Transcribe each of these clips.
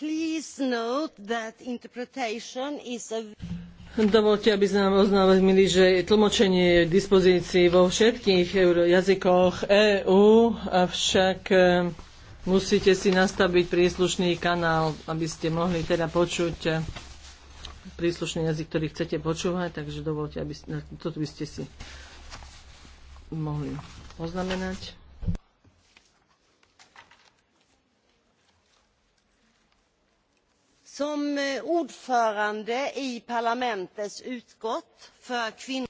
please note that interpretation is a Dovolte, aby sme vám oznámili, že tlmočenie je k dispozícii vo všetkých jazykoch EÚ, avšak e, musíte si nastaviť príslušný kanál, aby ste mohli teda počuť e, príslušný jazyk, ktorý chcete počúvať, takže dovolte, aby, toto by ste si mohli poznamenať. Som eh, ordförande i parlamentets utskott för kvinnor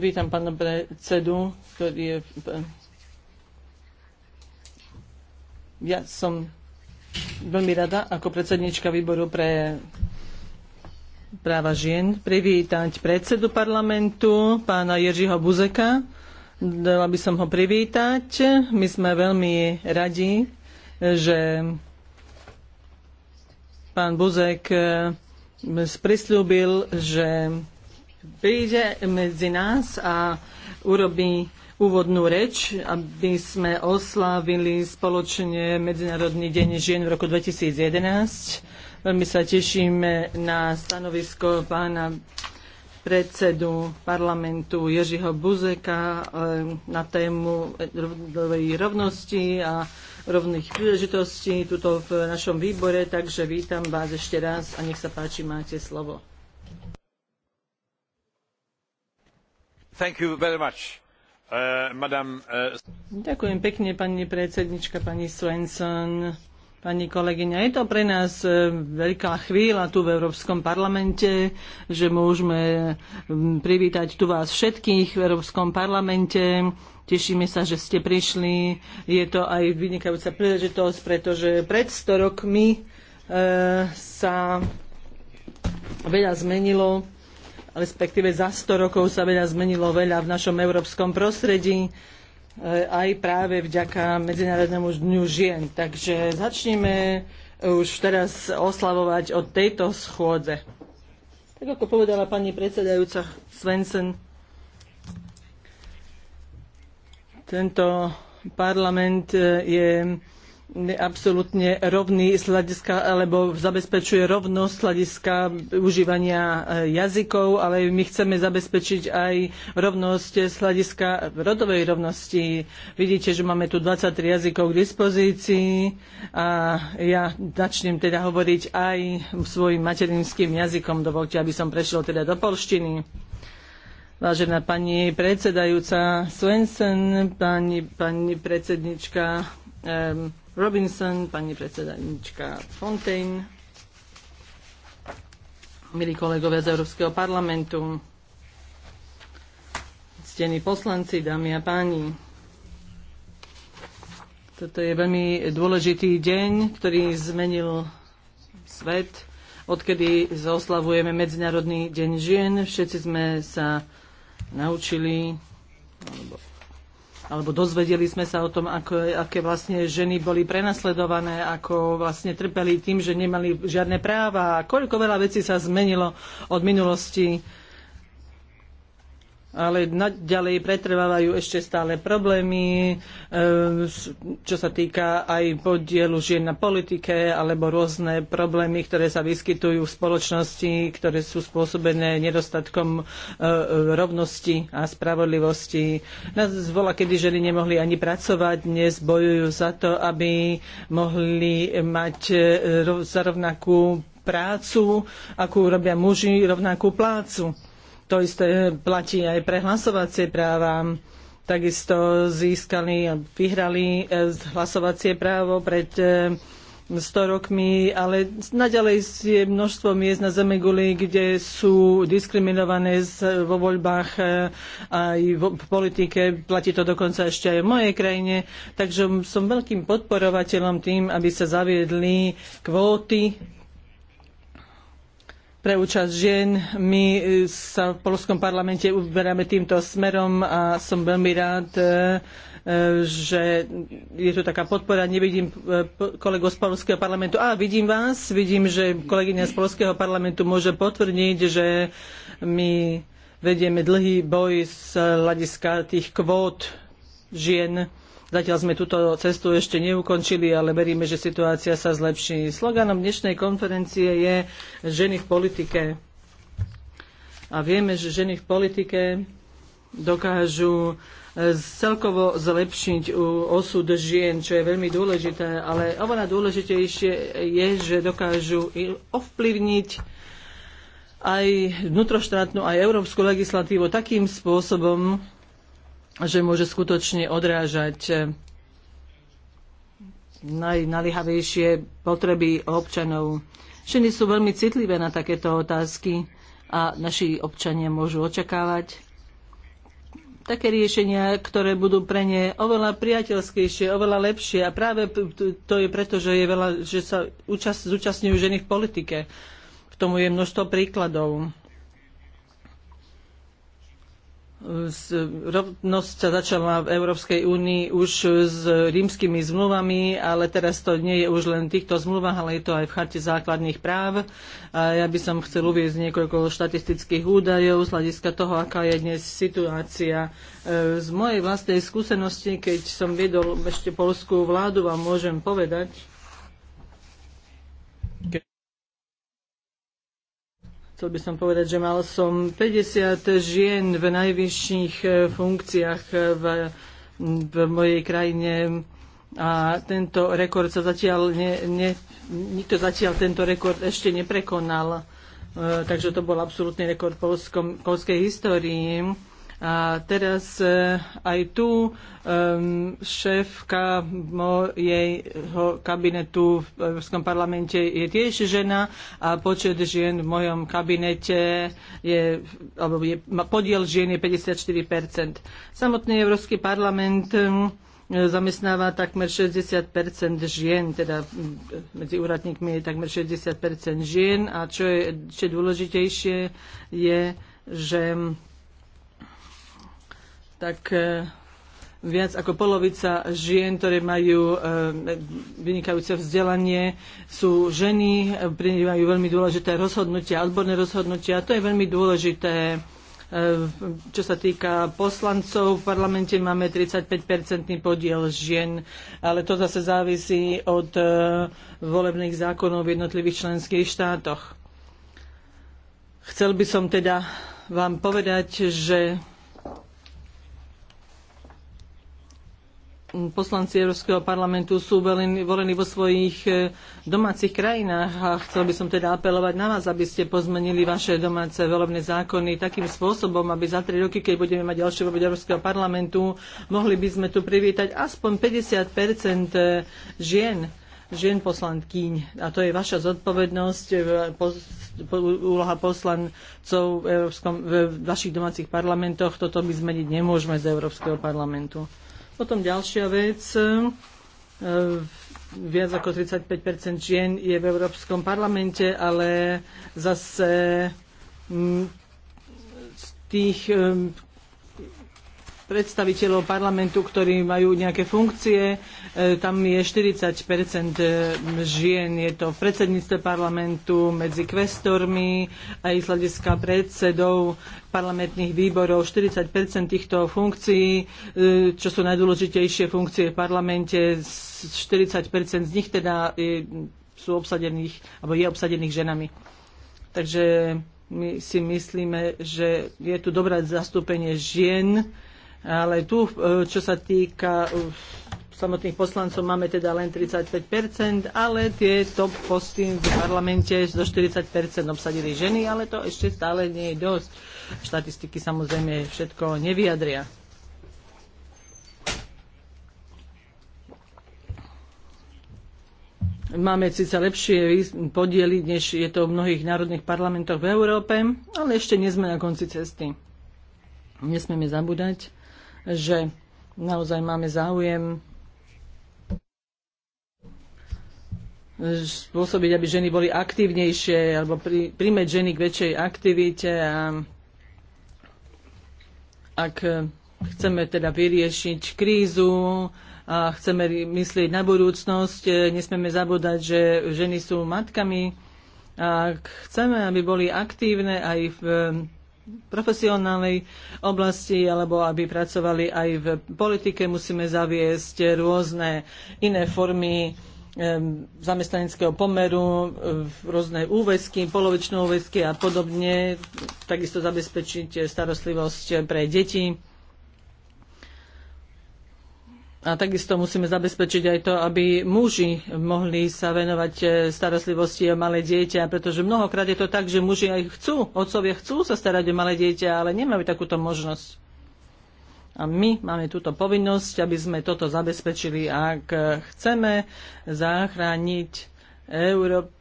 Vítam pána predsedu, ktorý je... Eh, ja som veľmi rada ako predsednička výboru pre práva žien privítať predsedu parlamentu, pána Ježiho Buzeka. Dala by som ho privítať. My sme veľmi radi, že pán Buzek eh, prislúbil, že príde medzi nás a urobí úvodnú reč, aby sme oslávili spoločne Medzinárodný deň žien v roku 2011. Veľmi sa tešíme na stanovisko pána predsedu parlamentu Ježiho Buzeka eh, na tému rovnosti a rovných príležitostí tuto v našom výbore, takže vítam vás ešte raz a nech sa páči, máte slovo. Thank you very much. Uh, madam, uh... Ďakujem pekne, pani predsednička, pani Svensson. Pani kolegyňa, je to pre nás e, veľká chvíľa tu v Európskom parlamente, že môžeme privítať tu vás všetkých v Európskom parlamente. Tešíme sa, že ste prišli. Je to aj vynikajúca príležitosť, pretože pred 100 rokmi e, sa veľa zmenilo, respektíve za 100 rokov sa veľa zmenilo veľa v našom európskom prostredí E, aj práve vďaka Medzinárodnému dňu žien. Takže začneme už teraz oslavovať od tejto schôdze. Tak ako povedala pani predsedajúca Svensen, tento parlament e, je absolútne rovný z hľadiska, alebo zabezpečuje rovnosť z hľadiska užívania eh, jazykov, ale my chceme zabezpečiť aj rovnosť z hľadiska rodovej rovnosti. Vidíte, že máme tu 23 jazykov k dispozícii a ja začnem teda hovoriť aj svojim materinským jazykom. Dovolte, aby som prešiel teda do polštiny. Vážená pani predsedajúca Svensen, pani, pani predsednička um, Robinson, pani predsedanička Fontaine, milí kolegovia z Európskeho parlamentu, ctení poslanci, dámy a páni. Toto je veľmi dôležitý deň, ktorý zmenil svet, odkedy oslavujeme Medzinárodný deň žien. Všetci sme sa naučili, alebo alebo dozvedeli sme sa o tom, ako, aké vlastne ženy boli prenasledované, ako vlastne trpeli tým, že nemali žiadne práva a koľko veľa vecí sa zmenilo od minulosti ale naďalej pretrvávajú ešte stále problémy, e, čo sa týka aj podielu žien na politike, alebo rôzne problémy, ktoré sa vyskytujú v spoločnosti, ktoré sú spôsobené nedostatkom e, e, rovnosti a spravodlivosti. Nás zvola, kedy ženy nemohli ani pracovať, dnes bojujú za to, aby mohli mať za rovnakú prácu, akú robia muži, rovnakú plácu to isté platí aj pre hlasovacie práva. Takisto získali a vyhrali e, hlasovacie právo pred 100 e, rokmi, ale naďalej je množstvo miest na Zemeguli, kde sú diskriminované vo voľbách e, aj v politike. Platí to dokonca ešte aj v mojej krajine. Takže som veľkým podporovateľom tým, aby sa zaviedli kvóty pre účasť žien. My e, sa v Polskom parlamente uberáme týmto smerom a som veľmi rád, e, e, že je tu taká podpora. Nevidím kolegu z Polského parlamentu. A vidím vás, vidím, že kolegyňa z Polského parlamentu môže potvrdiť, že my vedieme dlhý boj z hľadiska tých kvót žien Zatiaľ sme túto cestu ešte neukončili, ale veríme, že situácia sa zlepší. Sloganom dnešnej konferencie je ženy v politike. A vieme, že ženy v politike dokážu e, celkovo zlepšiť osud žien, čo je veľmi dôležité, ale oveľa dôležitejšie je, že dokážu ovplyvniť aj vnútroštátnu, aj európsku legislatívu takým spôsobom, že môže skutočne odrážať eh, najnalihavejšie potreby občanov. Ženy sú veľmi citlivé na takéto otázky a naši občania môžu očakávať také riešenia, ktoré budú pre ne oveľa priateľskejšie, oveľa lepšie. A práve to je preto, že, je veľa, že sa účast, zúčastňujú ženy v politike. K tomu je množstvo príkladov rovnosť sa začala v Európskej únii už s rímskymi zmluvami, ale teraz to nie je už len v týchto zmluvách, ale je to aj v charte základných práv. A ja by som chcel uvieť niekoľko štatistických údajov z hľadiska toho, aká je dnes situácia. E, z mojej vlastnej skúsenosti, keď som viedol ešte polskú vládu, vám môžem povedať, Chcel by som povedať, že mal som 50 žien v najvyšších e, funkciách e, v, v mojej krajine a tento rekord sa zatiaľ ne, ne, nikto zatiaľ tento rekord ešte neprekonal. E, takže to bol absolútny rekord v polskom, polskej histórii a teraz e, aj tu šéfka mojejho kabinetu v Európskom parlamente je tiež žena a počet žien v mojom kabinete je, alebo je, podiel žien je 54%. Samotný Európsky parlament zamestnáva takmer 60 žien, teda medzi úradníkmi je takmer 60 žien a čo je ešte dôležitejšie je, že tak e, viac ako polovica žien, ktoré majú e, vynikajúce vzdelanie, sú ženy, prinímajú veľmi dôležité rozhodnutia, odborné rozhodnutia. To je veľmi dôležité. E, čo sa týka poslancov, v parlamente máme 35-percentný podiel žien, ale to zase závisí od volebných zákonov v jednotlivých členských štátoch. Chcel by som teda vám povedať, že poslanci Európskeho parlamentu sú volení vo svojich e, domácich krajinách a chcel by som teda apelovať na vás, aby ste pozmenili vaše domáce volebné zákony takým spôsobom, aby za tri roky, keď budeme mať ďalšie voľby Európskeho parlamentu, mohli by sme tu privítať aspoň 50 e, žien žien poslankyň. A to je vaša zodpovednosť, e, úloha poslancov v, v vašich domácich parlamentoch. Toto my zmeniť nemôžeme z Európskeho parlamentu. Potom ďalšia vec. E, viac ako 35 žien je v Európskom parlamente, ale zase mm, z tých e, predstaviteľov parlamentu, ktorí majú nejaké funkcie. E, tam je 40 e, žien. Je to v predsedníctve parlamentu, medzi kvestormi, aj z hľadiska predsedov parlamentných výborov. 40 týchto funkcií, e, čo sú najdôležitejšie funkcie v parlamente, 40 z nich teda sú obsadených, alebo je obsadených ženami. Takže my si myslíme, že je tu dobré zastúpenie žien ale tu, e, čo sa týka e, samotných poslancov máme teda len 35%, ale tie top posty v parlamente do 40% obsadili ženy, ale to ešte stále nie je dosť. Štatistiky samozrejme všetko nevyjadria. Máme síce lepšie podiely, než je to v mnohých národných parlamentoch v Európe, ale ešte nie sme na konci cesty. Nesmieme zabúdať, že naozaj máme záujem spôsobiť, aby ženy boli aktívnejšie alebo pri, príjmeť ženy k väčšej aktivite a ak chceme teda vyriešiť krízu a chceme myslieť na budúcnosť, e, nesmieme zabúdať, že ženy sú matkami. a chceme, aby boli aktívne aj v profesionálnej oblasti alebo aby pracovali aj v politike, musíme zaviesť rôzne iné formy zamestnaneckého pomeru, rôzne úväzky, polovičné úväzky a podobne, takisto zabezpečiť starostlivosť pre deti a takisto musíme zabezpečiť aj to, aby muži mohli sa venovať e, starostlivosti o malé dieťa, pretože mnohokrát je to tak, že muži aj chcú, otcovia chcú sa starať o malé dieťa, ale nemajú takúto možnosť. A my máme túto povinnosť, aby sme toto zabezpečili, ak e, chceme zachrániť Európu,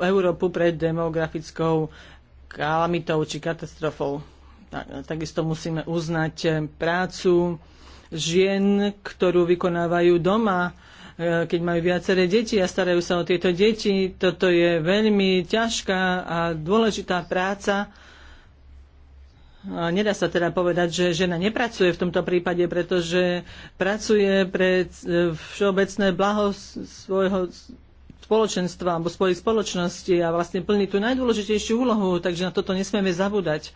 Európu pred demografickou kalamitou či katastrofou. Tak, takisto musíme uznať e, prácu žien, ktorú vykonávajú doma, e, keď majú viaceré deti a starajú sa o tieto deti. Toto je veľmi ťažká a dôležitá práca. Nedá sa teda povedať, že žena nepracuje v tomto prípade, pretože pracuje pre e, všeobecné blaho svojho spoločenstva alebo svojej spoločnosti a vlastne plní tú najdôležitejšiu úlohu, takže na toto nesmieme zabúdať.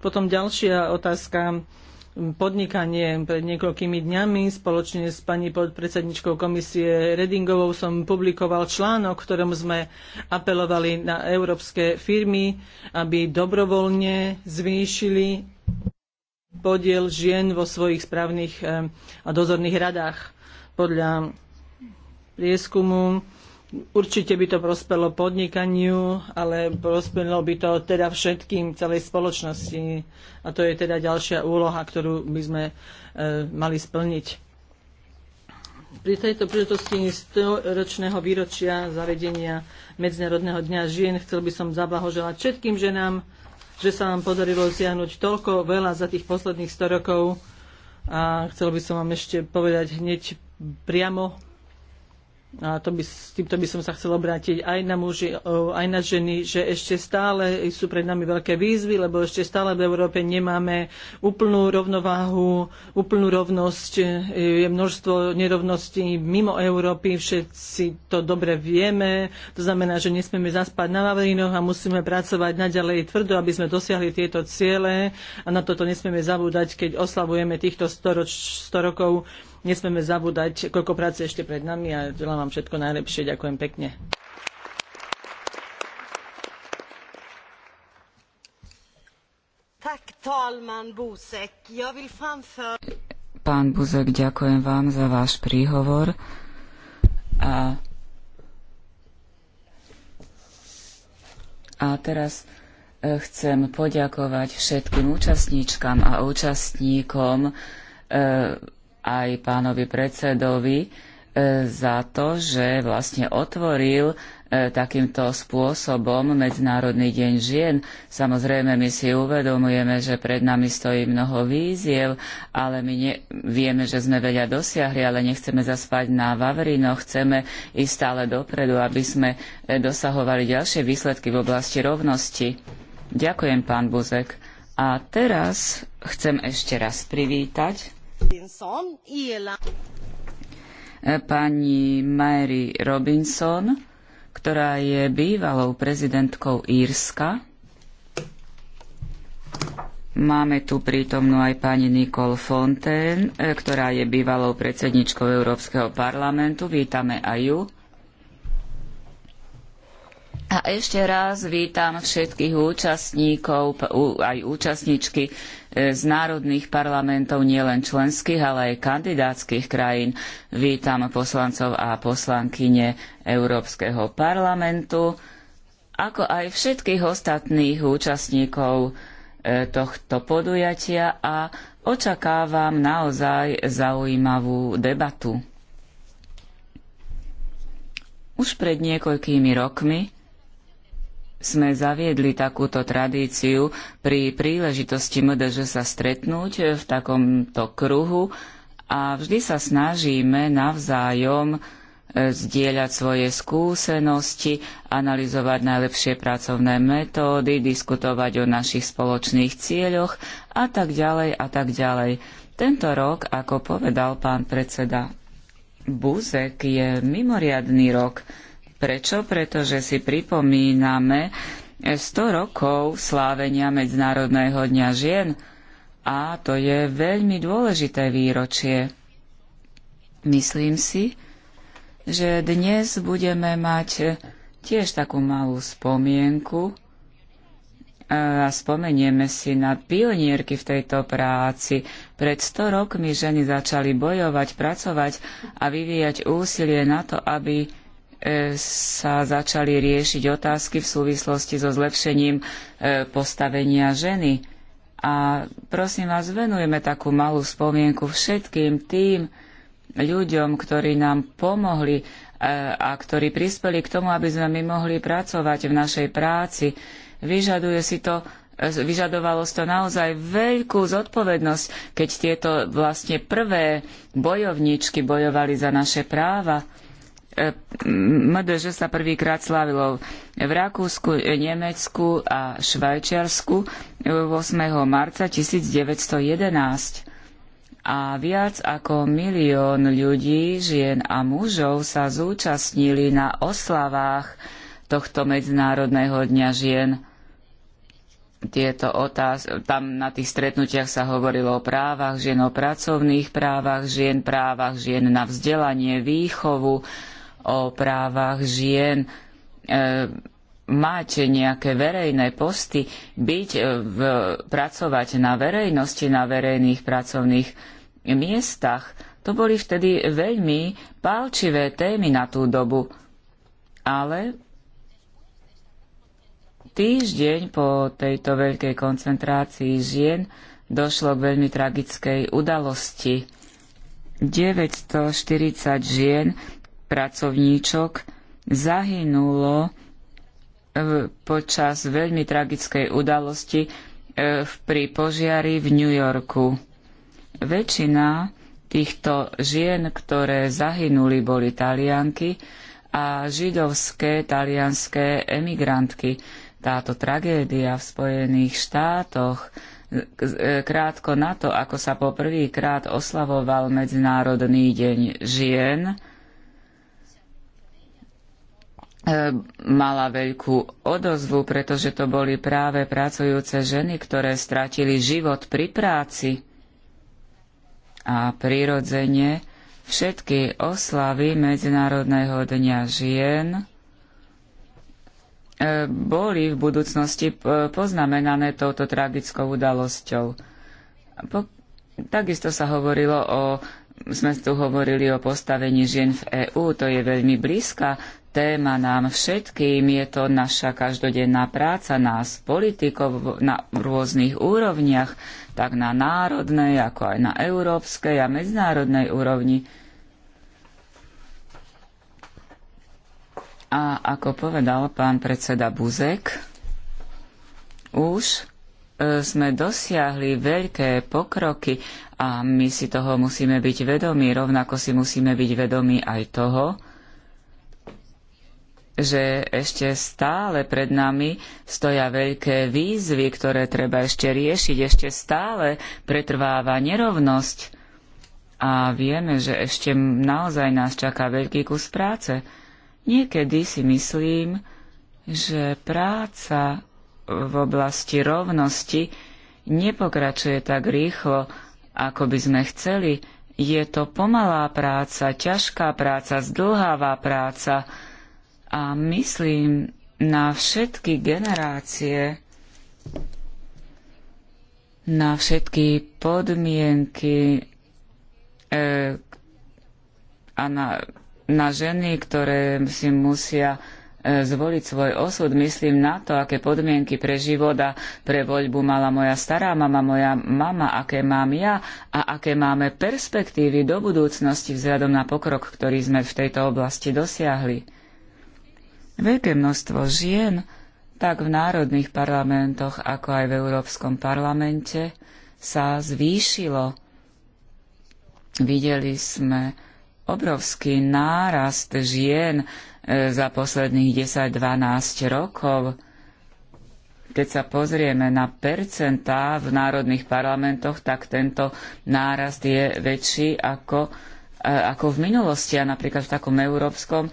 Potom ďalšia otázka podnikanie. Pred niekoľkými dňami spoločne s pani podpredsedničkou komisie Redingovou som publikoval článok, ktorom sme apelovali na európske firmy, aby dobrovoľne zvýšili podiel žien vo svojich správnych eh, a dozorných radách. Podľa prieskumu Určite by to prospelo podnikaniu, ale prospelo by to teda všetkým, celej spoločnosti. A to je teda ďalšia úloha, ktorú by sme e, mali splniť. Pri tejto príležitosti 100-ročného výročia zavedenia Medzinárodného dňa žien chcel by som zablahoželať všetkým ženám, že sa vám podarilo zjahnuť toľko veľa za tých posledných 100 rokov. A chcel by som vám ešte povedať hneď priamo, a to by, s týmto by som sa chcel obrátiť aj na muži, aj na ženy, že ešte stále sú pred nami veľké výzvy, lebo ešte stále v Európe nemáme úplnú rovnováhu, úplnú rovnosť. Je množstvo nerovností mimo Európy, všetci to dobre vieme. To znamená, že nesmieme zaspať na Vavrinoch a musíme pracovať naďalej tvrdo, aby sme dosiahli tieto ciele a na toto nesmieme zabúdať, keď oslavujeme týchto 100, roč, 100 rokov nesmeme zabúdať, koľko práce ešte pred nami a želám vám všetko najlepšie. Ďakujem pekne. Pán Buzek, ďakujem vám za váš príhovor. A, a teraz e, chcem poďakovať všetkým účastníčkam a účastníkom e, aj pánovi predsedovi e, za to, že vlastne otvoril e, takýmto spôsobom Medzinárodný deň žien. Samozrejme, my si uvedomujeme, že pred nami stojí mnoho víziev, ale my ne, vieme, že sme veľa dosiahli, ale nechceme zaspať na Vavrino, chceme ísť stále dopredu, aby sme e, dosahovali ďalšie výsledky v oblasti rovnosti. Ďakujem, pán Buzek. A teraz chcem ešte raz privítať Pani Mary Robinson, ktorá je bývalou prezidentkou Írska. Máme tu prítomnú aj pani Nicole Fontaine, eh, ktorá je bývalou predsedničkou Európskeho parlamentu. Vítame aj ju. A ešte raz vítam všetkých účastníkov, aj účastníčky e, z národných parlamentov, nielen členských, ale aj kandidátskych krajín. Vítam poslancov a poslankyne Európskeho parlamentu, ako aj všetkých ostatných účastníkov e, tohto podujatia a očakávam naozaj zaujímavú debatu. Už pred niekoľkými rokmi sme zaviedli takúto tradíciu pri príležitosti MDŽ sa stretnúť v takomto kruhu a vždy sa snažíme navzájom e, zdieľať svoje skúsenosti, analyzovať najlepšie pracovné metódy, diskutovať o našich spoločných cieľoch a tak ďalej a tak ďalej. Tento rok, ako povedal pán predseda Buzek, je mimoriadný rok Prečo? Pretože si pripomíname 100 rokov slávenia Medzinárodného dňa žien a to je veľmi dôležité výročie. Myslím si, že dnes budeme mať tiež takú malú spomienku a spomenieme si na pionierky v tejto práci. Pred 100 rokmi ženy začali bojovať, pracovať a vyvíjať úsilie na to, aby E, sa začali riešiť otázky v súvislosti so zlepšením e, postavenia ženy. A prosím vás, venujeme takú malú spomienku všetkým tým ľuďom, ktorí nám pomohli e, a ktorí prispeli k tomu, aby sme my mohli pracovať v našej práci. Vyžaduje si to vyžadovalo to naozaj veľkú zodpovednosť, keď tieto vlastne prvé bojovničky bojovali za naše práva. MDŽ sa prvýkrát slavilo v Rakúsku, Nemecku a Švajčiarsku 8. marca 1911 a viac ako milión ľudí, žien a mužov sa zúčastnili na oslavách tohto Medzinárodného dňa žien. Tieto otáz- tam na tých stretnutiach sa hovorilo o právach žien, o pracovných právach žien, právach žien na vzdelanie, výchovu, o právach žien, e, mať nejaké verejné posty, byť, e, v, pracovať na verejnosti, na verejných pracovných miestach. To boli vtedy veľmi pálčivé témy na tú dobu. Ale týždeň po tejto veľkej koncentrácii žien došlo k veľmi tragickej udalosti. 940 žien pracovníčok zahynulo e, počas veľmi tragickej udalosti e, pri požiari v New Yorku. Väčšina týchto žien, ktoré zahynuli, boli talianky a židovské talianské emigrantky. Táto tragédia v Spojených štátoch e, krátko na to, ako sa poprvýkrát oslavoval Medzinárodný deň žien, E, mala veľkú odozvu, pretože to boli práve pracujúce ženy, ktoré stratili život pri práci. A prirodzene všetky oslavy Medzinárodného dňa žien e, boli v budúcnosti e, poznamenané touto tragickou udalosťou. Po, takisto sa hovorilo o, sme tu hovorili o postavení žien v EÚ, to je veľmi blízka téma nám všetkým, je to naša každodenná práca nás, politikov, na rôznych úrovniach, tak na národnej, ako aj na európskej a medzinárodnej úrovni. A ako povedal pán predseda Buzek, už e, sme dosiahli veľké pokroky a my si toho musíme byť vedomí, rovnako si musíme byť vedomí aj toho, že ešte stále pred nami stoja veľké výzvy, ktoré treba ešte riešiť. Ešte stále pretrváva nerovnosť. A vieme, že ešte naozaj nás čaká veľký kus práce. Niekedy si myslím, že práca v oblasti rovnosti nepokračuje tak rýchlo, ako by sme chceli. Je to pomalá práca, ťažká práca, zdlhavá práca, a myslím na všetky generácie, na všetky podmienky e, a na, na ženy, ktoré si musia e, zvoliť svoj osud. Myslím na to, aké podmienky pre život a pre voľbu mala moja stará mama, moja mama, aké mám ja a aké máme perspektívy do budúcnosti vzhľadom na pokrok, ktorý sme v tejto oblasti dosiahli. Veľké množstvo žien, tak v národných parlamentoch, ako aj v Európskom parlamente, sa zvýšilo. Videli sme obrovský nárast žien e, za posledných 10-12 rokov keď sa pozrieme na percentá v národných parlamentoch, tak tento nárast je väčší ako, e, ako v minulosti a napríklad v takom európskom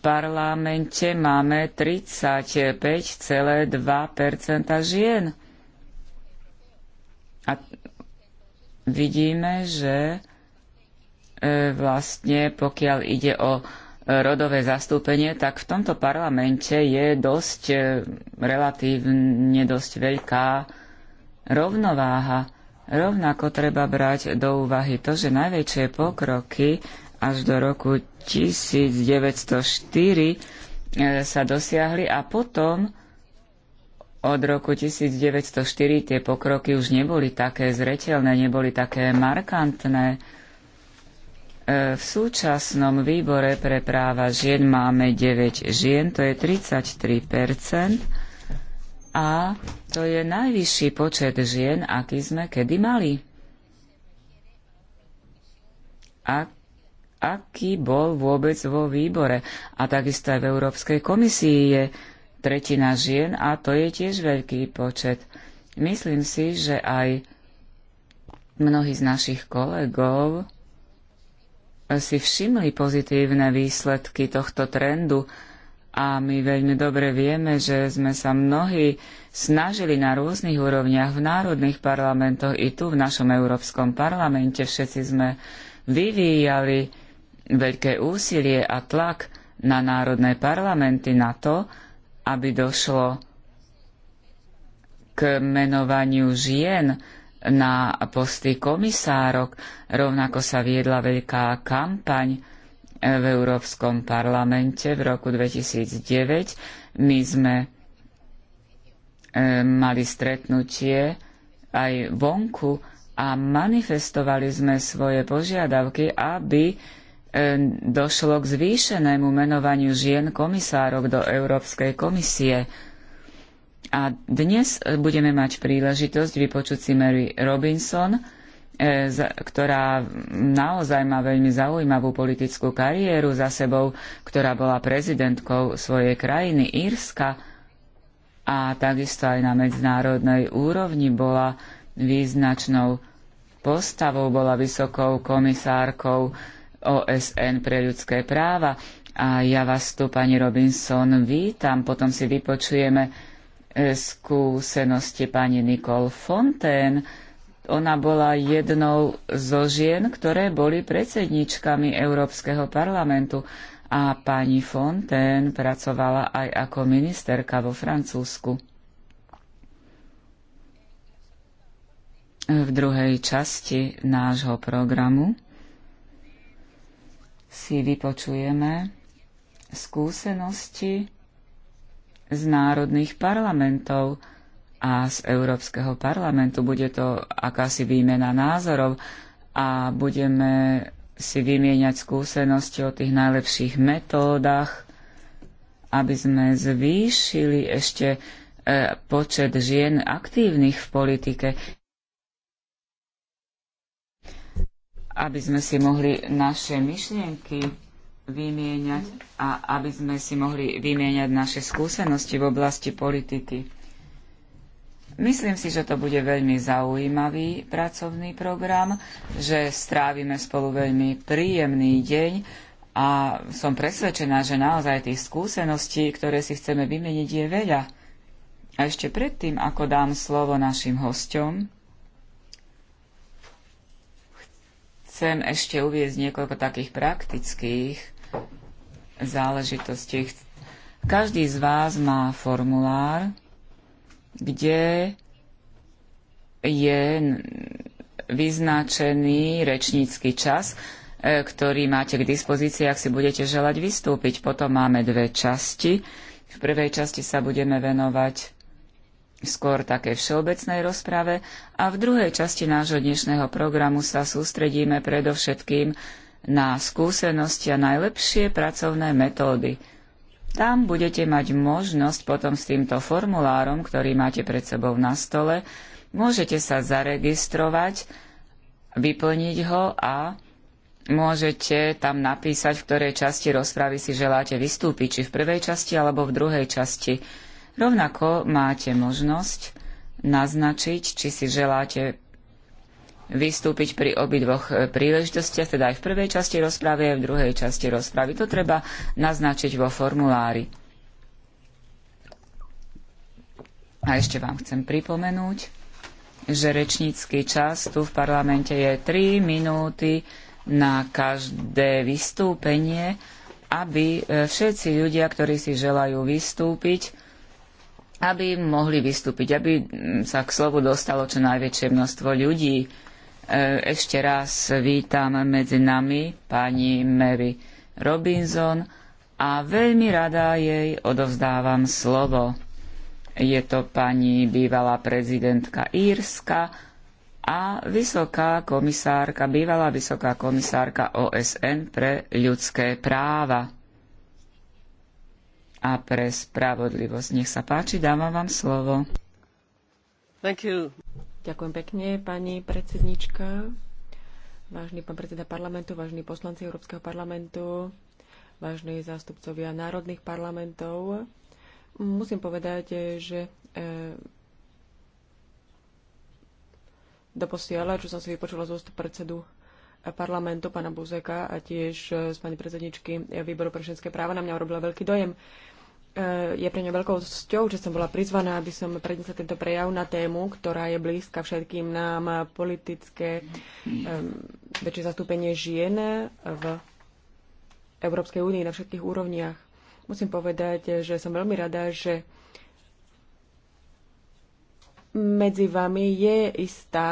parlamente máme 35,2 žien. A vidíme, že e, vlastne pokiaľ ide o e, rodové zastúpenie, tak v tomto parlamente je dosť e, relatívne dosť veľká rovnováha. Rovnako treba brať do úvahy to, že najväčšie pokroky až do roku 1904 e, sa dosiahli a potom od roku 1904 tie pokroky už neboli také zreteľné, neboli také markantné. E, v súčasnom výbore pre práva žien máme 9 žien, to je 33 a to je najvyšší počet žien, aký sme kedy mali. Ak aký bol vôbec vo výbore. A takisto aj v Európskej komisii je tretina žien a to je tiež veľký počet. Myslím si, že aj mnohí z našich kolegov si všimli pozitívne výsledky tohto trendu a my veľmi dobre vieme, že sme sa mnohí snažili na rôznych úrovniach v národných parlamentoch i tu v našom Európskom parlamente. Všetci sme vyvíjali veľké úsilie a tlak na národné parlamenty na to, aby došlo k menovaniu žien na posty komisárok. Rovnako sa viedla veľká kampaň v Európskom parlamente v roku 2009. My sme e, mali stretnutie aj vonku a manifestovali sme svoje požiadavky, aby E, došlo k zvýšenému menovaniu žien komisárok do Európskej komisie. A dnes e, budeme mať príležitosť vypočuť si Mary Robinson, e, ktorá naozaj má veľmi zaujímavú politickú kariéru za sebou, ktorá bola prezidentkou svojej krajiny Írska a takisto aj na medzinárodnej úrovni bola význačnou postavou, bola vysokou komisárkou OSN pre ľudské práva. A ja vás tu, pani Robinson, vítam. Potom si vypočujeme e, skúsenosti pani Nicole Fontaine. Ona bola jednou zo žien, ktoré boli predsedničkami Európskeho parlamentu a pani Fontaine pracovala aj ako ministerka vo Francúzsku. V druhej časti nášho programu si vypočujeme skúsenosti z národných parlamentov a z Európskeho parlamentu. Bude to akási výmena názorov a budeme si vymieňať skúsenosti o tých najlepších metódach, aby sme zvýšili ešte eh, počet žien aktívnych v politike. aby sme si mohli naše myšlienky vymieňať a aby sme si mohli vymieňať naše skúsenosti v oblasti politiky. Myslím si, že to bude veľmi zaujímavý pracovný program, že strávime spolu veľmi príjemný deň a som presvedčená, že naozaj tých skúseností, ktoré si chceme vymeniť, je veľa. A ešte predtým, ako dám slovo našim hosťom, Chcem ešte uviezť niekoľko takých praktických záležitostí. Každý z vás má formulár, kde je vyznačený rečnícky čas, e, ktorý máte k dispozícii, ak si budete želať vystúpiť. Potom máme dve časti. V prvej časti sa budeme venovať skôr také všeobecnej rozprave a v druhej časti nášho dnešného programu sa sústredíme predovšetkým na skúsenosti a najlepšie pracovné metódy. Tam budete mať možnosť potom s týmto formulárom, ktorý máte pred sebou na stole, môžete sa zaregistrovať, vyplniť ho a môžete tam napísať, v ktorej časti rozpravy si želáte vystúpiť, či v prvej časti alebo v druhej časti Rovnako máte možnosť naznačiť, či si želáte vystúpiť pri obidvoch e, príležitostiach, teda aj v prvej časti rozpravy, aj v druhej časti rozpravy. To treba naznačiť vo formulári. A ešte vám chcem pripomenúť, že rečnícky čas tu v parlamente je 3 minúty na každé vystúpenie, aby e, všetci ľudia, ktorí si želajú vystúpiť, aby mohli vystúpiť, aby mm, sa k slovu dostalo čo najväčšie množstvo ľudí. E, ešte raz vítam medzi nami pani Mary Robinson a veľmi rada jej odovzdávam slovo. Je to pani bývalá prezidentka Írska a vysoká komisárka, bývalá vysoká komisárka OSN pre ľudské práva a pre spravodlivosť. Nech sa páči, dávam vám slovo. Thank you. Ďakujem pekne, pani predsednička, vážny pán predseda parlamentu, vážni poslanci Európskeho parlamentu, vážni zástupcovia národných parlamentov. Musím povedať, že e, doposiaľ, čo som si vypočula z úst predsedu parlamentu, pána Buzeka a tiež z e, pani predsedničky výboru pre ženské práva na mňa urobila veľký dojem. E, je pre mňa veľkou cťou, že som bola prizvaná, aby som prednesla tento prejav na tému, ktorá je blízka všetkým nám, politické väčšie zastúpenie žien v Európskej únii na všetkých úrovniach. Musím povedať, že som veľmi rada, že medzi vami je istá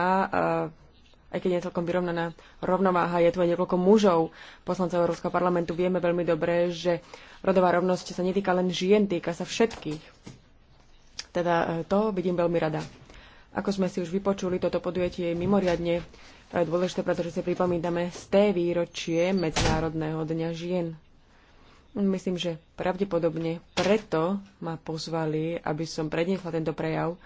aj keď nie je celkom vyrovnaná rovnováha. Je tu aj niekoľko mužov poslancov Európskeho parlamentu. Vieme veľmi dobre, že rodová rovnosť sa netýka len žien, týka sa všetkých. Teda e, to vidím veľmi rada. Ako sme si už vypočuli, toto podujatie je mimoriadne e, dôležité, pretože si pripomíname z té výročie Medzinárodného dňa žien. Myslím, že pravdepodobne preto ma pozvali, aby som predniesla tento prejav,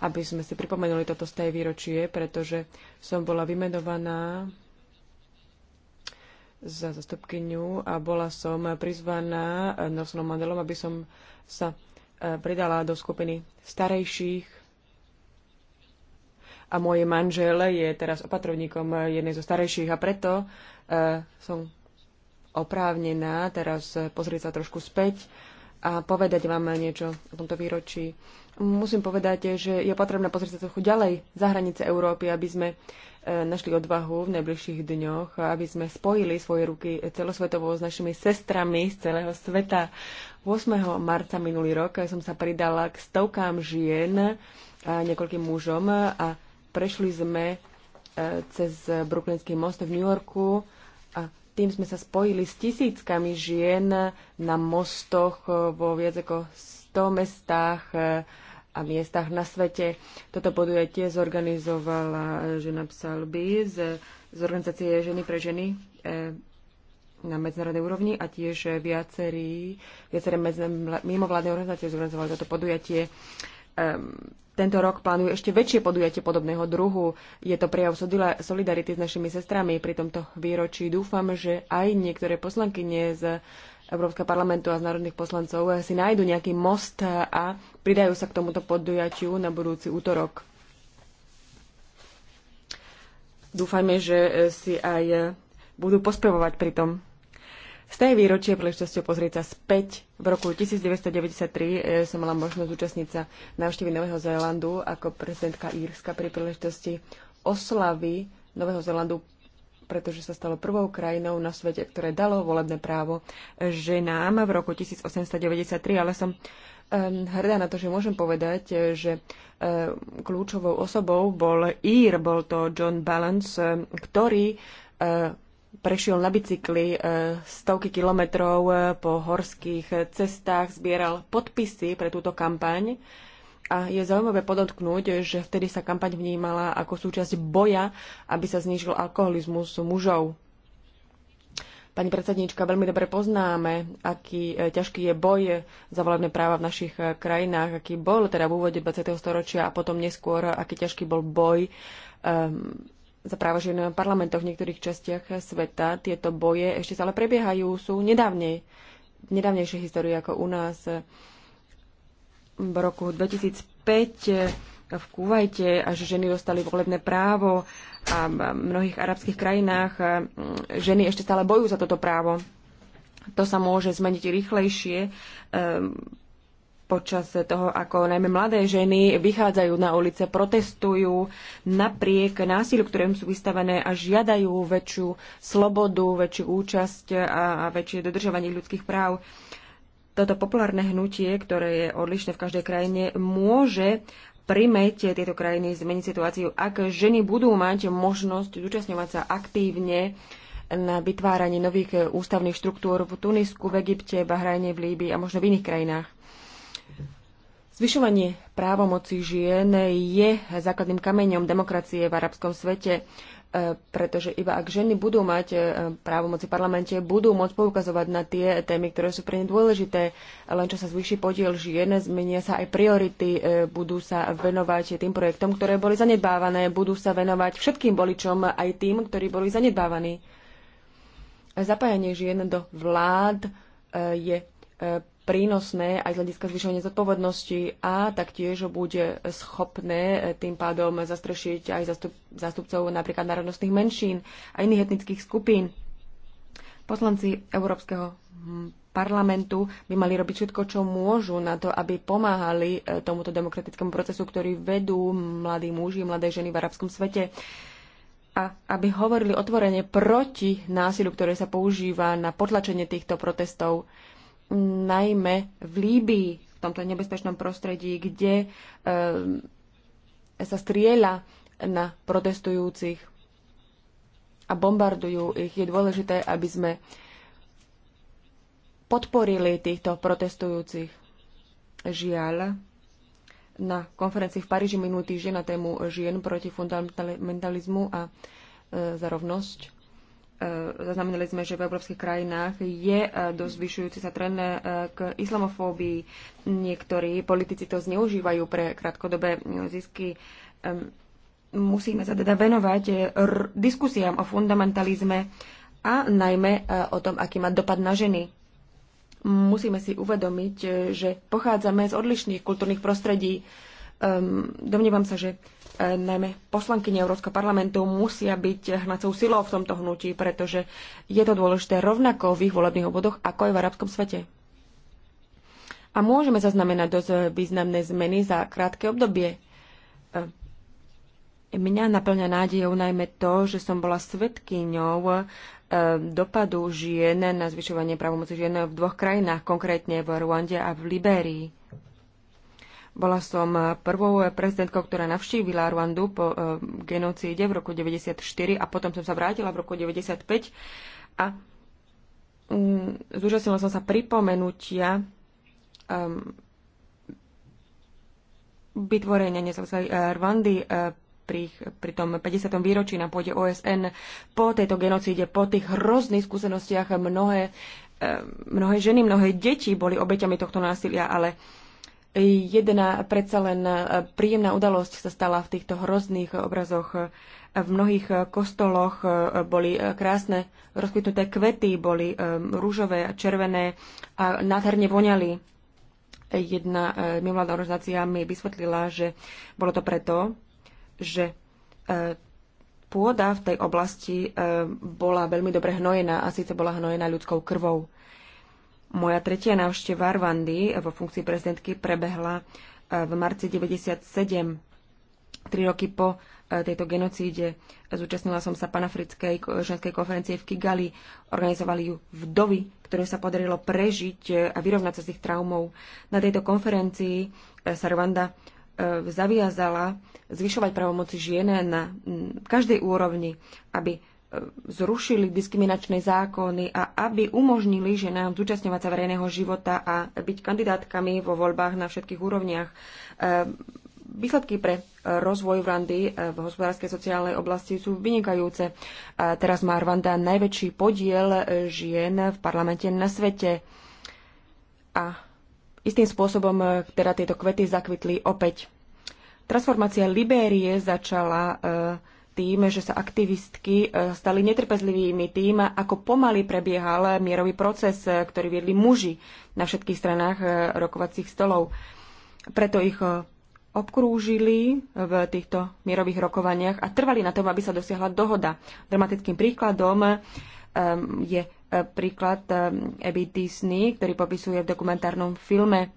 aby sme si pripomenuli toto z tej výročie, pretože som bola vymenovaná za zastupkyňu a bola som prizvaná eh, Nelsonom Mandelom, aby som sa eh, pridala do skupiny starejších. A môj manžel je teraz opatrovníkom eh, jednej zo starejších a preto som oprávnená teraz pozrieť sa trošku späť a povedať vám niečo o tomto výročí musím povedať, že je potrebné pozrieť sa trochu ďalej za hranice Európy, aby sme e, našli odvahu v najbližších dňoch, aby sme spojili svoje ruky celosvetovo s našimi sestrami z celého sveta. 8. marca minulý rok som sa pridala k stovkám žien a niekoľkým mužom a prešli sme e, cez Brooklynský most v New Yorku a tým sme sa spojili s tisíckami žien na mostoch vo viac ako 100 mestách a miestach na svete. Toto podujatie zorganizovala eh, žena Psalby z, z organizácie Ženy pre ženy eh, na medzinárodnej úrovni a tiež viacerí, viaceré mimovládne organizácie zorganizovali toto podujatie. Ehm, tento rok plánuje ešte väčšie podujatie podobného druhu. Je to prejav solidarity s našimi sestrami. Pri tomto výročí dúfam, že aj niektoré poslankyne z Európskeho parlamentu a z národných poslancov si nájdu nejaký most a pridajú sa k tomuto podujatiu na budúci útorok. Dúfajme, že e, si aj e, budú pospevovať pri tom. Z tej výročie príležitosťou pozrieť sa späť. V roku 1993 e, som mala možnosť zúčastniť sa návštevy Nového Zélandu ako prezidentka Írska pri príležitosti oslavy Nového Zélandu pretože sa stalo prvou krajinou na svete, ktoré dalo volebné právo ženám v roku 1893, ale som ehm, hrdá na to, že môžem povedať, že ehm, kľúčovou osobou bol Ír, bol to John Balance, ehm, ktorý prešiel na bicykli stovky kilometrov po horských cestách, zbieral podpisy pre túto kampaň a je zaujímavé podotknúť, že vtedy sa kampaň vnímala ako súčasť boja, aby sa znižil alkoholizmus mužov. Pani predsednička, veľmi dobre poznáme, aký e, ťažký je boj za volebné práva v našich e, krajinách, aký bol teda v úvode 20. storočia a potom neskôr, aký ťažký bol boj um, za práva žien v parlamentoch v niektorých častiach sveta. Tieto boje ešte stále prebiehajú, sú nedávnej, nedávnejšie histórie ako u nás v roku 2005 eh, v Kuvajte, až ženy dostali volebné právo a v mnohých arabských krajinách eh, ženy ešte stále bojujú za toto právo. To sa môže zmeniť rýchlejšie eh, počas toho, ako najmä mladé ženy vychádzajú na ulice, protestujú napriek násiliu, ktorým sú vystavené a žiadajú väčšiu slobodu, väčšiu účasť a väčšie dodržovanie ľudských práv. Uh, toto populárne hnutie, ktoré je odlišné v každej krajine, môže primeť tieto krajiny zmeniť situáciu, ak ženy budú mať možnosť zúčastňovať sa aktívne na vytváraní nových ústavných štruktúr v Tunisku, v Egypte, Bahrajne, v Líbii a možno v iných krajinách. Zvyšovanie právomoci žien je základným kameňom demokracie v arabskom svete pretože iba ak ženy budú mať e, právomoci v parlamente, budú môcť poukazovať na tie témy, ktoré sú pre ne dôležité. Len čo sa zvýši podiel žien, zmenia sa aj priority, e, budú sa venovať tým projektom, ktoré boli zanedbávané, budú sa venovať všetkým voličom aj tým, ktorí boli zanedbávaní. Zapájanie žien do vlád e, je prínosné aj z hľadiska zvyšovania zodpovednosti a taktiež bude schopné eh, tým pádom zastrešiť aj zastup, zastupcov napríklad národnostných menšín a iných etnických skupín. Poslanci Európskeho hm, parlamentu by mali robiť všetko, čo môžu na to, aby pomáhali eh, tomuto demokratickému procesu, ktorý vedú mladí muži, mladé ženy v arabskom svete a aby hovorili otvorene proti násilu, ktoré sa používa na potlačenie týchto protestov najmä v Líbii, v tomto nebezpečnom prostredí, kde eh, sa strieľa na protestujúcich a bombardujú ich. Je dôležité, aby sme podporili týchto protestujúcich. Žiaľ, na konferencii v Paríži minulý týždeň na tému žien proti fundamentalizmu a e, za rovnosť E, zaznamenali sme, že v európskych krajinách je e, dosť zvyšujúci sa trend e, k islamofóbii. Niektorí politici to zneužívajú pre krátkodobé zisky. Musíme sa teda venovať diskusiám o fundamentalizme a najmä o tom, aký má dopad na ženy. Musíme si uvedomiť, že pochádzame z odlišných kultúrnych prostredí. Domnievam sa, že najmä poslankyne Európskeho parlamentu musia byť hnacou silou v tomto hnutí, pretože je to dôležité rovnako v ich volebných obvodoch, ako aj v arabskom svete. A môžeme zaznamenať dosť významné zmeny za krátke obdobie. Mňa naplňa nádejou najmä to, že som bola svetkyňou eh, dopadu žien na zvyšovanie právomoci žien v dvoch krajinách, konkrétne v Ruande a v Libérii. Bola som prvou prezidentkou, ktorá navštívila Rwandu po e, genocíde v roku 1994 a potom som sa vrátila v roku 1995 a mm, zúžasila som sa pripomenutia um, vytvorenia nezávislej e, Rwandy e, pri, pri tom 50. výročí na pôde OSN po tejto genocíde, po tých hrozných skúsenostiach mnohé, mnohé ženy, mnohé deti boli obeťami tohto násilia, ale Jedna predsa len e, príjemná udalosť sa stala v týchto hrozných obrazoch. V mnohých kostoloch e, boli e, krásne rozkvitnuté kvety, boli rúžové a červené a nádherne voňali. Jedna mimovládna organizácia mi vysvetlila, že bolo to preto, že pôda v tej oblasti bola veľmi dobre hnojená a síce bola hnojená ľudskou krvou. Moja tretia návšteva Rwandy vo funkcii prezidentky prebehla e, v marci 97, tri roky po e, tejto genocíde. Zúčastnila som sa panafrickej ženskej konferencie v Kigali. Organizovali ju vdovy, ktoré sa podarilo prežiť e, a vyrovnať sa s ich traumou. Na tejto konferencii sa Rwanda zaviazala zvyšovať pravomoci žien na každej úrovni, aby zrušili diskriminačné zákony a aby umožnili ženám zúčastňovať sa verejného života a byť kandidátkami vo voľbách na všetkých úrovniach. E, výsledky pre rozvoj v Rwandy e, v hospodárskej sociálnej oblasti sú vynikajúce. E, teraz má Rwanda najväčší podiel žien v parlamente na svete. A istým spôsobom teda tieto kvety zakvitli opäť. Transformácia Libérie začala tým, že sa aktivistky e, stali netrpezlivými tým, ako pomaly prebiehal mierový proces, e, ktorý viedli muži na všetkých stranách e, rokovacích stolov. Preto ich obkrúžili v týchto mierových rokovaniach a trvali na tom, aby sa dosiahla dohoda. Dramatickým príkladom je príklad Abby Disney, ktorý popisuje v dokumentárnom filme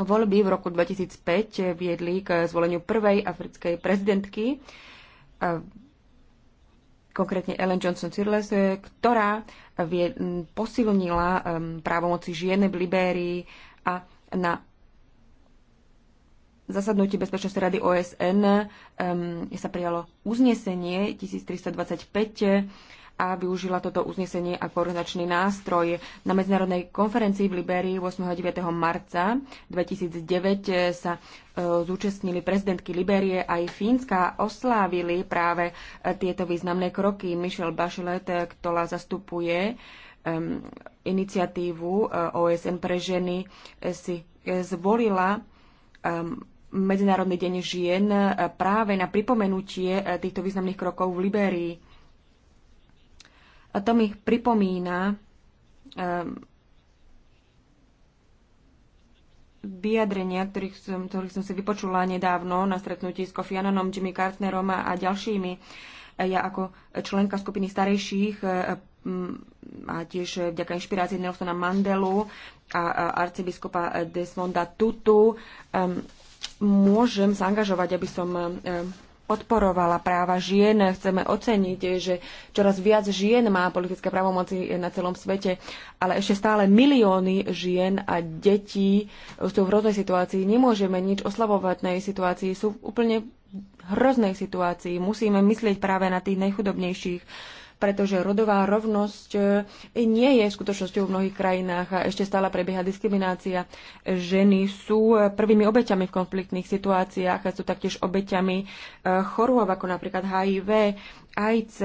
Voľby v roku 2005 viedli k zvoleniu prvej africkej prezidentky konkrétne Ellen Johnson Sirles, e, ktorá posilnila právomoci žien v Libérii a na zasadnutí Bezpečnostnej rady OSN um, sa prijalo uznesenie 1325 a využila toto uznesenie ako organizačný nástroj. Na medzinárodnej konferencii v Liberii 8. a 9. marca 2009 sa e, zúčastnili prezidentky Liberie aj Fínska oslávili práve e, tieto významné kroky. Michelle Bachelet, e, ktorá zastupuje iniciatívu OSN pre ženy, si zvolila Medzinárodný deň žien práve na pripomenutie týchto významných krokov v Liberii. A to mi pripomína um, vyjadrenia, ktorých som, ktorých som si vypočula nedávno na stretnutí s Kofianom, Jimmy Kartnerom a ďalšími. Ja ako členka skupiny starejších ehm, a tiež vďaka inšpirácii Nelsona Mandelu a arcibiskupa Desmonda Tutu ehm, môžem sa angažovať, aby som podporovala práva žien. Chceme oceniť, že čoraz viac žien má politické právomoci na celom svete, ale ešte stále milióny žien a detí sú v rôznej situácii. Nemôžeme nič oslavovať na jej situácii. Sú v úplne hroznej situácii. Musíme myslieť práve na tých najchudobnejších pretože rodová rovnosť e, nie je skutočnosťou v mnohých krajinách a ešte stále prebieha diskriminácia. Ženy sú e, prvými obeťami v konfliktných situáciách a sú taktiež obeťami e, chorôb, ako napríklad HIV, AIDS,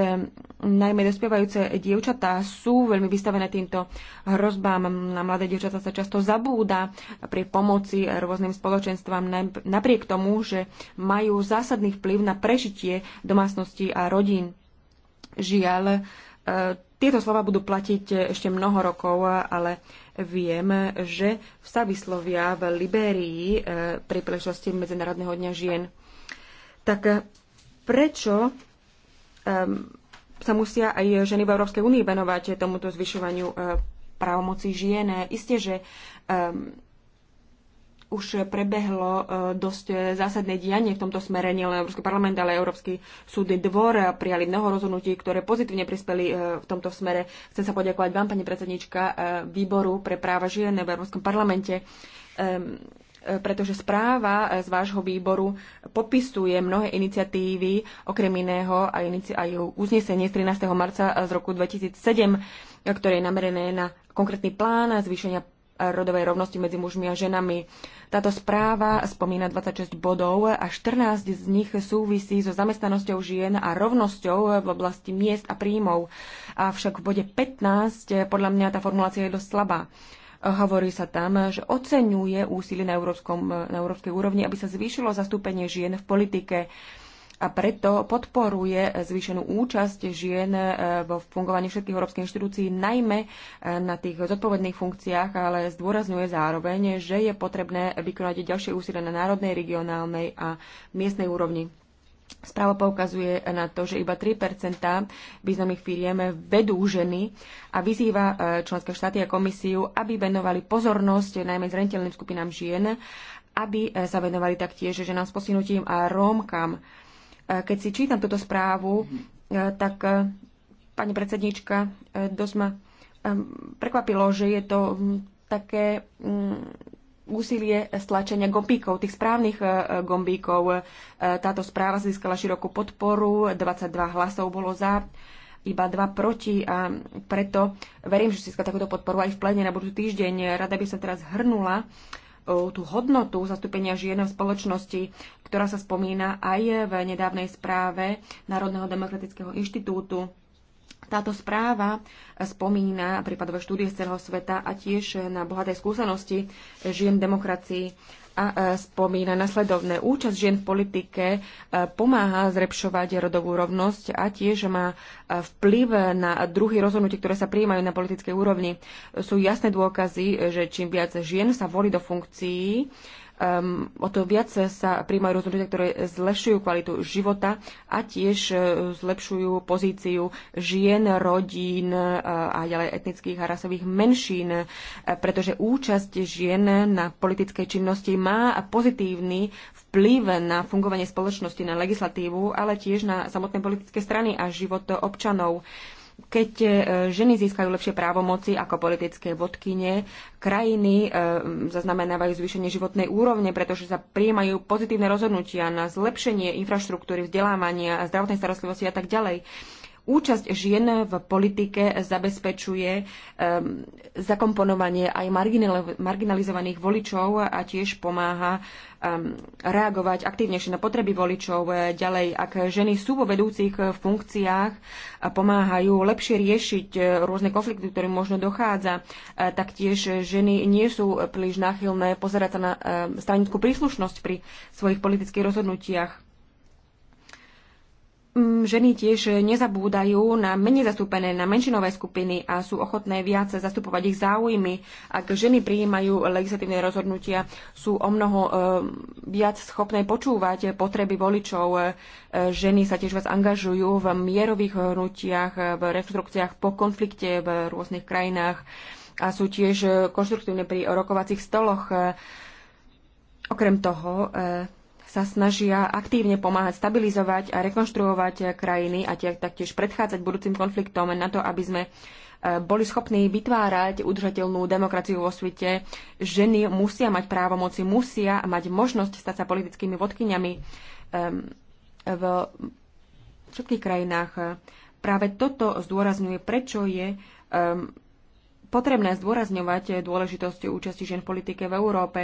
najmä dospievajúce dievčatá sú veľmi vystavené týmto hrozbám. Na mladé dievčatá sa často zabúda pri pomoci rôznym spoločenstvám, napriek tomu, že majú zásadný vplyv na prežitie domácností a rodín. Žiaľ, e, tieto slova budú platiť ešte mnoho rokov, ale viem, že sa vyslovia v Libérii e, pri príležitosti Medzinárodného dňa žien. Tak e, prečo sa musia aj ženy v Európskej únii venovať tomuto zvyšovaniu právomoci žien? Isté, že už prebehlo e, dosť zásadné dianie v tomto smere, nielen Európsky parlament, ale aj Európsky súdny dvor a prijali mnoho rozhodnutí, ktoré pozitívne prispeli e, v tomto smere. Chcem sa poďakovať vám, pani predsednička, e, výboru pre práva žien v Európskom parlamente ehm, pretože správa z vášho výboru popisuje mnohé iniciatívy, okrem iného aj, inici- aj uznesenie z 13. marca z roku 2007, ktoré je namerené na konkrétny plán zvýšenia rodovej rovnosti medzi mužmi a ženami. Táto správa spomína 26 bodov a 14 z nich súvisí so zamestnanosťou žien a rovnosťou v oblasti miest a príjmov. Avšak v bode 15 podľa mňa tá formulácia je dosť slabá. Hovorí sa tam, že oceňuje úsilie na, európskom, na európskej úrovni, aby sa zvýšilo zastúpenie žien v politike a preto podporuje zvýšenú účasť žien e, vo fungovaní všetkých európskych inštitúcií, najmä e, na tých zodpovedných funkciách, ale zdôrazňuje zároveň, že je potrebné vykonať ďalšie úsilie na národnej, regionálnej a miestnej úrovni. Správa poukazuje na to, že iba 3 významných firiem vedú ženy a vyzýva e, členské štáty a komisiu, aby venovali pozornosť najmä zraniteľným skupinám žien, aby sa venovali taktiež ženám s posinutím a rómkam. Eh, keď si čítam túto správu, eh, tak eh, pani predsednička, dosť ma prekvapilo, že je to mm, také mm, úsilie stlačenia gombíkov, tých správnych gombíkov. Táto správa získala širokú podporu, 22 hlasov bolo za, iba dva proti a preto verím, že získa takúto podporu aj v plene na budúci týždeň. Rada by som teraz hrnula uh, tú hodnotu zastúpenia žien v spoločnosti, ktorá sa spomína aj v nedávnej správe Národného demokratického inštitútu táto správa spomína prípadové štúdie z celého sveta a tiež na bohaté skúsenosti žien demokracii a e, spomína nasledovné. Účasť žien v politike e, pomáha zrepšovať rodovú rovnosť a tiež má e, vplyv na druhy rozhodnutie, ktoré sa prijímajú na politickej úrovni. Sú jasné dôkazy, že čím viac žien sa volí do funkcií, um, o to viac sa príjmajú rozhodnutia, ktoré zlepšujú kvalitu života a tiež e, zlepšujú pozíciu žien, rodín e, a ďalej etnických a rasových menšín, e, pretože účasť žien na politickej činnosti má pozitívny vplyv na fungovanie spoločnosti, na legislatívu, ale tiež na samotné politické strany a život občanov. Um, keď e, ženy získajú lepšie právomoci ako politické vodkyne, krajiny e, zaznamenávajú zvýšenie životnej úrovne, pretože sa prijímajú pozitívne rozhodnutia na zlepšenie infraštruktúry, vzdelávania, zdravotnej starostlivosti a tak ďalej účasť žien v politike zabezpečuje um, zakomponovanie aj marginalizovaných voličov a tiež pomáha um, reagovať aktívnejšie na potreby voličov. Ďalej, ak ženy sú vo vedúcich funkciách, a pomáhajú lepšie riešiť e, rôzne konflikty, ktorým možno dochádza. E, tak tiež ženy nie sú príliš náchylné pozerať sa na stranickú príslušnosť pri svojich politických rozhodnutiach ženy tiež nezabúdajú na menej zastúpené, na menšinové skupiny a sú ochotné viac zastupovať ich záujmy. Ak ženy prijímajú legislatívne rozhodnutia, sú o mnoho e, viac schopné počúvať potreby voličov. E, ženy sa tiež viac angažujú v mierových hnutiach, v rekonstrukciách po konflikte v rôznych krajinách a sú tiež konštruktívne pri rokovacích stoloch. E, okrem toho, sa snažia aktívne pomáhať stabilizovať a rekonštruovať krajiny a taktiež predchádzať budúcim konfliktom na to, aby sme e, boli schopní vytvárať udržateľnú demokraciu vo svete. Ženy musia mať právomoci, musia mať možnosť stať sa politickými vodkyňami e, v všetkých krajinách. Práve toto zdôrazňuje, prečo je e, potrebné zdôrazňovať dôležitosť účasti žien v politike v Európe.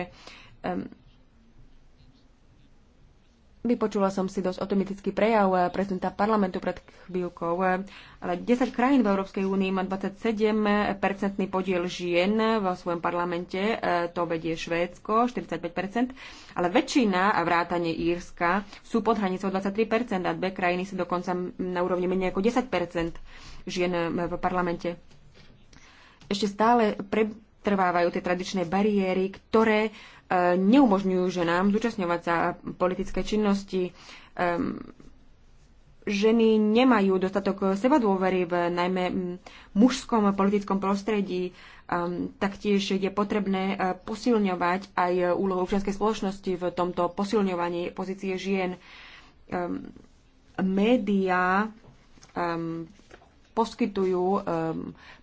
Vypočula som si dosť optimistický prejav eh, prezidenta parlamentu pred chvíľkou, eh, ale 10 krajín v Európskej únii má 27-percentný podiel žien vo svojom parlamente, eh, to vedie Švédsko, 45%, ale väčšina, a vrátane Írska, sú pod hranicou 23% a dve krajiny sú dokonca na úrovni menej ako 10% žien v parlamente. Ešte stále pretrvávajú tie tradičné bariéry, ktoré neumožňujú ženám zúčastňovať sa politické činnosti. Ženy nemajú dostatok sebadôvery v najmä mužskom politickom prostredí. Taktiež je potrebné e, posilňovať aj úlohu občianskej spoločnosti v tomto posilňovaní pozície žien. Média poskytujú um,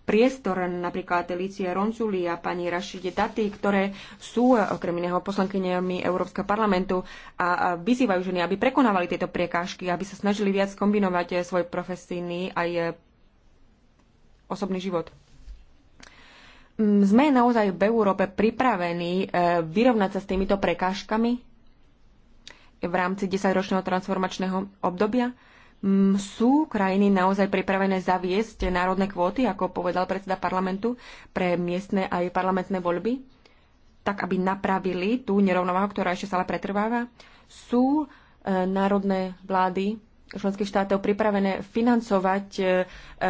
priestor napríklad lícia Ronculi a pani Rašide Tati, ktoré sú eh, okrem iného poslankyňami Európskeho parlamentu a, a vyzývajú ženy, aby prekonávali tieto priekážky, aby sa snažili viac kombinovať eh, svoj profesijný aj eh, osobný život mm, sme naozaj v Európe pripravení vyrovnať sa s týmito prekážkami v rámci 10-ročného transformačného obdobia? Mm, sú krajiny naozaj pripravené zaviesť národné kvóty, ako povedal predseda parlamentu, pre miestne aj parlamentné voľby, tak aby napravili tú nerovnováhu, ktorá ešte stále pretrváva? Sú e, národné vlády členských štátov pripravené financovať e, e,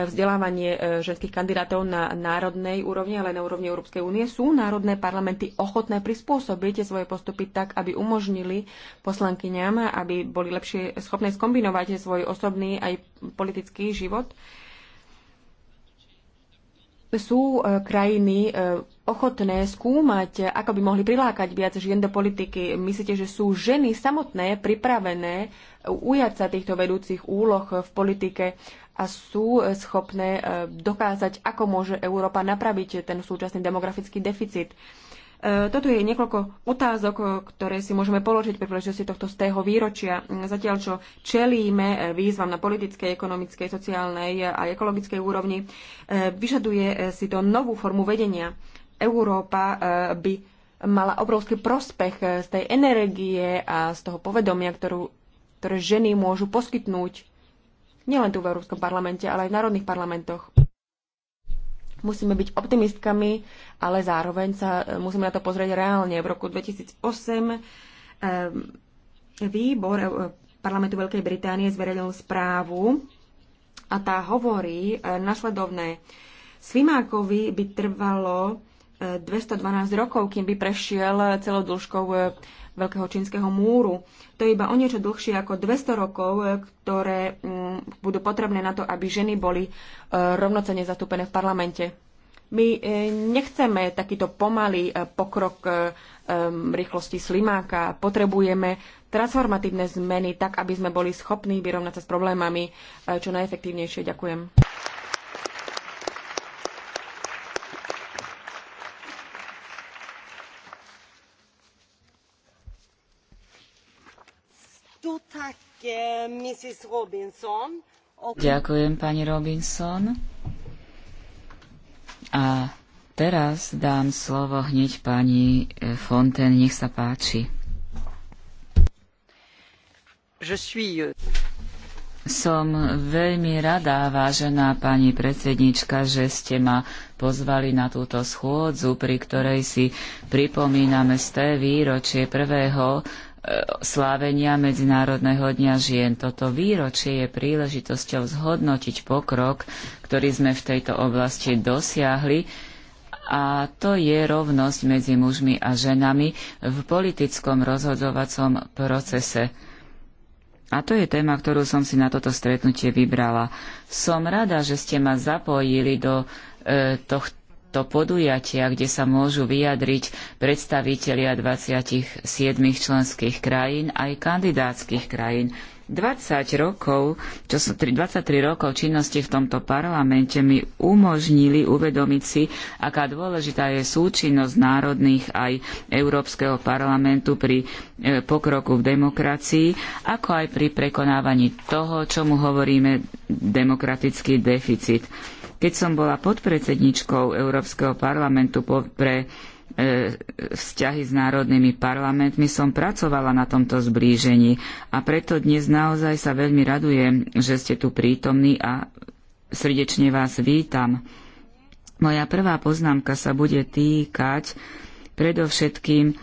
vzdelávanie e, ženských kandidátov na národnej úrovni, ale na úrovni Európskej únie. Sú národné parlamenty ochotné prispôsobiť svoje postupy tak, aby umožnili poslankyňam, aby boli lepšie schopné skombinovať svoj osobný aj politický život? Sú krajiny ochotné skúmať, ako by mohli prilákať viac žien do politiky? Myslíte, že sú ženy samotné pripravené ujať sa týchto vedúcich úloh v politike a sú schopné eh, dokázať, ako môže Európa napraviť ten súčasný demografický deficit? Eh, toto je niekoľko otázok, ktoré si môžeme položiť pri príležitosti tohto stého výročia. Zatiaľ, čo čelíme eh, výzvam na politickej, ekonomickej, sociálnej a ekologickej úrovni, vyžaduje si to novú formu vedenia. Európa eh, by mala obrovský prospech eh, z tej energie a z toho povedomia, ktorú, ktoré ženy môžu poskytnúť nielen tu v Európskom parlamente, ale aj v národných parlamentoch. Musíme byť optimistkami, ale zároveň sa eh, musíme na to pozrieť reálne. V roku 2008 výbor parlamentu Veľkej Británie zverejnil správu a tá hovorí nasledovné. Slimákovi by trvalo 212 rokov, kým by prešiel celou dĺžkou e, Veľkého čínskeho múru. To je iba o niečo dlhšie ako 200 rokov, e, ktoré mm, budú potrebné na to, aby ženy boli e, rovnocene zastúpené v parlamente. My nechceme takýto pomalý pokrok rýchlosti slimáka. Potrebujeme transformatívne zmeny tak, aby sme boli schopní vyrovnať sa s problémami čo najefektívnejšie. Ďakujem. E, Ďakujem, pani Robinson. A teraz dám slovo hneď pani e, Fonten, nech sa páči. E, Som veľmi rada, vážená pani predsednička, že ste ma pozvali na túto schôdzu, pri ktorej si pripomíname z té výročie prvého E, slávenia Medzinárodného dňa žien. Toto výročie je príležitosťou zhodnotiť pokrok, ktorý sme v tejto oblasti dosiahli a to je rovnosť medzi mužmi a ženami v politickom rozhodovacom procese. A to je téma, ktorú som si na toto stretnutie vybrala. Som rada, že ste ma zapojili do e, tohto to podujatia, kde sa môžu vyjadriť predstavitelia 27 členských krajín aj kandidátskych krajín. 20 rokov, čo sú 23 rokov činnosti v tomto parlamente mi umožnili uvedomiť si, aká dôležitá je súčinnosť národných aj Európskeho parlamentu pri e, pokroku v demokracii, ako aj pri prekonávaní toho, čomu hovoríme demokratický deficit. Keď som bola podpredsedničkou Európskeho parlamentu pre e, vzťahy s národnými parlamentmi som pracovala na tomto zblížení a preto dnes naozaj sa veľmi radujem, že ste tu prítomní a srdečne vás vítam. Moja prvá poznámka sa bude týkať predovšetkým e,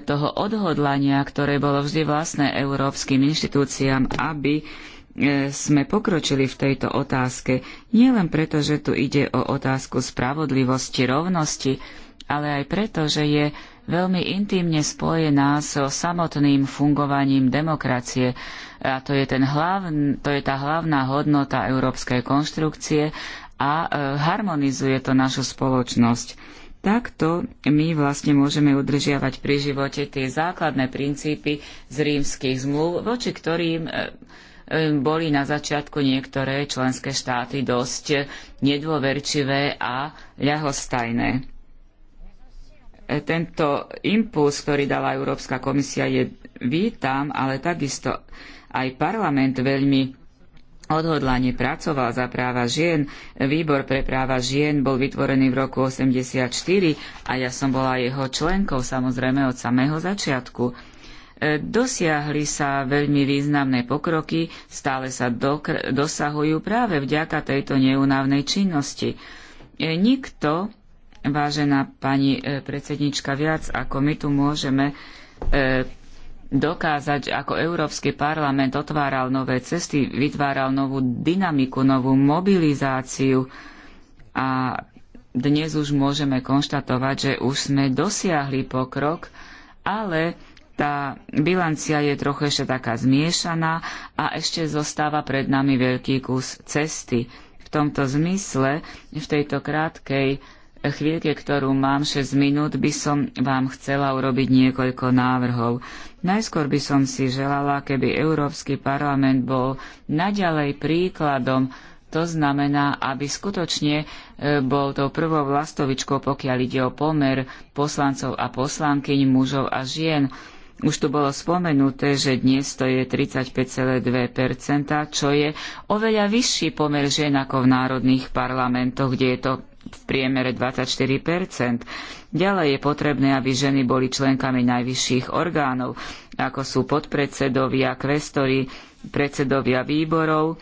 toho odhodlania, ktoré bolo vždy vlastné európskym inštitúciám, aby E, sme pokročili v tejto otázke, nielen preto, že tu ide o otázku spravodlivosti, rovnosti, ale aj preto, že je veľmi intimne spojená so samotným fungovaním demokracie. A to je, ten hlavn, to je tá hlavná hodnota európskej konštrukcie a e, harmonizuje to našu spoločnosť. Takto my vlastne môžeme udržiavať pri živote tie základné princípy z rímskych zmluv, voči ktorým e, boli na začiatku niektoré členské štáty dosť nedôverčivé a ľahostajné. Tento impuls, ktorý dala Európska komisia, je vítam, ale takisto aj parlament veľmi odhodlane pracoval za práva žien. Výbor pre práva žien bol vytvorený v roku 1984 a ja som bola jeho členkou samozrejme od samého začiatku. Dosiahli sa veľmi významné pokroky, stále sa dosahujú práve vďaka tejto neunávnej činnosti. E, nikto, vážená pani e, predsednička, viac ako my tu môžeme e, dokázať, ako Európsky parlament otváral nové cesty, vytváral novú dynamiku, novú mobilizáciu a dnes už môžeme konštatovať, že už sme dosiahli pokrok, ale tá bilancia je trochu ešte taká zmiešaná a ešte zostáva pred nami veľký kus cesty. V tomto zmysle, v tejto krátkej chvíľke, ktorú mám 6 minút, by som vám chcela urobiť niekoľko návrhov. Najskôr by som si želala, keby Európsky parlament bol naďalej príkladom to znamená, aby skutočne e, bol tou prvou vlastovičkou, pokiaľ ide o pomer poslancov a poslankyň, mužov a žien. Už tu bolo spomenuté, že dnes to je 35,2%, čo je oveľa vyšší pomer žien ako v národných parlamentoch, kde je to v priemere 24%. Ďalej je potrebné, aby ženy boli členkami najvyšších orgánov, ako sú podpredsedovia, kvestori, predsedovia výborov,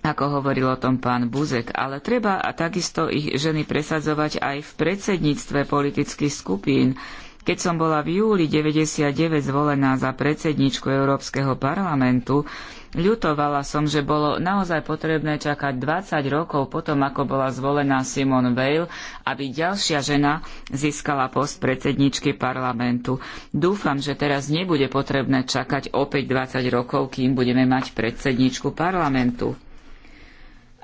ako hovoril o tom pán Buzek, ale treba a takisto ich ženy presadzovať aj v predsedníctve politických skupín. Keď som bola v júli 99 zvolená za predsedničku Európskeho parlamentu, ľutovala som, že bolo naozaj potrebné čakať 20 rokov potom, ako bola zvolená Simone Weil, aby ďalšia žena získala post predsedničky parlamentu. Dúfam, že teraz nebude potrebné čakať opäť 20 rokov, kým budeme mať predsedničku parlamentu.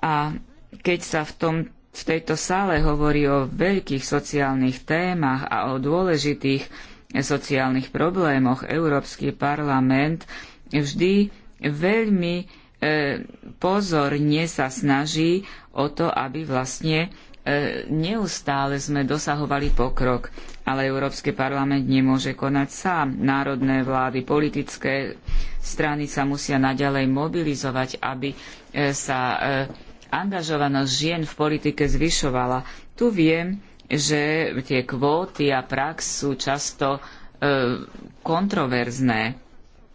A keď sa v tom v tejto sále hovorí o veľkých sociálnych témach a o dôležitých sociálnych problémoch, Európsky parlament vždy veľmi e, pozorne sa snaží o to, aby vlastne e, neustále sme dosahovali pokrok. Ale Európsky parlament nemôže konať sám. Národné vlády, politické strany sa musia naďalej mobilizovať, aby e, sa. E, angažovanosť žien v politike zvyšovala. Tu viem, že tie kvóty a prax sú často e, kontroverzné,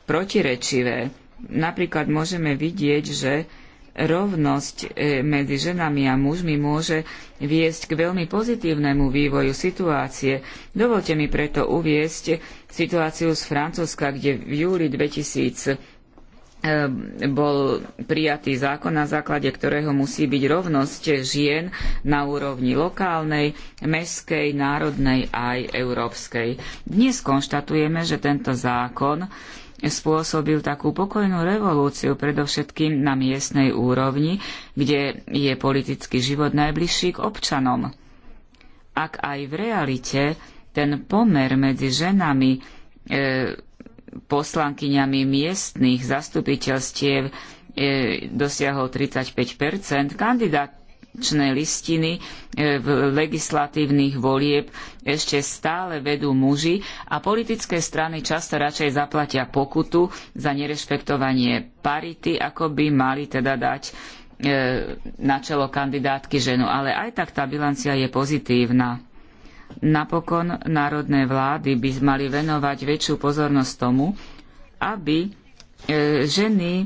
protirečivé. Napríklad môžeme vidieť, že rovnosť e, medzi ženami a mužmi môže viesť k veľmi pozitívnemu vývoju situácie. Dovolte mi preto uviesť situáciu z Francúzska, kde v júli 2000 bol prijatý zákon, na základe ktorého musí byť rovnosť žien na úrovni lokálnej, mestskej, národnej aj európskej. Dnes konštatujeme, že tento zákon spôsobil takú pokojnú revolúciu predovšetkým na miestnej úrovni, kde je politický život najbližší k občanom. Ak aj v realite ten pomer medzi ženami e, poslankyňami miestnych zastupiteľstiev e, dosiahol 35 kandidačné listiny e, v legislatívnych volieb ešte stále vedú muži a politické strany často radšej zaplatia pokutu za nerešpektovanie parity, ako by mali teda dať e, na čelo kandidátky ženu. Ale aj tak tá bilancia je pozitívna. Napokon národné vlády by mali venovať väčšiu pozornosť tomu, aby e, ženy e,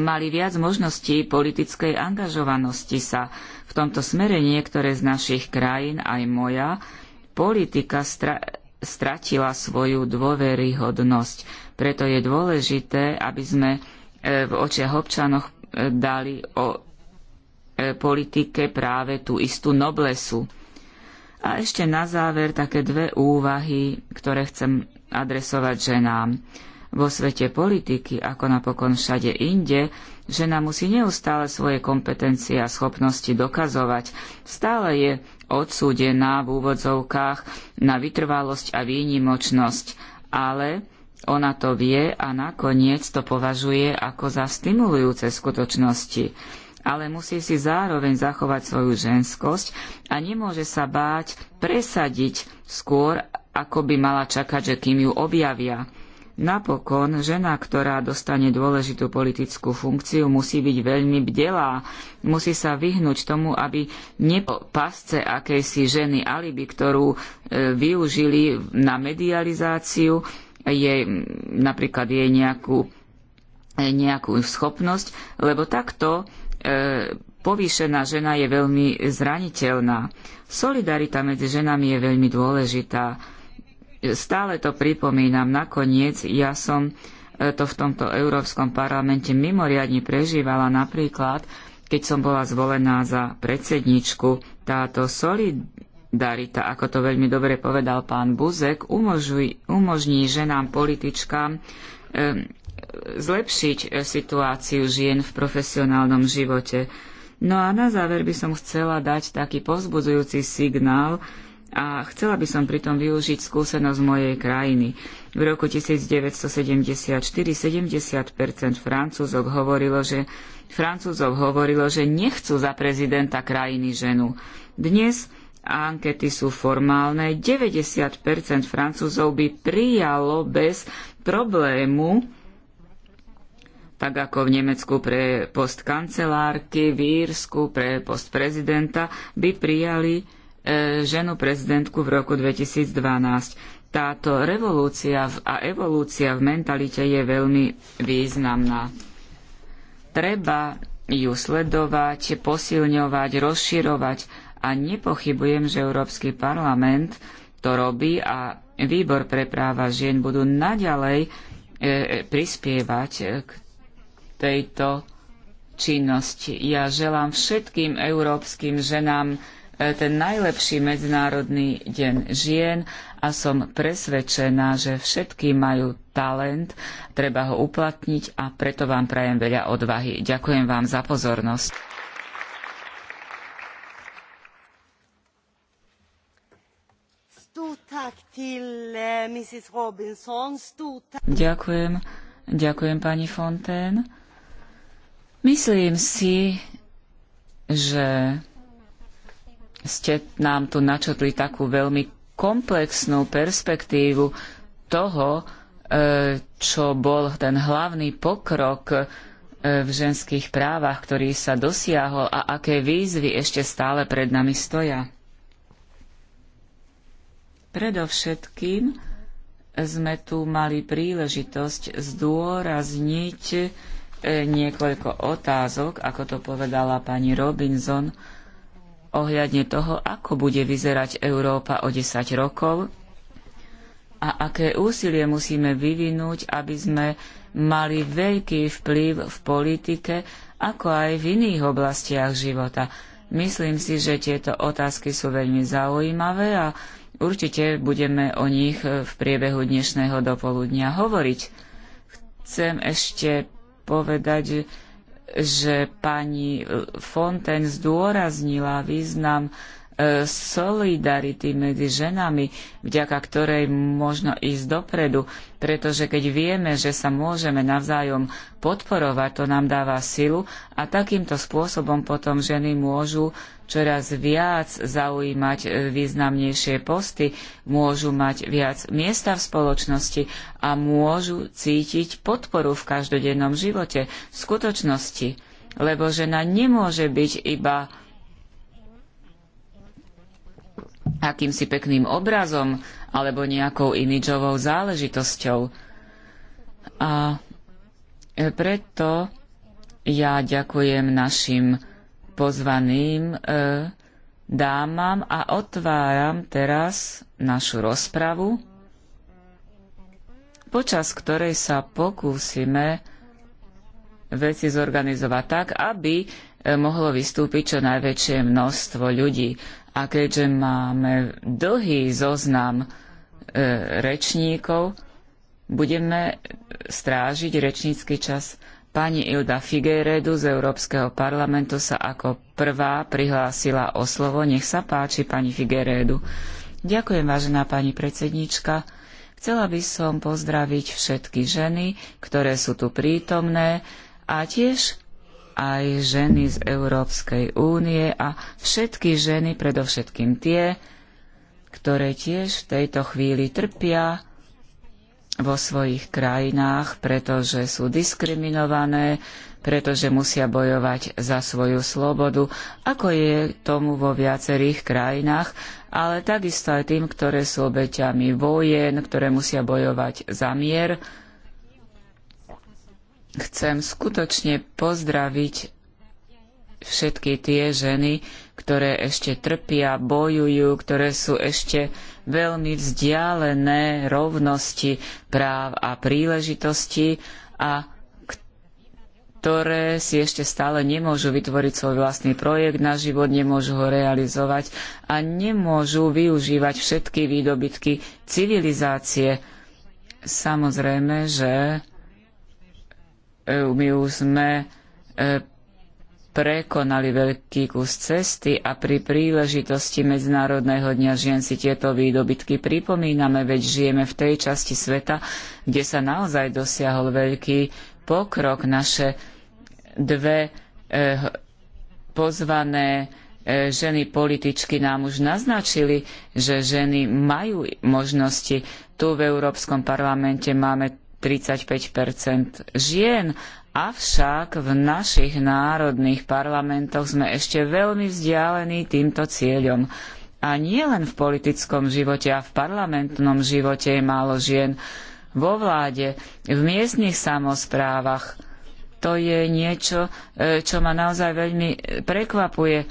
mali viac možností politickej angažovanosti sa. V tomto smere niektoré z našich krajín, aj moja, politika stra- stratila svoju dôveryhodnosť. Preto je dôležité, aby sme e, v očiach občanoch dali o politike práve tú istú noblesu. A ešte na záver také dve úvahy, ktoré chcem adresovať ženám. Vo svete politiky, ako napokon všade inde, žena musí neustále svoje kompetencie a schopnosti dokazovať. Stále je odsúdená v úvodzovkách na vytrvalosť a výnimočnosť, ale ona to vie a nakoniec to považuje ako za stimulujúce skutočnosti ale musí si zároveň zachovať svoju ženskosť a nemôže sa báť presadiť skôr, ako by mala čakať, že kým ju objavia. Napokon, žena, ktorá dostane dôležitú politickú funkciu, musí byť veľmi bdelá, musí sa vyhnúť tomu, aby nepo pasce akejsi ženy alibi, ktorú e, využili na medializáciu, jej, napríklad jej nejakú, e, nejakú schopnosť, lebo takto E, povýšená žena je veľmi zraniteľná. Solidarita medzi ženami je veľmi dôležitá. Stále to pripomínam. Nakoniec ja som e, to v tomto Európskom parlamente mimoriadne prežívala napríklad, keď som bola zvolená za predsedničku. Táto solidarita, ako to veľmi dobre povedal pán Buzek, umožuj, umožní ženám političkám e, zlepšiť eh, situáciu žien v profesionálnom živote. No a na záver by som chcela dať taký povzbudzujúci signál a chcela by som pritom využiť skúsenosť mojej krajiny. V roku 1974 70 francúzov hovorilo, že francúzov hovorilo, že nechcú za prezidenta krajiny ženu. Dnes ankety sú formálne, 90 francúzov by prijalo bez problému tak ako v Nemecku pre post kancelárky, v Írsku pre post prezidenta, by prijali e, ženu prezidentku v roku 2012. Táto revolúcia a evolúcia v mentalite je veľmi významná. Treba ju sledovať, posilňovať, rozširovať a nepochybujem, že Európsky parlament to robí a Výbor pre práva žien budú naďalej e, e, prispievať k tejto činnosti. Ja želám všetkým európskym ženám e, ten najlepší Medzinárodný deň žien a som presvedčená, že všetky majú talent, treba ho uplatniť a preto vám prajem veľa odvahy. Ďakujem vám za pozornosť. Eh, ďakujem, ďakujem pani Fontaine. Myslím si, že ste nám tu načotli takú veľmi komplexnú perspektívu toho, e, čo bol ten hlavný pokrok e, v ženských právach, ktorý sa dosiahol a aké výzvy ešte stále pred nami stoja. Predovšetkým sme tu mali príležitosť zdôrazniť E, niekoľko otázok, ako to povedala pani Robinson, ohľadne toho, ako bude vyzerať Európa o 10 rokov a aké úsilie musíme vyvinúť, aby sme mali veľký vplyv v politike, ako aj v iných oblastiach života. Myslím si, že tieto otázky sú veľmi zaujímavé a určite budeme o nich v priebehu dnešného dopoludnia hovoriť. Chcem ešte povedať, že pani Fonten zdôraznila význam e, solidarity medzi ženami, vďaka ktorej možno ísť dopredu, pretože keď vieme, že sa môžeme navzájom podporovať, to nám dáva silu a takýmto spôsobom potom ženy môžu čoraz viac zaujímať e, významnejšie posty, môžu mať viac miesta v spoločnosti a môžu cítiť podporu v každodennom živote, v skutočnosti. Lebo žena nemôže byť iba akýmsi pekným obrazom alebo nejakou imidžovou záležitosťou. A preto ja ďakujem našim pozvaným e, dámam a otváram teraz našu rozpravu, počas ktorej sa pokúsime veci zorganizovať tak, aby e, mohlo vystúpiť čo najväčšie množstvo ľudí. A keďže máme dlhý zoznam e, rečníkov, budeme strážiť rečnícky čas Pani Ilda Figueiredu z Európskeho parlamentu sa ako prvá prihlásila o slovo. Nech sa páči, pani Figueiredu. Ďakujem, vážená pani predsedníčka. Chcela by som pozdraviť všetky ženy, ktoré sú tu prítomné a tiež aj ženy z Európskej únie a všetky ženy, predovšetkým tie, ktoré tiež v tejto chvíli trpia vo svojich krajinách, pretože sú diskriminované, pretože musia bojovať za svoju slobodu, ako je tomu vo viacerých krajinách, ale takisto aj tým, ktoré sú obeťami vojen, ktoré musia bojovať za mier. Chcem skutočne pozdraviť všetky tie ženy, ktoré ešte trpia, bojujú, ktoré sú ešte veľmi vzdialené rovnosti práv a príležitostí a ktoré si ešte stále nemôžu vytvoriť svoj vlastný projekt na život, nemôžu ho realizovať a nemôžu využívať všetky výdobytky civilizácie. Samozrejme, že e, my už sme e, prekonali veľký kus cesty a pri príležitosti Medzinárodného dňa žien si tieto výdobytky pripomíname, veď žijeme v tej časti sveta, kde sa naozaj dosiahol veľký pokrok. Naše dve eh, pozvané eh, ženy političky nám už naznačili, že ženy majú možnosti. Tu v Európskom parlamente máme 35 žien Avšak v našich národných parlamentoch sme ešte veľmi vzdialení týmto cieľom. A nie len v politickom živote a v parlamentnom živote je málo žien. Vo vláde, v miestnych samozprávach. To je niečo, e, čo ma naozaj veľmi e, prekvapuje.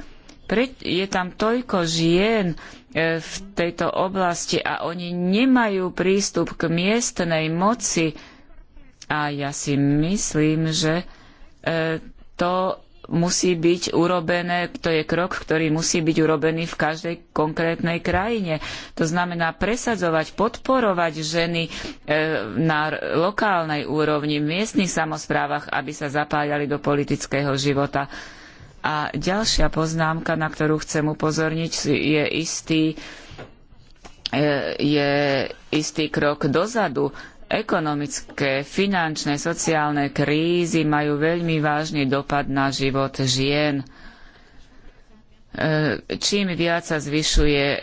je tam toľko žien e, v tejto oblasti a oni nemajú prístup k miestnej moci, a ja si myslím, že e, to musí byť urobené, to je krok, ktorý musí byť urobený v každej konkrétnej krajine. To znamená presadzovať, podporovať ženy e, na lokálnej úrovni, v miestnych samozprávach, aby sa zapájali do politického života. A ďalšia poznámka, na ktorú chcem upozorniť, je istý, e, je istý krok dozadu Ekonomické, finančné, sociálne krízy majú veľmi vážny dopad na život žien. E, čím viac sa zvyšuje e,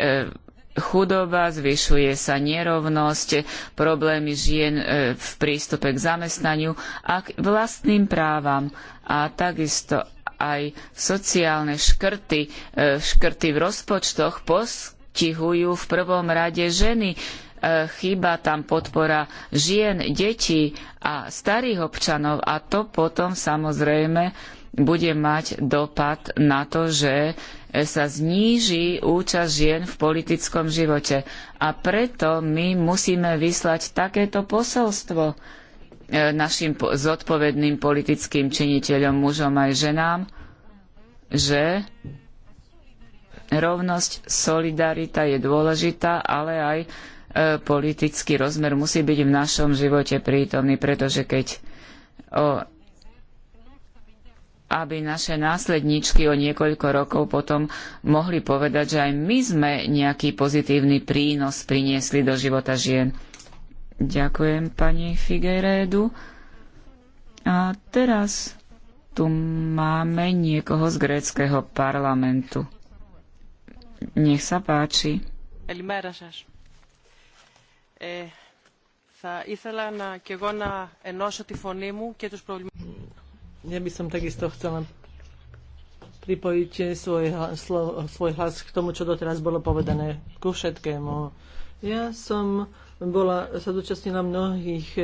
chudoba, zvyšuje sa nerovnosť, problémy žien e, v prístupe k zamestnaniu a k vlastným právam. A takisto aj sociálne škrty, škrty v rozpočtoch postihujú v prvom rade ženy E, chýba tam podpora žien, detí a starých občanov a to potom samozrejme bude mať dopad na to, že sa zníži účasť žien v politickom živote. A preto my musíme vyslať takéto posolstvo e, našim zodpovedným politickým činiteľom, mužom aj ženám, že rovnosť, solidarita je dôležitá, ale aj E, politický rozmer musí byť v našom živote prítomný, pretože keď o, aby naše následníčky o niekoľko rokov potom mohli povedať, že aj my sme nejaký pozitívny prínos priniesli do života žien. Ďakujem pani Figueredu. A teraz tu máme niekoho z gréckého parlamentu. Nech sa páči. Ja by som takisto chcela pripojiť svoj, svoj hlas k tomu, čo doteraz bolo povedané, ku všetkému. Ja som bola, sa zúčastnila mnohých e,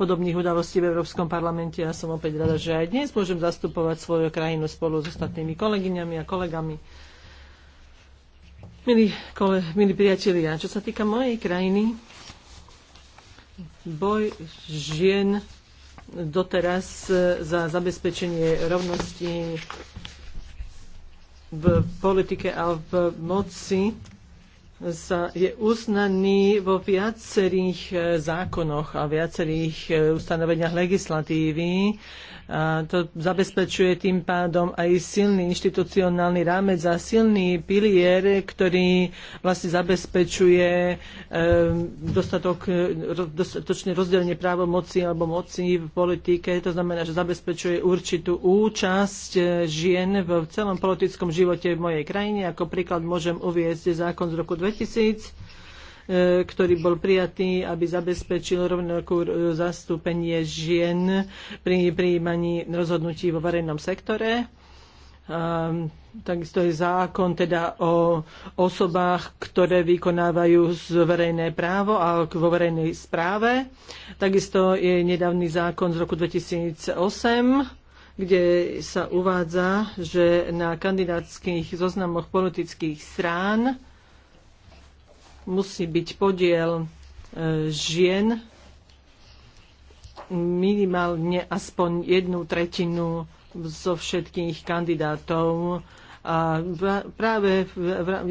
podobných udalostí v Európskom parlamente a som opäť rada, že aj dnes môžem zastupovať svoju krajinu spolu s ostatnými kolegyňami a kolegami. Milí, kole, milí priatelia, čo sa týka mojej krajiny, boj žien doteraz e, za zabezpečenie rovnosti v politike a v moci sa je uznaný vo viacerých e, zákonoch a viacerých e, ustanoveniach legislatívy a to zabezpečuje tým pádom aj silný inštitucionálny rámec a silný pilier, ktorý vlastne zabezpečuje ehm, dostatok, e, dostatočné rozdelenie právomoci alebo moci v politike. To znamená, že zabezpečuje určitú účasť e, žien v celom politickom živote v mojej krajine. Ako príklad môžem uviezť zákon z roku 2000, E, ktorý bol prijatý, aby zabezpečil rovnakú e, zastúpenie žien pri prijímaní rozhodnutí vo verejnom sektore. A, takisto je zákon teda o osobách, ktoré vykonávajú verejné právo a vo verejnej správe. Takisto je nedávny zákon z roku 2008, kde sa uvádza, že na kandidátskych zoznamoch politických strán musí byť podiel e, žien minimálne aspoň jednu tretinu zo všetkých kandidátov. A práve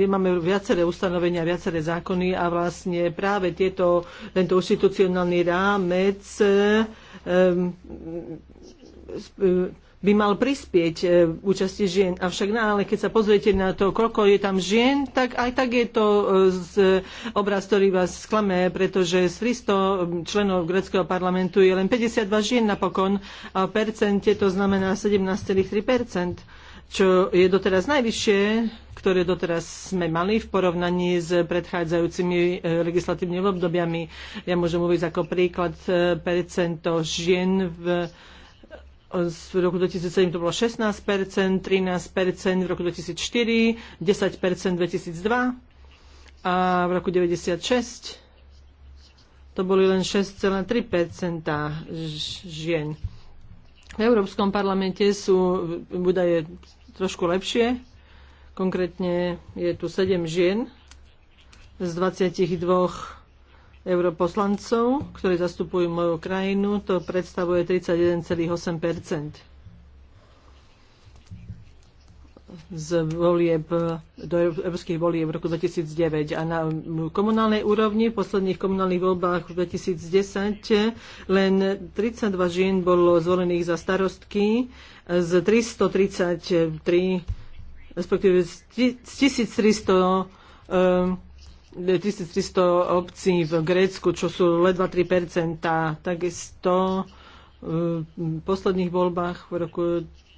máme viaceré ustanovenia, viaceré zákony a vlastne práve tieto, tento institucionálny rámec e, e, by mal prispieť e, účasti žien. Avšak na, no, ale keď sa pozriete na to, koľko je tam žien, tak aj tak je to e, z, obraz, ktorý vás sklame, pretože z 300 e, členov greckého parlamentu je len 52 žien napokon a v percente to znamená 17,3 čo je doteraz najvyššie, ktoré doteraz sme mali v porovnaní s predchádzajúcimi legislatívnymi obdobiami. Ja môžem uvieť ako príklad percento žien v v roku 2007 to bolo 16%, 13% v roku 2004, 10% 2002 a v roku 96 to boli len 6,3% žien. V Európskom parlamente sú údaje trošku lepšie. Konkrétne je tu 7 žien z 22 europoslancov, ktorí zastupujú moju krajinu. To predstavuje 31,8 z volieb, do európskych volieb v roku 2009. A na komunálnej úrovni v posledných komunálnych voľbách v 2010 len 32 žien bolo zvolených za starostky z 333, respektíve z 1300 um, 1300 obcí v Grécku, čo sú ledva 3 Takisto e, v posledných voľbách v roku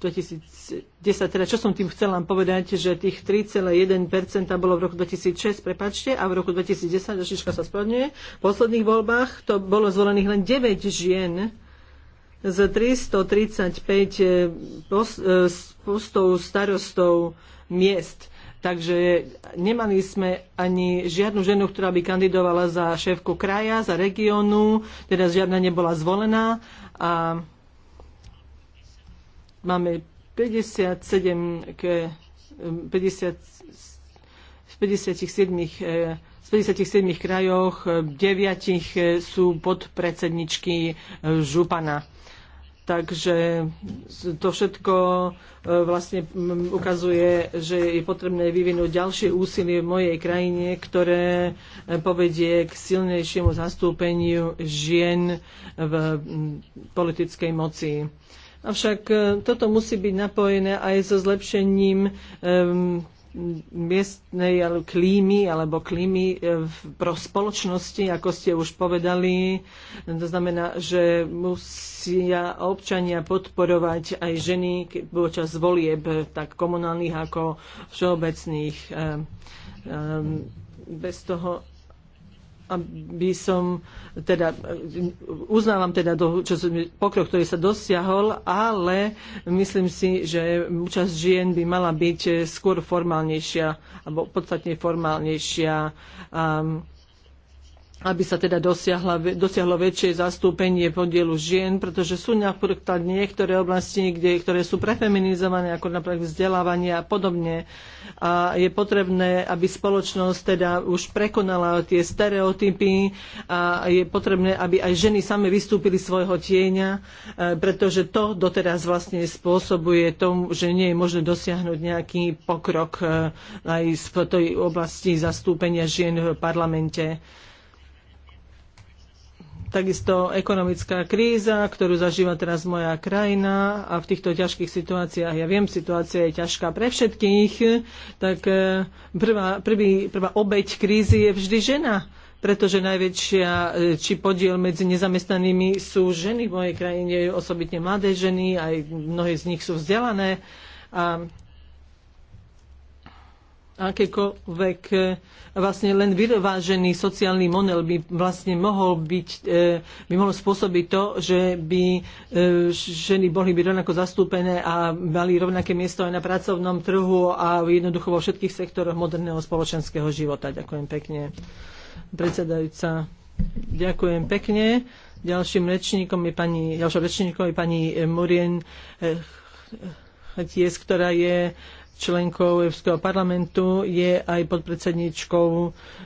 2010, teda čo som tým chcela povedať, že tých 3,1% bolo v roku 2006, prepačte, a v roku 2010, Žižka sa spodňuje, v posledných voľbách to bolo zvolených len 9 žien z 335 e, postov starostov miest. Takže nemali sme ani žiadnu ženu, ktorá by kandidovala za šéfku kraja, za regiónu, teda žiadna nebola zvolená. A máme 57 k 50, v 57 z 57 krajoch 9 sú podpredsedničky eh, župana. Takže to všetko e, vlastne ukazuje, že je potrebné vyvinúť ďalšie úsilie v mojej krajine, ktoré e, povedie k silnejšiemu zastúpeniu žien v politickej moci. Avšak e, toto musí byť napojené aj so zlepšením um, miestnej klímy alebo klímy e, pro spoločnosti, ako ste už povedali. To znamená, že musia občania podporovať aj ženy počas volieb, tak komunálnych ako všeobecných. E, e, bez toho aby som teda uznávam teda do, čo som, pokrok, ktorý sa dosiahol, ale myslím si, že účasť žien by mala byť skôr formálnejšia alebo podstatne formálnejšia. Um, aby sa teda dosiahla, dosiahlo väčšie zastúpenie podielu žien, pretože sú napríklad niektoré oblasti, kde, ktoré sú prefeminizované, ako napríklad vzdelávanie a podobne. A je potrebné, aby spoločnosť teda už prekonala tie stereotypy a je potrebné, aby aj ženy same vystúpili svojho tieňa, e, pretože to doteraz vlastne spôsobuje tomu, že nie je možné dosiahnuť nejaký pokrok e, aj v tej oblasti zastúpenia žien v parlamente takisto ekonomická kríza, ktorú zažíva teraz moja krajina a v týchto ťažkých situáciách, ja viem, situácia je ťažká pre všetkých, tak e, prvá, prvý, prvá obeď krízy je vždy žena pretože najväčšia e, či podiel medzi nezamestnanými sú ženy v mojej krajine, osobitne mladé ženy, aj mnohé z nich sú vzdelané. A akékoľvek e, vlastne len vyrovážený sociálny model by vlastne mohol byť, e, by mohol spôsobiť to, že by e, ženy boli byť rovnako zastúpené a mali rovnaké miesto aj na pracovnom trhu a jednoducho vo všetkých sektoroch moderného spoločenského života. Ďakujem pekne. Predsedajúca, ďakujem pekne. Ďalším rečníkom je pani, ďalšou rečníkom je pani Murien ktorá je členkou Európskeho parlamentu, je aj podpredsedničkou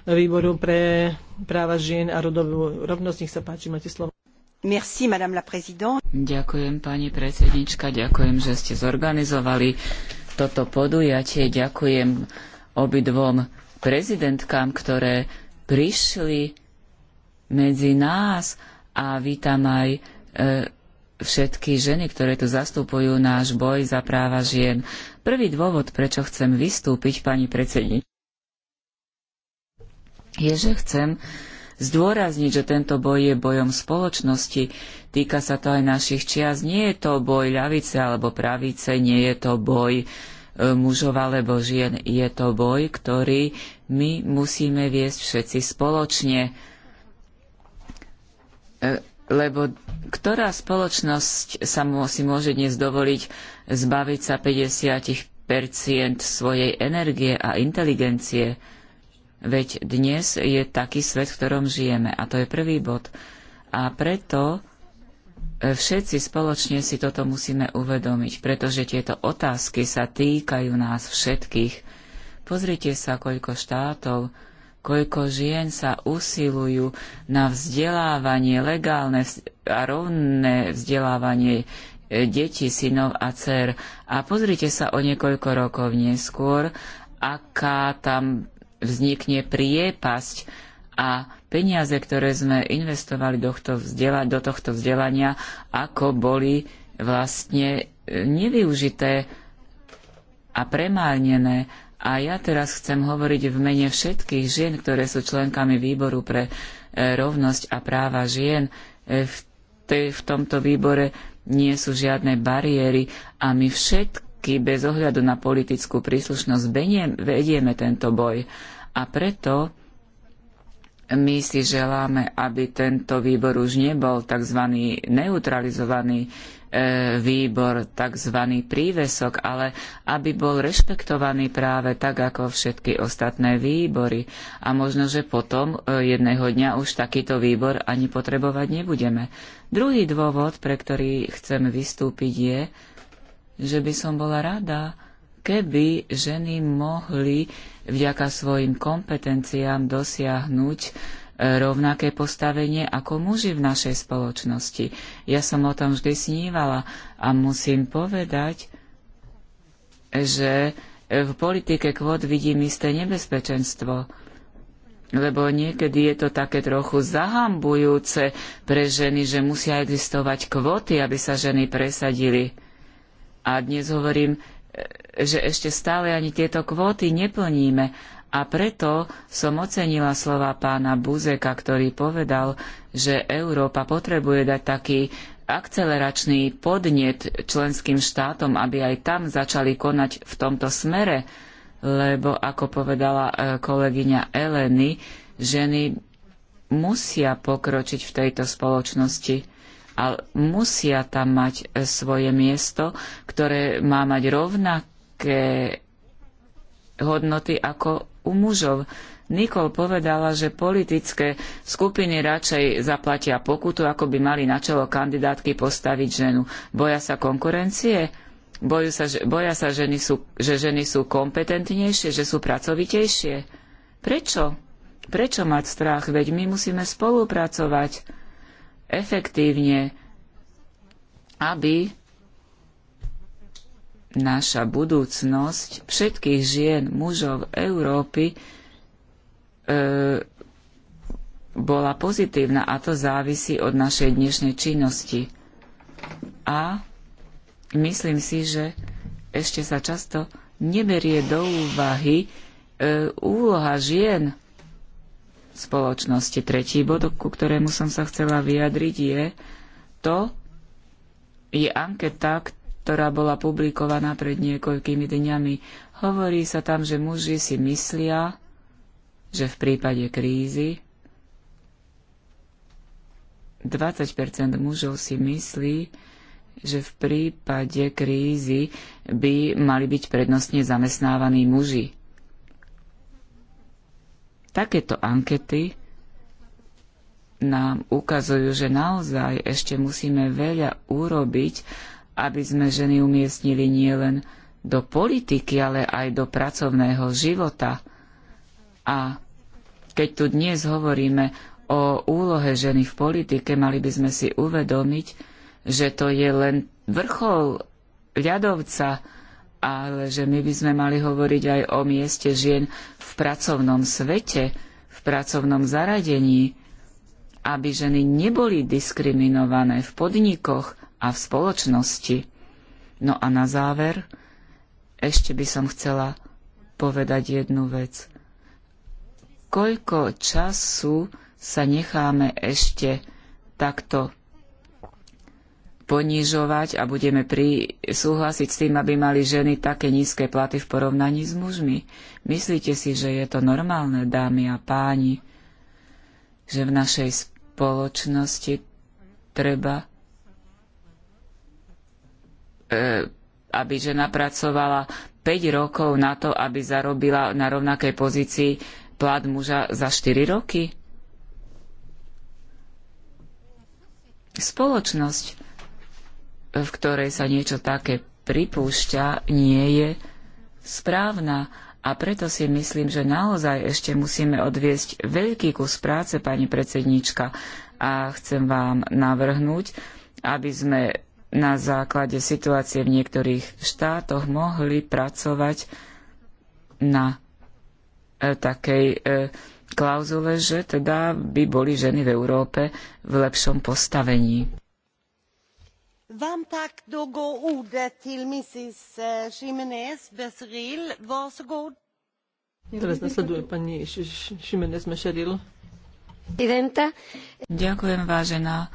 výboru pre práva žien a rodovú rovnosť. Nech sa páči, máte slovo. Merci, madame la présidente. Ďakujem, pani predsednička, ďakujem, že ste zorganizovali toto podujatie. Ďakujem obidvom prezidentkám, ktoré prišli medzi nás a vítam aj e, všetky ženy, ktoré tu zastupujú náš boj za práva žien. Prvý dôvod, prečo chcem vystúpiť, pani predsedni, je, že chcem zdôrazniť, že tento boj je bojom spoločnosti. Týka sa to aj našich čias. Nie je to boj ľavice alebo pravice, nie je to boj e, mužov alebo žien. Je to boj, ktorý my musíme viesť všetci spoločne. E, lebo ktorá spoločnosť sa si môže dnes dovoliť zbaviť sa 50 svojej energie a inteligencie. Veď dnes je taký svet, v ktorom žijeme. A to je prvý bod. A preto e, všetci spoločne si toto musíme uvedomiť, pretože tieto otázky sa týkajú nás všetkých. Pozrite sa, koľko štátov, koľko žien sa usilujú na vzdelávanie, legálne a rovné vzdelávanie E, detí, synov a dcer. A pozrite sa o niekoľko rokov neskôr, aká tam vznikne priepasť a peniaze, ktoré sme investovali do tohto, vzdela- do tohto vzdelania, ako boli vlastne e, nevyužité a premárnené. A ja teraz chcem hovoriť v mene všetkých žien, ktoré sú členkami výboru pre e, rovnosť a práva žien. V, v tomto výbore nie sú žiadne bariéry a my všetky bez ohľadu na politickú príslušnosť vedieme tento boj. A preto my si želáme, aby tento výbor už nebol tzv. neutralizovaný, E, výbor tzv. prívesok, ale aby bol rešpektovaný práve tak ako všetky ostatné výbory. A možno, že potom e, jedného dňa už takýto výbor ani potrebovať nebudeme. Druhý dôvod, pre ktorý chcem vystúpiť, je, že by som bola rada, keby ženy mohli vďaka svojim kompetenciám dosiahnuť rovnaké postavenie ako muži v našej spoločnosti. Ja som o tom vždy snívala a musím povedať, že v politike kvót vidím isté nebezpečenstvo, lebo niekedy je to také trochu zahambujúce pre ženy, že musia existovať kvóty, aby sa ženy presadili. A dnes hovorím, e, že ešte stále ani tieto kvóty neplníme a preto som ocenila slova pána Buzeka, ktorý povedal, že Európa potrebuje dať taký akceleračný podnet členským štátom, aby aj tam začali konať v tomto smere, lebo ako povedala e, kolegyňa Eleny, ženy musia pokročiť v tejto spoločnosti a musia tam mať e, svoje miesto, ktoré má mať rovnaké hodnoty ako u mužov. Nikol povedala, že politické skupiny radšej zaplatia pokutu, ako by mali na čelo kandidátky postaviť ženu. Boja sa konkurencie? Bojú sa, že, boja sa, ženy sú, že ženy sú kompetentnejšie, že sú pracovitejšie? Prečo? Prečo mať strach? Veď my musíme spolupracovať efektívne, aby naša budúcnosť všetkých žien, mužov Európy e, bola pozitívna a to závisí od našej dnešnej činnosti. A myslím si, že ešte sa často neberie do úvahy e, úloha žien v spoločnosti. Tretí bod, ku ktorému som sa chcela vyjadriť, je to, je anketa, ktorá bola publikovaná pred niekoľkými dňami. Hovorí sa tam, že muži si myslia, že v prípade krízy 20 mužov si myslí, že v prípade krízy by mali byť prednostne zamestnávaní muži. Takéto ankety nám ukazujú, že naozaj ešte musíme veľa urobiť, aby sme ženy umiestnili nielen do politiky, ale aj do pracovného života. A keď tu dnes hovoríme o úlohe ženy v politike, mali by sme si uvedomiť, že to je len vrchol ľadovca, ale že my by sme mali hovoriť aj o mieste žien v pracovnom svete, v pracovnom zaradení, aby ženy neboli diskriminované v podnikoch, a v spoločnosti. No a na záver ešte by som chcela povedať jednu vec. Koľko času sa necháme ešte takto ponižovať a budeme pri, súhlasiť s tým, aby mali ženy také nízke platy v porovnaní s mužmi. Myslíte si, že je to normálne, dámy a páni, že v našej spoločnosti treba E, aby žena pracovala 5 rokov na to, aby zarobila na rovnakej pozícii plat muža za 4 roky? Spoločnosť, v ktorej sa niečo také pripúšťa, nie je správna. A preto si myslím, že naozaj ešte musíme odviesť veľký kus práce, pani predsednička. A chcem vám navrhnúť, aby sme na základe situácie v niektorých štátoch mohli pracovať na e, takej e, klauzule, že teda by boli ženy v Európe v lepšom postavení. Vám tak dogo úde til Mrs. E, Jiménez Teraz nasleduje pani Jiménez Mešeril. Ďakujem, vážená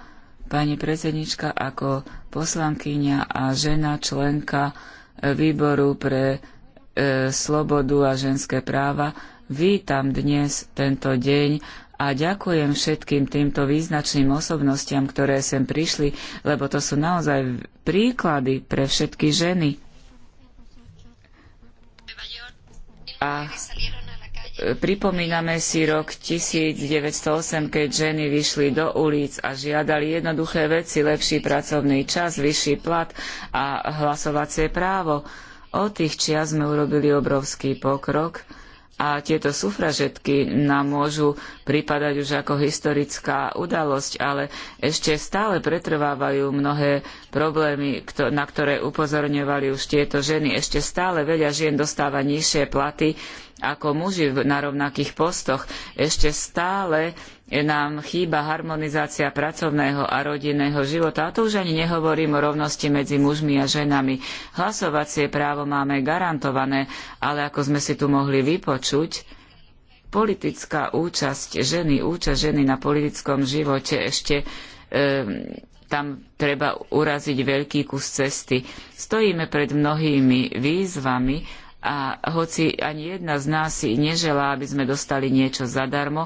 pani predsednička, ako poslankyňa a žena členka e, výboru pre e, slobodu a ženské práva. Vítam dnes tento deň a ďakujem všetkým týmto význačným osobnostiam, ktoré sem prišli, lebo to sú naozaj príklady pre všetky ženy. A Pripomíname si rok 1908, keď ženy vyšli do ulic a žiadali jednoduché veci, lepší pracovný čas, vyšší plat a hlasovacie právo. Od tých čias sme urobili obrovský pokrok a tieto sufražetky nám môžu pripadať už ako historická udalosť, ale ešte stále pretrvávajú mnohé problémy, na ktoré upozorňovali už tieto ženy. Ešte stále veľa žien dostáva nižšie platy ako muži na rovnakých postoch. Ešte stále nám chýba harmonizácia pracovného a rodinného života. A to už ani nehovorím o rovnosti medzi mužmi a ženami. Hlasovacie právo máme garantované, ale ako sme si tu mohli vypočuť, politická účasť ženy, účasť ženy na politickom živote ešte e, tam treba uraziť veľký kus cesty. Stojíme pred mnohými výzvami a hoci ani jedna z nás si neželá, aby sme dostali niečo zadarmo,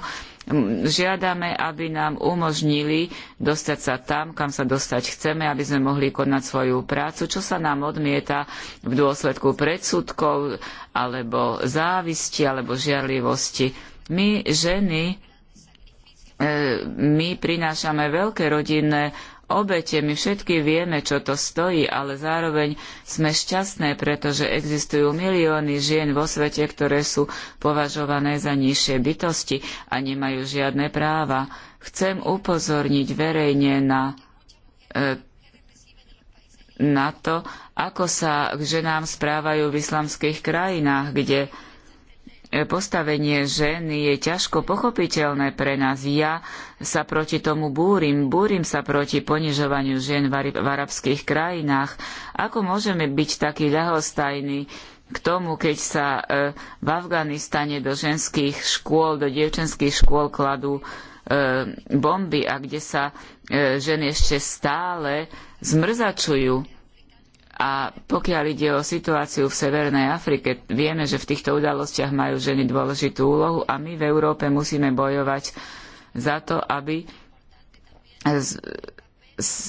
Žiadame, aby nám umožnili dostať sa tam, kam sa dostať chceme, aby sme mohli konať svoju prácu, čo sa nám odmieta v dôsledku predsudkov alebo závisti alebo žiarlivosti. My ženy e, my prinášame veľké rodinné obete. My všetky vieme, čo to stojí, ale zároveň sme šťastné, pretože existujú milióny žien vo svete, ktoré sú považované za nižšie bytosti a nemajú žiadne práva. Chcem upozorniť verejne na e, na to, ako sa k ženám správajú v islamských krajinách, kde E, postavenie ženy je ťažko pochopiteľné pre nás. Ja sa proti tomu búrim, búrim sa proti ponižovaniu žien v arabských krajinách. Ako môžeme byť takí ľahostajní k tomu, keď sa e, v Afganistane do ženských škôl, do dievčenských škôl kladú e, bomby a kde sa ženy ešte stále zmrzačujú? A pokiaľ ide o situáciu v Severnej Afrike, vieme, že v týchto udalostiach majú ženy dôležitú úlohu a my v Európe musíme bojovať za to, aby,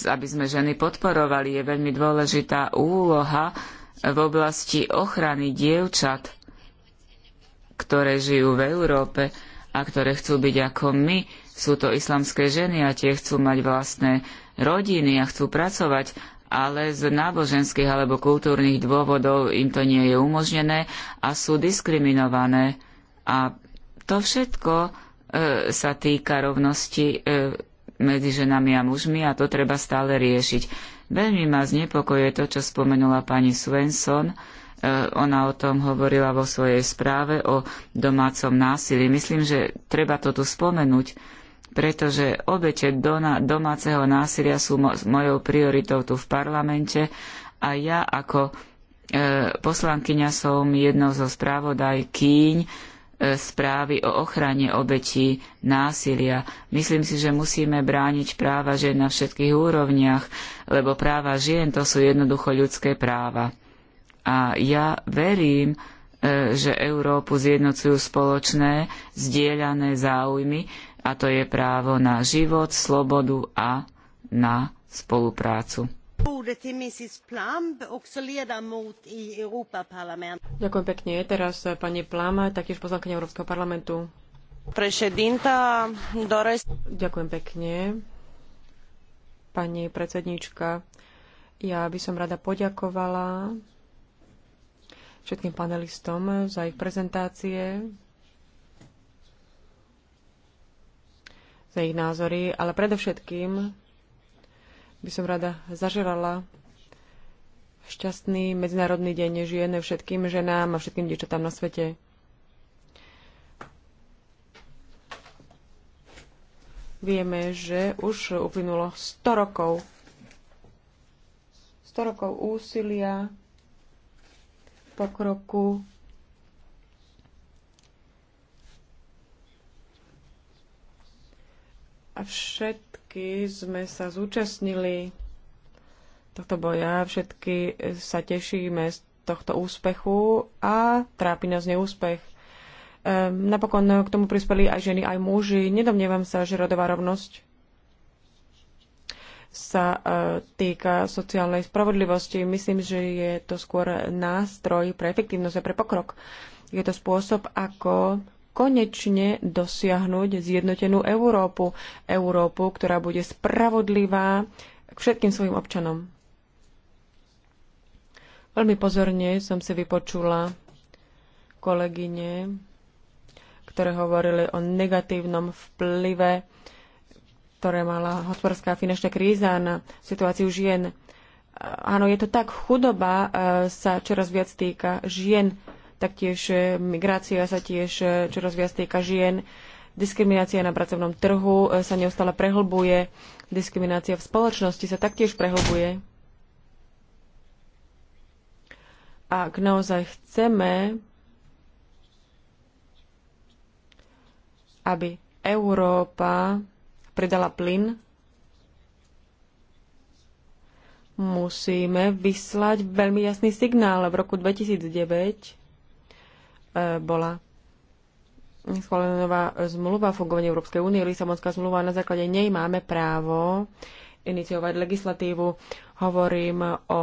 aby sme ženy podporovali. Je veľmi dôležitá úloha v oblasti ochrany dievčat, ktoré žijú v Európe a ktoré chcú byť ako my. Sú to islamské ženy a tie chcú mať vlastné rodiny a chcú pracovať ale z náboženských alebo kultúrnych dôvodov im to nie je umožnené a sú diskriminované. A to všetko e, sa týka rovnosti e, medzi ženami a mužmi a to treba stále riešiť. Veľmi ma znepokoje to, čo spomenula pani Svensson. E, ona o tom hovorila vo svojej správe o domácom násilí. Myslím, že treba to tu spomenúť pretože obete domáceho násilia sú mojou prioritou tu v parlamente a ja ako e, poslankyňa som jednou zo správodajkýň e, správy o ochrane obetí násilia. Myslím si, že musíme brániť práva žien na všetkých úrovniach, lebo práva žien to sú jednoducho ľudské práva. A ja verím, e, že Európu zjednocujú spoločné, zdieľané záujmy, a to je právo na život, slobodu a na spoluprácu. Ďakujem pekne. Teraz eh, pani Plam, taktiež poslankyňa Európskeho parlamentu. Ďakujem pekne. Pani predsedníčka, ja by som rada poďakovala všetkým panelistom za ich prezentácie, za ich názory, ale predovšetkým by som rada zažerala šťastný Medzinárodný deň žien všetkým ženám a všetkým dievčatám na svete. Vieme, že už uplynulo 100 rokov. 100 rokov úsilia, pokroku, A všetky sme sa zúčastnili tohto boja, všetky sa tešíme z tohto úspechu a trápi nás neúspech. Ehm, napokon k tomu prispeli aj ženy, aj muži. Nedomnievam sa, že rodová rovnosť sa e, týka sociálnej spravodlivosti. Myslím, že je to skôr nástroj pre efektívnosť a pre pokrok. Je to spôsob, ako konečne dosiahnuť zjednotenú Európu. Európu, ktorá bude spravodlivá k všetkým svojim občanom. Veľmi pozorne som si vypočula kolegyne, ktoré hovorili o negatívnom vplyve, ktoré mala hospodárska finančná kríza na situáciu žien. Áno, je to tak, chudoba eh, sa čoraz viac týka žien Taktiež e, migrácia sa tiež e, čoraz viac týka žien. Diskriminácia na pracovnom trhu e, sa neustále prehlbuje. Diskriminácia v spoločnosti sa taktiež prehlbuje. A ak naozaj chceme, aby Európa predala plyn, musíme vyslať veľmi jasný signál. V roku 2009 E, bola schválená nová zmluva o fungovaní Európskej únie, Lisabonská zmluva, a na základe nej máme právo iniciovať legislatívu. Hovorím o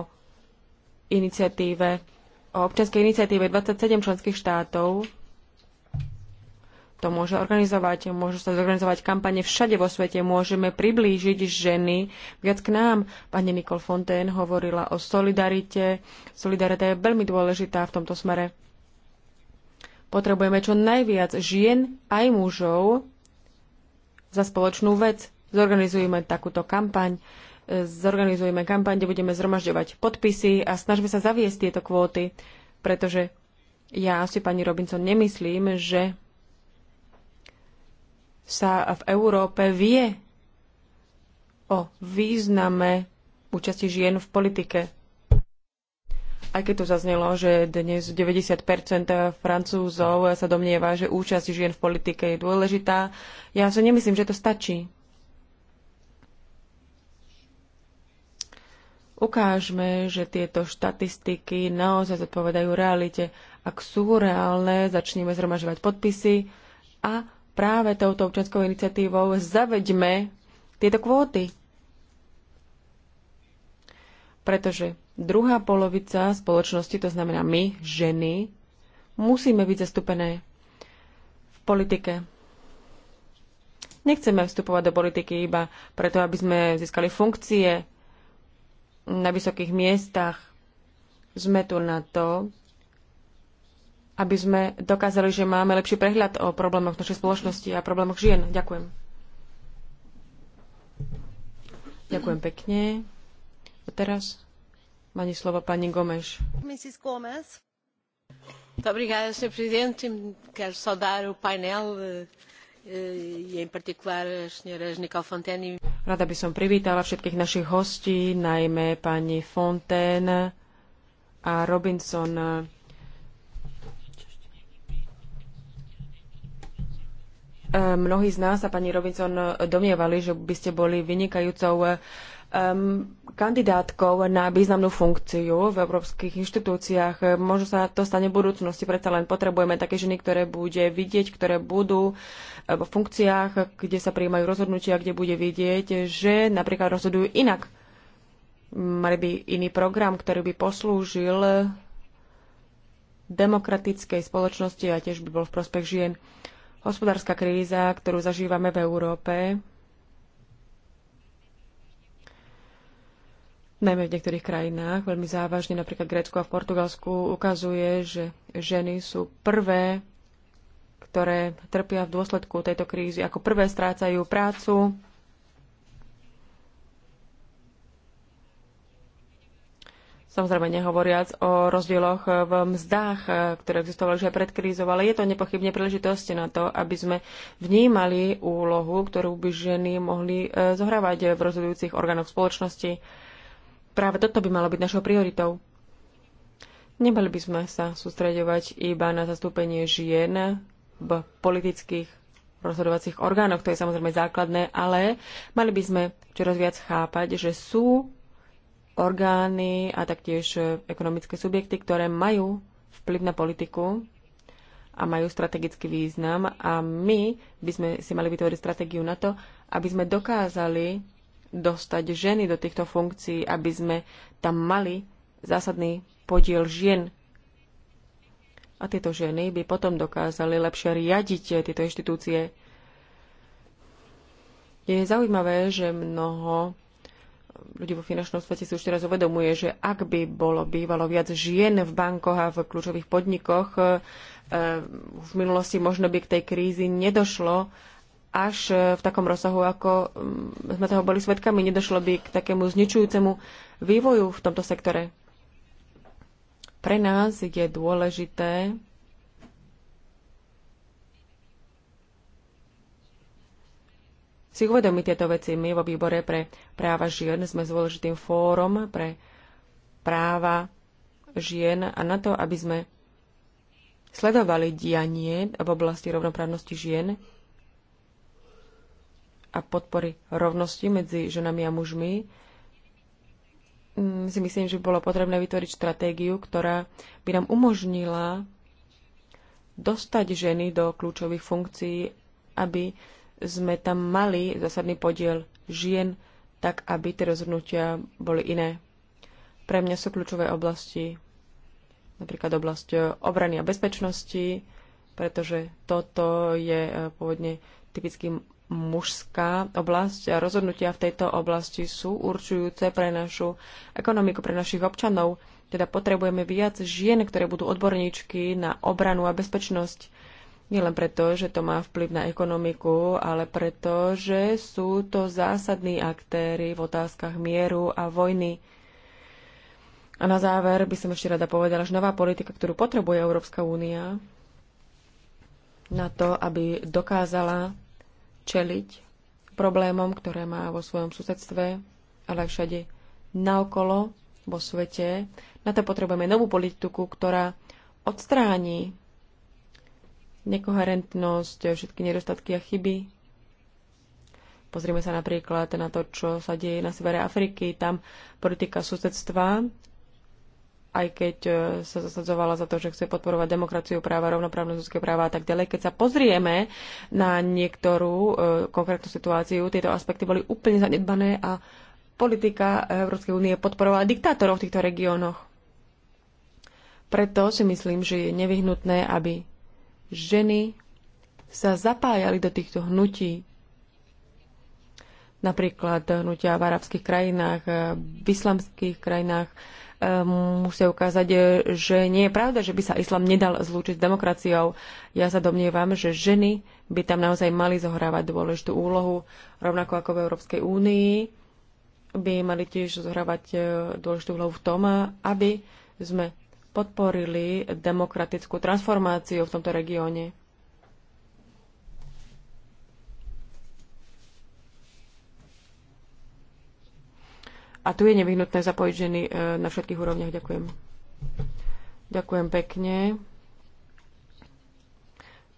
iniciatíve, o občianskej iniciatíve 27 členských štátov. To môže organizovať, môžu sa zorganizovať kampane všade vo svete, môžeme priblížiť ženy viac k nám. Pani Nicole Fontaine hovorila o solidarite. Solidarita je veľmi dôležitá v tomto smere Potrebujeme čo najviac žien aj mužov za spoločnú vec. Zorganizujeme takúto kampaň, e, zorganizujeme kampaň, kde budeme zhromažďovať podpisy a snažíme sa zaviesť tieto kvóty, pretože ja si pani Robinson nemyslím, že sa v Európe vie o význame účasti žien v politike. Aj keď tu zaznelo, že dnes 90 Francúzov sa domnieva, že účasť žien v politike je dôležitá, ja si nemyslím, že to stačí. Ukážme, že tieto štatistiky naozaj zodpovedajú realite. Ak sú reálne, začneme zhromažovať podpisy a práve touto občanskou iniciatívou zaveďme tieto kvóty. Pretože Druhá polovica spoločnosti, to znamená my, ženy, musíme byť zastúpené v politike. Nechceme vstupovať do politiky iba preto, aby sme získali funkcie na vysokých miestach. Sme tu na to, aby sme dokázali, že máme lepší prehľad o problémoch našej spoločnosti a problémoch žien. Ďakujem. Ďakujem pekne. A teraz Pani eh, eh, Rada by som privítala všetkých našich hostí, najmä pani Fontaine a Robinson. Eh, mnohí z nás a pani Robinson domnievali, že by ste boli vynikajúcou um, kandidátkou na významnú funkciu v európskych inštitúciách. Možno sa to stane v budúcnosti, predsa len potrebujeme také ženy, ktoré bude vidieť, ktoré budú eh, v funkciách, kde sa prijímajú rozhodnutia, kde bude vidieť, že napríklad rozhodujú inak. Mali by iný program, ktorý by poslúžil demokratickej spoločnosti a tiež by bol v prospech žien. Hospodárska kríza, ktorú zažívame v Európe, najmä v niektorých krajinách, veľmi závažne, napríklad Grécku a v Portugalsku, ukazuje, že ženy sú prvé, ktoré trpia v dôsledku tejto krízy. Ako prvé strácajú prácu, Samozrejme, nehovoriac o rozdieloch v mzdách, ktoré existovali už aj pred krízou, ale je to nepochybne príležitosť na to, aby sme vnímali úlohu, ktorú by ženy mohli eh, zohrávať v rozhodujúcich orgánoch spoločnosti práve toto by malo byť našou prioritou. Nemali by sme sa sústreďovať iba na zastúpenie žien v politických rozhodovacích orgánoch, to je samozrejme základné, ale mali by sme čoraz viac chápať, že sú orgány a taktiež ekonomické subjekty, ktoré majú vplyv na politiku a majú strategický význam a my by sme si mali vytvoriť stratégiu na to, aby sme dokázali dostať ženy do týchto funkcií, aby sme tam mali zásadný podiel žien. A tieto ženy by potom dokázali lepšie riadiť tieto inštitúcie. Je zaujímavé, že mnoho ľudí vo finančnom svete si už teraz uvedomuje, že ak by bolo bývalo viac žien v bankoch a v kľúčových podnikoch, eh, v minulosti možno by k tej krízi nedošlo až e, v takom rozsahu, ako mm, sme toho boli svedkami. Nedošlo by k takému zničujúcemu vývoju v tomto sektore. Pre nás je dôležité si uvedomiť tieto veci. My vo výbore pre práva žien sme dôležitým fórom pre práva žien a na to, aby sme sledovali dianie v oblasti rovnoprávnosti žien, a podpory rovnosti medzi ženami a mužmi, mm, si myslím, že bolo potrebné vytvoriť stratégiu, ktorá by nám umožnila dostať ženy do kľúčových funkcií, aby sme tam mali zásadný podiel žien, tak aby tie rozhodnutia boli iné. Pre mňa sú kľúčové oblasti, napríklad oblasť obrany a bezpečnosti, pretože toto je eh, pôvodne typickým mužská oblasť a rozhodnutia v tejto oblasti sú určujúce pre našu ekonomiku, pre našich občanov. Teda potrebujeme viac žien, ktoré budú odborníčky na obranu a bezpečnosť. Nielen preto, že to má vplyv na ekonomiku, ale preto, že sú to zásadní aktéry v otázkach mieru a vojny. A na záver by som ešte rada povedala, že nová politika, ktorú potrebuje Európska únia na to, aby dokázala čeliť problémom, ktoré má vo svojom susedstve, ale aj všade naokolo vo svete. Na to potrebujeme novú politiku, ktorá odstráni nekoherentnosť, všetky nedostatky a chyby. Pozrieme sa napríklad na to, čo sa deje na severe Afriky. Tam politika susedstva aj keď e, sa zasadzovala za to, že chce podporovať demokraciu, práva, rovnoprávne ľudské práva a tak ďalej. Keď sa pozrieme na niektorú e, konkrétnu situáciu, tieto aspekty boli úplne zanedbané a politika Európskej únie podporovala diktátorov v týchto regiónoch. Preto si myslím, že je nevyhnutné, aby ženy sa zapájali do týchto hnutí, napríklad hnutia v arabských krajinách, v islamských krajinách, Ehm, musia ukázať, e, že nie je pravda, že by sa islám nedal zlúčiť s demokraciou. Ja sa domnievam, že ženy by tam naozaj mali zohrávať dôležitú úlohu, rovnako ako v Európskej únii by mali tiež zohrávať e, dôležitú úlohu v tom, aby sme podporili demokratickú transformáciu v tomto regióne. A tu je nevyhnutné zapojiť ženy e, na všetkých úrovniach. Ďakujem. Ďakujem pekne.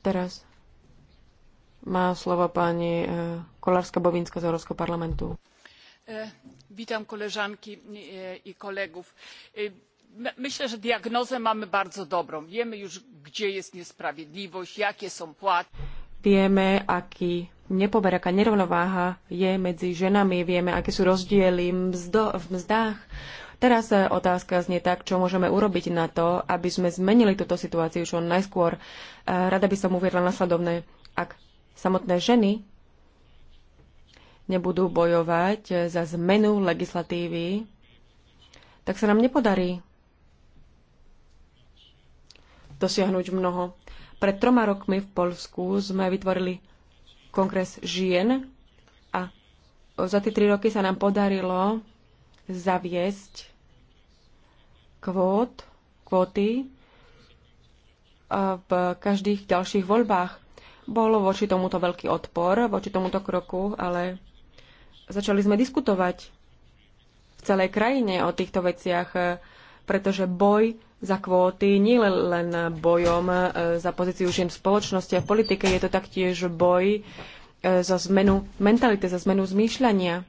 Teraz má slovo pani e, Kolárska bovinska z Európskeho parlamentu. E, witam koleżanki i kolegów. Myślę, że diagnozę mamy bardzo dobrą. Wiemy już, gdzie jest niesprawiedliwość, jakie są płaty. Wiemy, jaki nepober, aká nerovnováha je medzi ženami, vieme, aké sú rozdiely mzdo, v mzdách. Teraz e, otázka znie tak, čo môžeme urobiť na to, aby sme zmenili túto situáciu čo najskôr. E, rada by som uviedla nasledovné. Ak samotné ženy nebudú bojovať e, za zmenu legislatívy, tak sa nám nepodarí dosiahnuť mnoho. Pred troma rokmi v Polsku sme vytvorili kongres žien a za tie tri roky sa nám podarilo zaviesť kvót, kvóty v každých ďalších voľbách. Bol voči tomuto veľký odpor, voči tomuto kroku, ale začali sme diskutovať v celej krajine o týchto veciach, pretože boj za kvóty nie len bojom e, za pozíciu žien v spoločnosti a v politike, je to taktiež boj e, za zmenu mentality, za zmenu zmýšľania.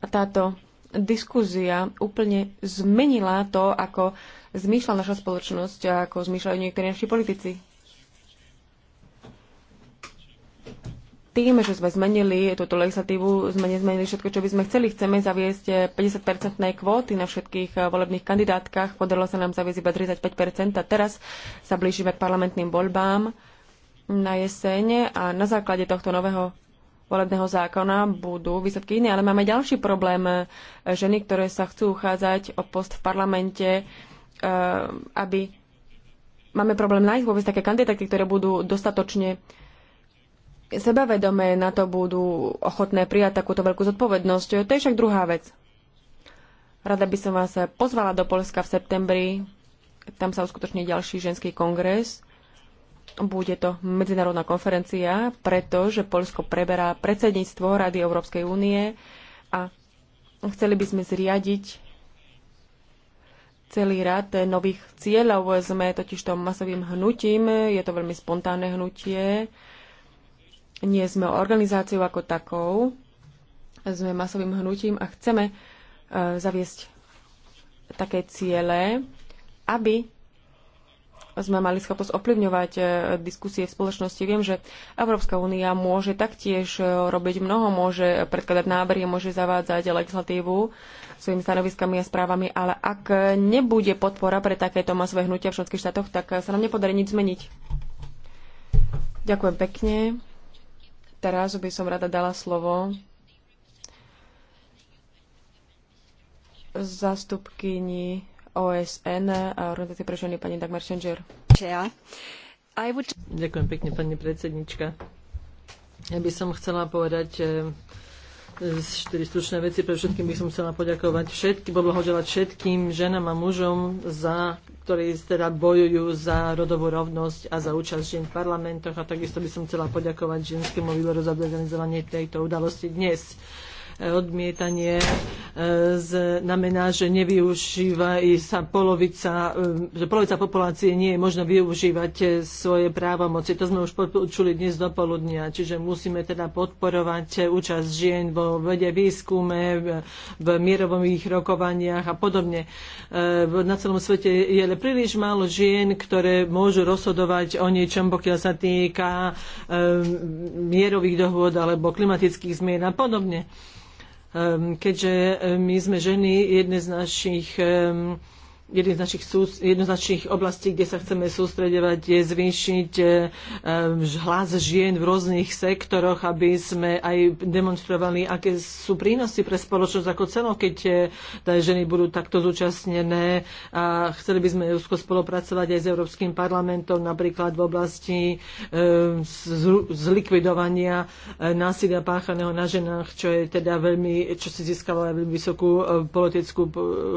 A táto diskusia úplne zmenila to, ako zmýšľa naša spoločnosť a ako zmýšľajú niektorí naši politici. tým, že sme zmenili túto legislatívu, sme nezmenili všetko, čo by sme chceli. Chceme zaviesť 50-percentné eh, kvóty na všetkých eh, volebných kandidátkach. Podarilo sa nám zaviesť iba 35 a teraz sa blížime k parlamentným voľbám na jeseň a na základe tohto nového volebného zákona budú výsledky iné. Ale máme ďalší problém. Eh, ženy, ktoré sa chcú uchádzať o post v parlamente, aby máme problém nájsť vôbec také kandidáty, ktoré budú dostatočne sebavedomé na to budú ochotné prijať takúto veľkú zodpovednosť. To je však druhá vec. Rada by som vás pozvala do Polska v septembri. Tam sa uskutoční ďalší ženský kongres. Bude to medzinárodná konferencia, pretože Polsko preberá predsedníctvo Rady Európskej únie a chceli by sme zriadiť celý rad nových cieľov. Sme totiž tom masovým hnutím, je to veľmi spontánne hnutie, nie sme organizáciou ako takou, sme masovým hnutím a chceme e, zaviesť také ciele, aby sme mali schopnosť ovplyvňovať e, diskusie v spoločnosti. Viem, že Európska únia môže taktiež e, robiť mnoho, môže predkladať návrhy, môže zavádzať legislatívu svojimi stanoviskami a správami, ale ak nebude podpora pre takéto masové hnutia v členských štátoch, tak sa nám nepodarí nič zmeniť. Ďakujem pekne. Teraz by som rada dala slovo zastupkyni OSN a organizácie pre ženy pani Dagmar Schenger. Ďakujem pekne, pani predsednička. Ja by som chcela povedať eh, štyri stručné veci. Pre všetkým by som chcela poďakovať všetkým, poblahoželať všetkým ženám a mužom, za, ktorí teda bojujú za rodovú rovnosť a za účasť žien v parlamentoch. A takisto by som chcela poďakovať ženskému výboru za organizovanie tejto udalosti dnes odmietanie e, znamená, že nevyužíva sa polovica, e, že polovica populácie nie je možno využívať e, svoje právomoci. To sme už počuli dnes do poludnia, čiže musíme teda podporovať účasť žien vo vede výskume, v mierových rokovaniach a podobne. Na celom svete je ale príliš málo žien, ktoré môžu rozhodovať o niečom, pokiaľ sa týka mierových dohôd alebo klimatických zmien a podobne. Ehm, keďže ehm, my sme ženy, jedne z našich ehm, jeden z našich jednoznačných oblastí, kde sa chceme sústredovať, je zvýšiť e, e, hlas žien v rôznych sektoroch, aby sme aj demonstrovali, aké sú prínosy pre spoločnosť ako celo, keď e, ženy budú takto zúčastnené. A chceli by sme úzko spolupracovať aj s Európskym parlamentom, napríklad v oblasti zlikvidovania násilia páchaného na ženách, čo je teda veľmi, čo si získalo veľmi vysokú politickú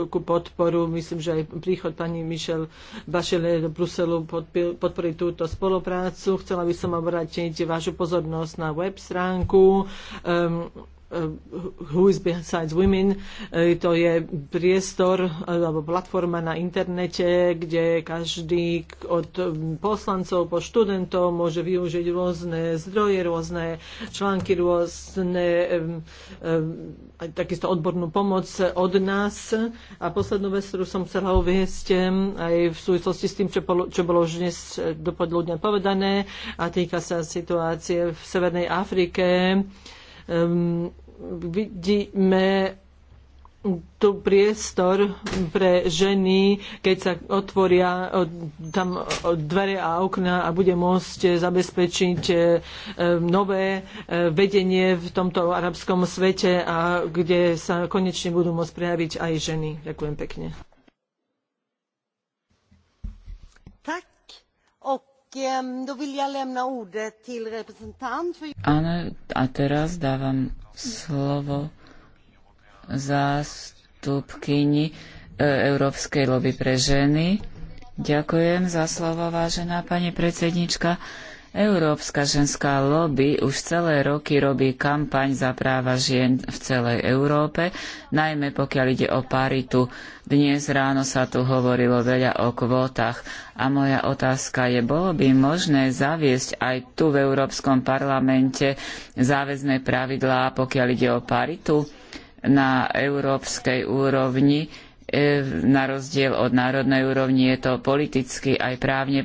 podporu. Myslím, že aj aj príchod pani Michel Bachelet do Bruselu podporiť túto spoluprácu. Chcela by som obrátiť vašu pozornosť na web stránku um, Uh, who is Besides Women. Uh, to je priestor uh, alebo platforma na internete, kde každý od um, poslancov po študentov môže využiť rôzne zdroje, rôzne články, rôzne um, um, takisto odbornú pomoc od nás. A poslednú vec, ktorú som chcela uviesť aj v súvislosti s tým, čo bolo, čo bolo už dnes dopodľudne povedané a týka sa situácie v Severnej Afrike. Um, vidíme tu priestor pre ženy, keď sa otvoria tam dvere a okna a bude môcť zabezpečiť e, nové e, vedenie v tomto arabskom svete a kde sa konečne budú môcť prejaviť aj ženy. Ďakujem pekne. Tak. Áno, a teraz dávam slovo zástupkyni e, Európskej lobby pre ženy. Ďakujem za slovo, vážená pani predsednička. Európska ženská lobby už celé roky robí kampaň za práva žien v celej Európe, najmä pokiaľ ide o paritu. Dnes ráno sa tu hovorilo veľa o kvótach a moja otázka je, bolo by možné zaviesť aj tu v Európskom parlamente záväzné pravidlá, pokiaľ ide o paritu na európskej úrovni, na rozdiel od národnej úrovni je to politicky aj právne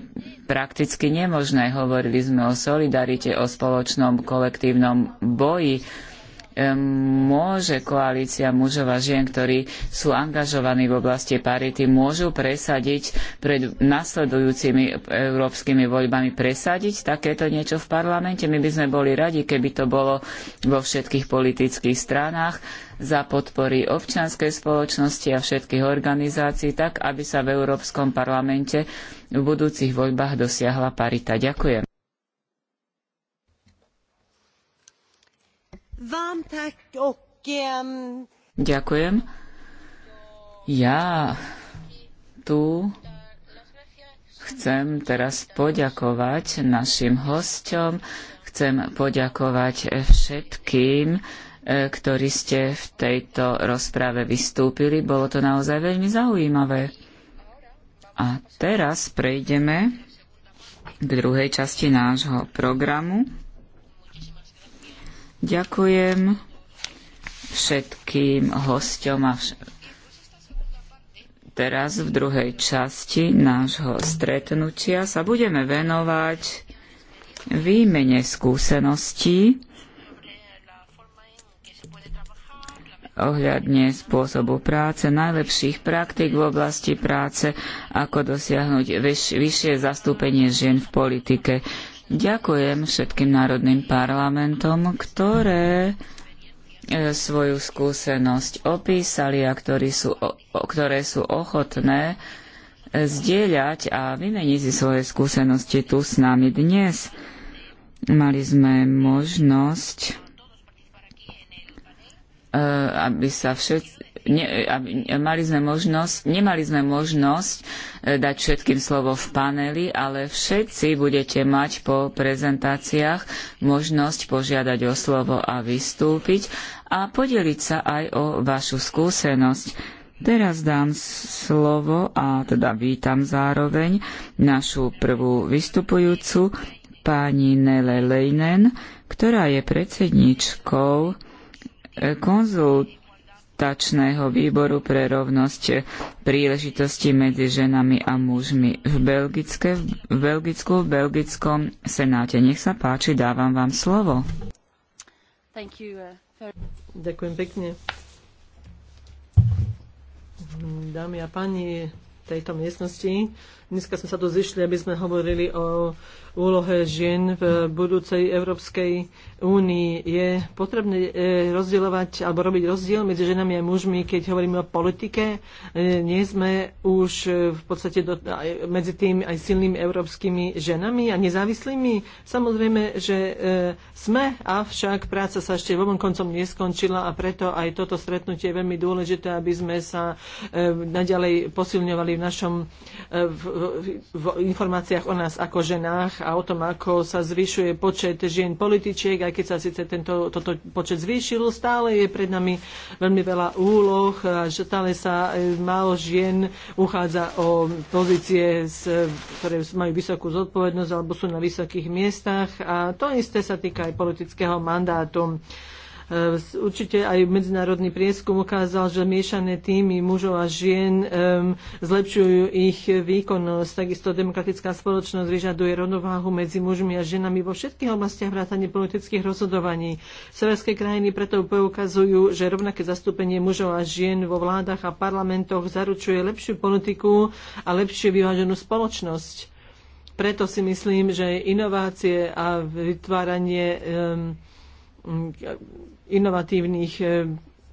prakticky nemožné. Hovorili sme o solidarite, o spoločnom kolektívnom boji môže koalícia mužov a žien, ktorí sú angažovaní v oblasti parity, môžu presadiť pred nasledujúcimi európskymi voľbami presadiť takéto niečo v parlamente. My by sme boli radi, keby to bolo vo všetkých politických stranách za podpory občianskej spoločnosti a všetkých organizácií, tak aby sa v Európskom parlamente v budúcich voľbách dosiahla parita. Ďakujem. Vám tak okiem. Ďakujem. Ja tu chcem teraz poďakovať našim hosťom, chcem poďakovať všetkým, e, ktorí ste v tejto rozprave vystúpili. Bolo to naozaj veľmi zaujímavé. A teraz prejdeme k druhej časti nášho programu. Ďakujem všetkým hostom a vš- teraz v druhej časti nášho stretnutia sa budeme venovať výmene skúseností ohľadne spôsobu práce, najlepších praktik v oblasti práce, ako dosiahnuť vyš- vyššie zastúpenie žien v politike. Ďakujem všetkým národným parlamentom, ktoré e, svoju skúsenosť opísali a ktorí sú, o, ktoré sú ochotné e, zdieľať a vymeniť si svoje skúsenosti tu s nami dnes. Mali sme možnosť, e, aby sa všetci ne, aby, mali sme možnosť, nemali sme možnosť e, dať všetkým slovo v paneli, ale všetci budete mať po prezentáciách možnosť požiadať o slovo a vystúpiť a podeliť sa aj o vašu skúsenosť. Teraz dám slovo a teda vítam zároveň našu prvú vystupujúcu pani Nele Leinen, ktorá je predsedničkou e, konzult tačného výboru pre rovnosť príležitosti medzi ženami a mužmi v, Belgické, v Belgicku, v Belgickom senáte. Nech sa páči, dávam vám slovo. You, uh, Ďakujem pekne. Dámy a páni tejto miestnosti, dneska sme sa tu zišli, aby sme hovorili o úlohe žien v budúcej Európskej únii. Je potrebné e, rozdielovať alebo robiť rozdiel medzi ženami a mužmi, keď hovoríme o politike. E, nie sme už e, v podstate do, medzi tým aj silnými európskymi ženami a nezávislými. Samozrejme, že sme, avšak práca sa ešte vonkoncom koncom neskončila a preto aj toto stretnutie je veľmi dôležité, aby sme sa naďalej posilňovali v našom v, v, v informáciách o nás ako ženách a o tom, ako sa zvyšuje počet žien političiek, aj keď sa síce tento, toto počet zvýšil, stále je pred nami veľmi veľa úloh, a stále sa e, málo žien uchádza o pozície, ktoré majú vysokú zodpovednosť alebo sú na vysokých miestach a to isté sa týka aj politického mandátu. E, určite aj medzinárodný prieskum ukázal, že miešané týmy mužov a žien e, zlepšujú ich výkonnosť. Takisto demokratická spoločnosť vyžaduje rovnováhu medzi mužmi a ženami vo všetkých oblastiach vrátane politických rozhodovaní. Severské krajiny preto poukazujú, že rovnaké zastúpenie mužov a žien vo vládach a parlamentoch zaručuje lepšiu politiku a lepšie vyváženú spoločnosť preto si myslím, že inovácie a vytváranie um, inovatívnych e,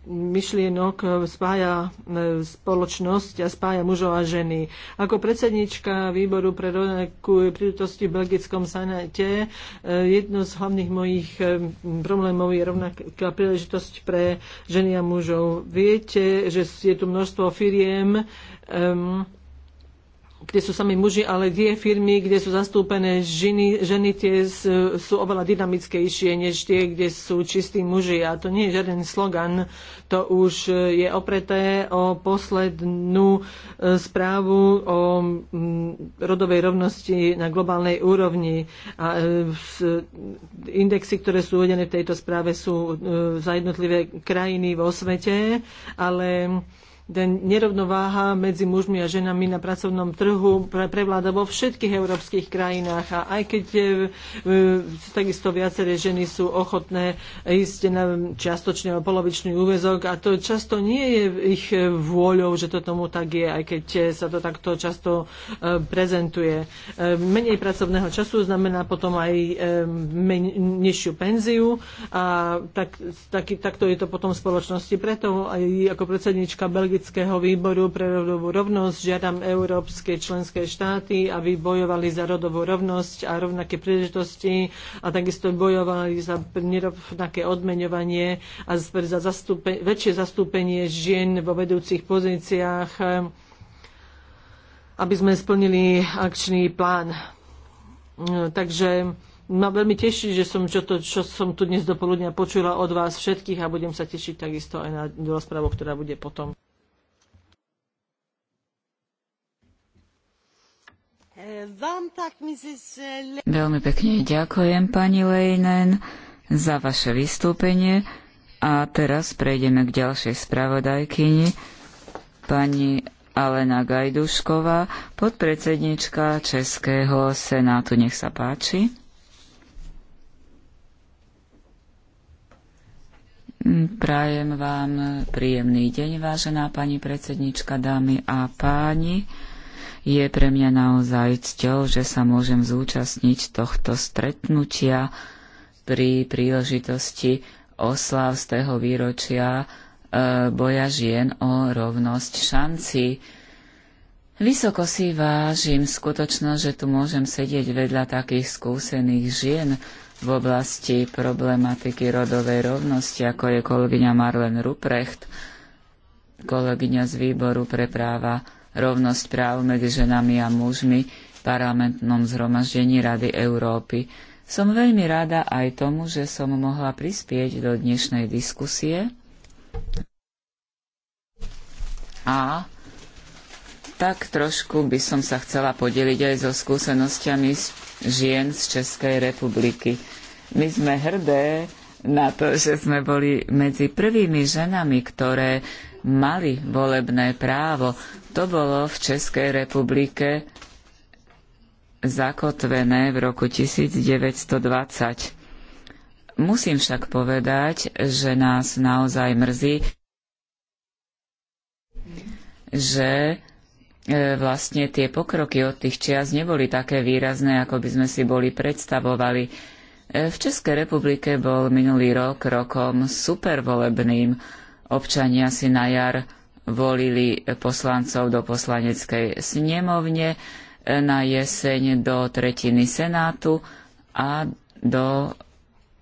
myšlienok e, spája e, spoločnosť a spája mužov a ženy. Ako predsednička výboru pre rovnakú príležitosti v Belgickom sanáte, jedno z hlavných mojich problémov je rovnaká príležitosť pre ženy a mužov. Viete, že je tu množstvo firiem, um, kde sú sami muži, ale tie firmy, kde sú zastúpené ženy, ženy tie sú, oveľa dynamickejšie než tie, kde sú čistí muži. A to nie je žiaden slogan, to už je opreté o poslednú e, správu o rodovej rovnosti na globálnej úrovni. A e, indexy, ktoré sú uvedené v tejto správe, sú e, za jednotlivé krajiny vo svete, ale nerovnováha medzi mužmi a ženami na pracovnom trhu prevláda vo všetkých európskych krajinách. A aj keď e, takisto viaceré ženy sú ochotné ísť na čiastočný alebo polovičný úvezok a to často nie je ich vôľou, že to tomu tak je, aj keď sa to takto často e, prezentuje. E, menej pracovného času znamená potom aj nižšiu penziu a tak, tak, takto je to potom v spoločnosti. Preto aj ako predsednička Belgické špecifického výboru pre rodovú rovnosť žiadam európske členské štáty, aby bojovali za rodovú rovnosť a rovnaké príležitosti a takisto bojovali za nerovnaké odmeňovanie a za zastúpe, väčšie zastúpenie žien vo vedúcich pozíciách, aby sme splnili akčný plán. Takže ma veľmi teší, že som čo, to, čo som tu dnes do poludnia počula od vás všetkých a budem sa tešiť takisto aj na rozprávu, ktorá bude potom. Eh, Veľmi pekne ďakujem, pani Lejnen, za vaše vystúpenie. A teraz prejdeme k ďalšej spravodajkyni, pani Alena Gajdušková, podpredsednička Českého senátu. Nech sa páči. Prajem vám príjemný deň, vážená pani predsednička, dámy a páni. Je pre mňa naozaj cťou, že sa môžem zúčastniť tohto stretnutia pri príležitosti oslav z tého výročia e, boja žien o rovnosť šanci. Vysoko si vážim skutočnosť, že tu môžem sedieť vedľa takých skúsených žien, v oblasti problematiky rodovej rovnosti, ako je kolegyňa Marlen Ruprecht, kolegyňa z výboru pre práva rovnosť práv medzi ženami a mužmi v parlamentnom zhromaždení Rady Európy. Som veľmi rada aj tomu, že som mohla prispieť do dnešnej diskusie. A tak trošku by som sa chcela podeliť aj so skúsenosťami žien z Českej republiky. My sme hrdé na to, že sme boli medzi prvými ženami, ktoré mali volebné právo. To bolo v Českej republike zakotvené v roku 1920. Musím však povedať, že nás naozaj mrzí, že e, vlastne tie pokroky od tých čias neboli také výrazné, ako by sme si boli predstavovali. E, v Českej republike bol minulý rok rokom supervolebným občania si na jar volili poslancov do poslaneckej snemovne, e, na jeseň do tretiny senátu a do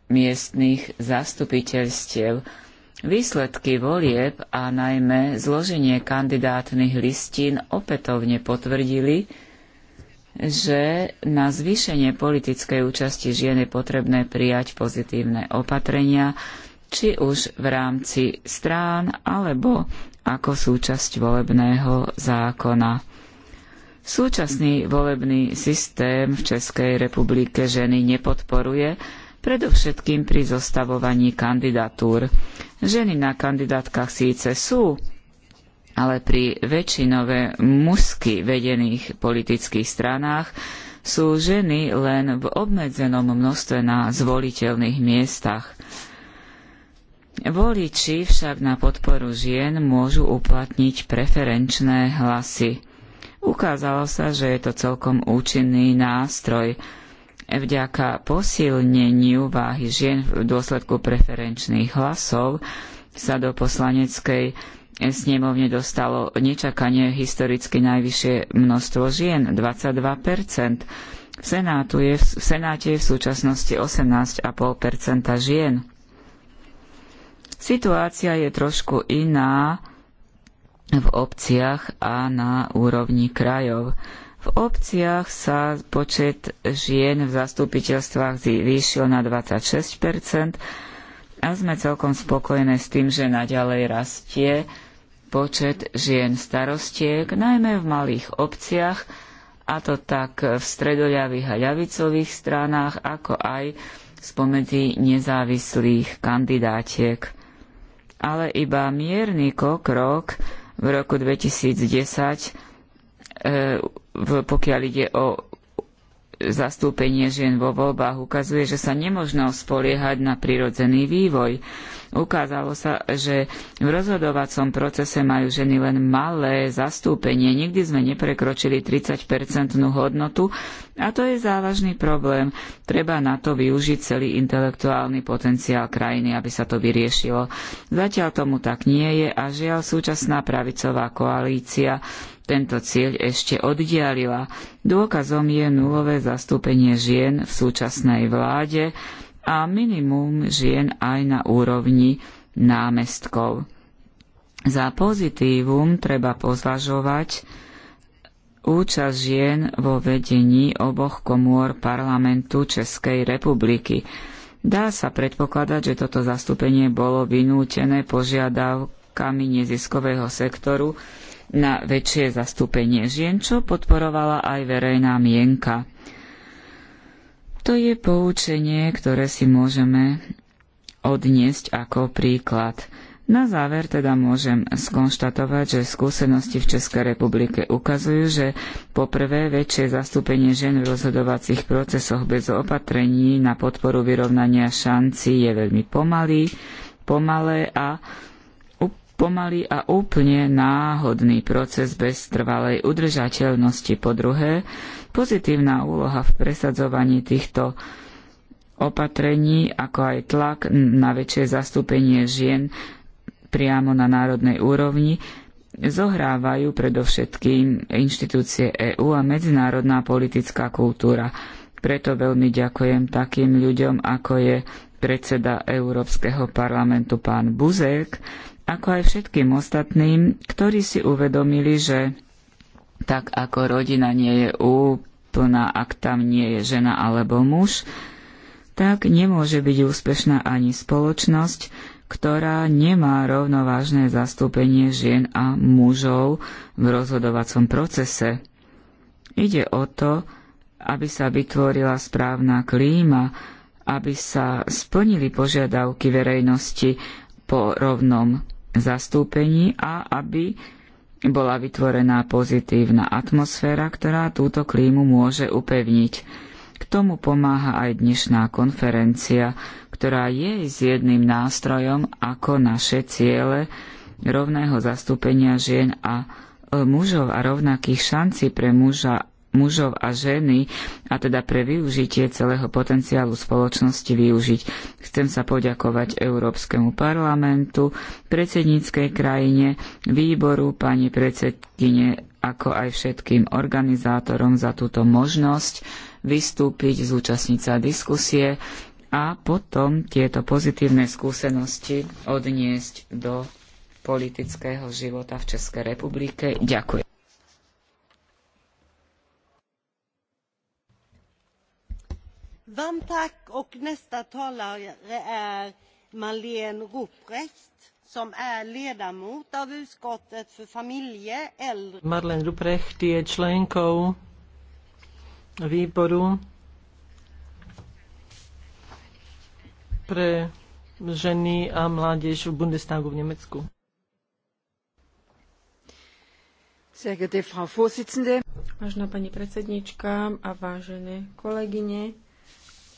miestnych zastupiteľstiev. Výsledky volieb a najmä zloženie kandidátnych listín opätovne potvrdili, že na zvýšenie politickej účasti žien je potrebné prijať pozitívne opatrenia, či už v rámci strán alebo ako súčasť volebného zákona. Súčasný volebný systém v Českej republike ženy nepodporuje, predovšetkým pri zostavovaní kandidatúr. Ženy na kandidátkach síce sú, ale pri väčšinové musky vedených politických stranách sú ženy len v obmedzenom množstve na zvoliteľných miestach. Voliči však na podporu žien môžu uplatniť preferenčné hlasy. Ukázalo sa, že je to celkom účinný nástroj. Vďaka posilneniu váhy žien v dôsledku preferenčných hlasov sa do poslaneckej snemovne dostalo nečakanie historicky najvyššie množstvo žien, 22 v, Senátu je, v Senáte je v súčasnosti 18,5 žien. Situácia je trošku iná v obciach a na úrovni krajov. V obciach sa počet žien v zastupiteľstvách zvýšil na 26 a sme celkom spokojné s tým, že naďalej rastie počet žien starostiek, najmä v malých obciach, a to tak v stredoľavých a ľavicových stranách, ako aj spomedzi nezávislých kandidátiek ale iba mierny krok v roku 2010, e, pokiaľ ide o zastúpenie žien vo voľbách ukazuje, že sa nemožno spoliehať na prirodzený vývoj. Ukázalo sa, že v rozhodovacom procese majú ženy len malé zastúpenie. Nikdy sme neprekročili 30-percentnú hodnotu a to je závažný problém. Treba na to využiť celý intelektuálny potenciál krajiny, aby sa to vyriešilo. Zatiaľ tomu tak nie je a žiaľ súčasná pravicová koalícia tento cieľ ešte oddialila. Dôkazom je nulové zastúpenie žien v súčasnej vláde a minimum žien aj na úrovni námestkov. Za pozitívum treba pozvažovať účasť žien vo vedení oboch komôr parlamentu Českej republiky. Dá sa predpokladať, že toto zastúpenie bolo vynútené požiadavkami neziskového sektoru na väčšie zastúpenie žien, čo podporovala aj verejná mienka. To je poučenie, ktoré si môžeme odniesť ako príklad. Na záver teda môžem skonštatovať, že skúsenosti v Českej republike ukazujú, že poprvé väčšie zastúpenie žien v rozhodovacích procesoch bez opatrení na podporu vyrovnania šancí je veľmi pomalý, pomalé a pomalý a úplne náhodný proces bez trvalej udržateľnosti. Po druhé, pozitívna úloha v presadzovaní týchto opatrení, ako aj tlak na väčšie zastúpenie žien priamo na národnej úrovni, zohrávajú predovšetkým inštitúcie EÚ a medzinárodná politická kultúra. Preto veľmi ďakujem takým ľuďom, ako je predseda Európskeho parlamentu pán Buzek, ako aj všetkým ostatným, ktorí si uvedomili, že tak ako rodina nie je úplná, ak tam nie je žena alebo muž, tak nemôže byť úspešná ani spoločnosť, ktorá nemá rovnovážne zastúpenie žien a mužov v rozhodovacom procese. Ide o to, aby sa vytvorila správna klíma, aby sa splnili požiadavky verejnosti po rovnom zastúpení a aby bola vytvorená pozitívna atmosféra, ktorá túto klímu môže upevniť. K tomu pomáha aj dnešná konferencia, ktorá je s jedným nástrojom ako naše ciele rovného zastúpenia žien a e, mužov a rovnakých šancí pre muža mužov a ženy a teda pre využitie celého potenciálu spoločnosti využiť. Chcem sa poďakovať Európskemu parlamentu, predsedníckej krajine, výboru, pani predsedkine, ako aj všetkým organizátorom za túto možnosť vystúpiť, zúčastniť sa diskusie a potom tieto pozitívne skúsenosti odniesť do politického života v Českej republike. Ďakujem. Varmt tack och nästa talare är Marlene Ruprecht som är ledamot av utskottet för familje, äldre... Marlene Ruprecht je členkou výboru pre ženy a mládež v Bundestagu v Nemecku. Sehr geehrte Frau Vorsitzende, vážená pani predsedníčka a vážené kolegyne,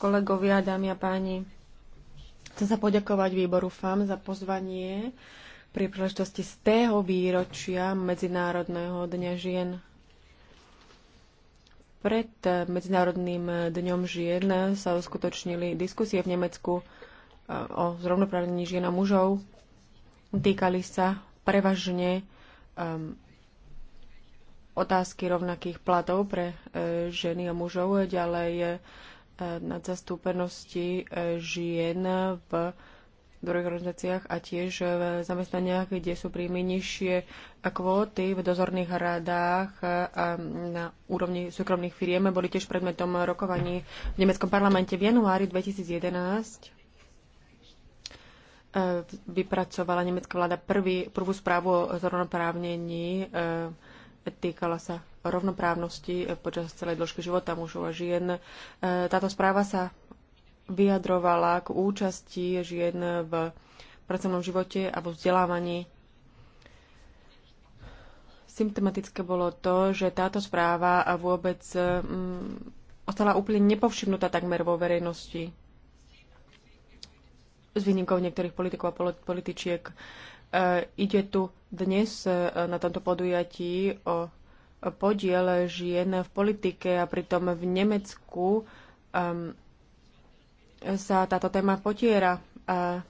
kolegovia, dámy a páni. Chcem sa poďakovať výboru FAM za pozvanie pri príležitosti z tého výročia Medzinárodného dňa žien. Pred Medzinárodným dňom žien sa uskutočnili diskusie v Nemecku e, o zrovnoprávnení žien a mužov. Týkali sa prevažne um, otázky rovnakých platov pre e, ženy a mužov, ďalej e, nadzastúpenosti zastúpenosti e, žien v druhých organizáciách a tiež v zamestnaniach, kde sú príjmy nižšie kvóty v dozorných radách a na úrovni súkromných firiem boli tiež predmetom rokovaní v nemeckom parlamente v januári 2011 e, vypracovala nemecká vláda prvý, prvú správu o zrovnoprávnení. E, týkala sa rovnoprávnosti eh, počas celej dĺžky života mužov a žien. Eh, táto správa sa vyjadrovala k účasti žien v pracovnom živote a vo vzdelávaní. Symptomatické bolo to, že táto správa vôbec mm, ostala úplne nepovšimnutá takmer vo verejnosti. S výnimkou niektorých politikov a političiek. Eh, ide tu dnes na tomto podujatí o podiel žien v politike a pritom v Nemecku um, sa táto téma potiera. A,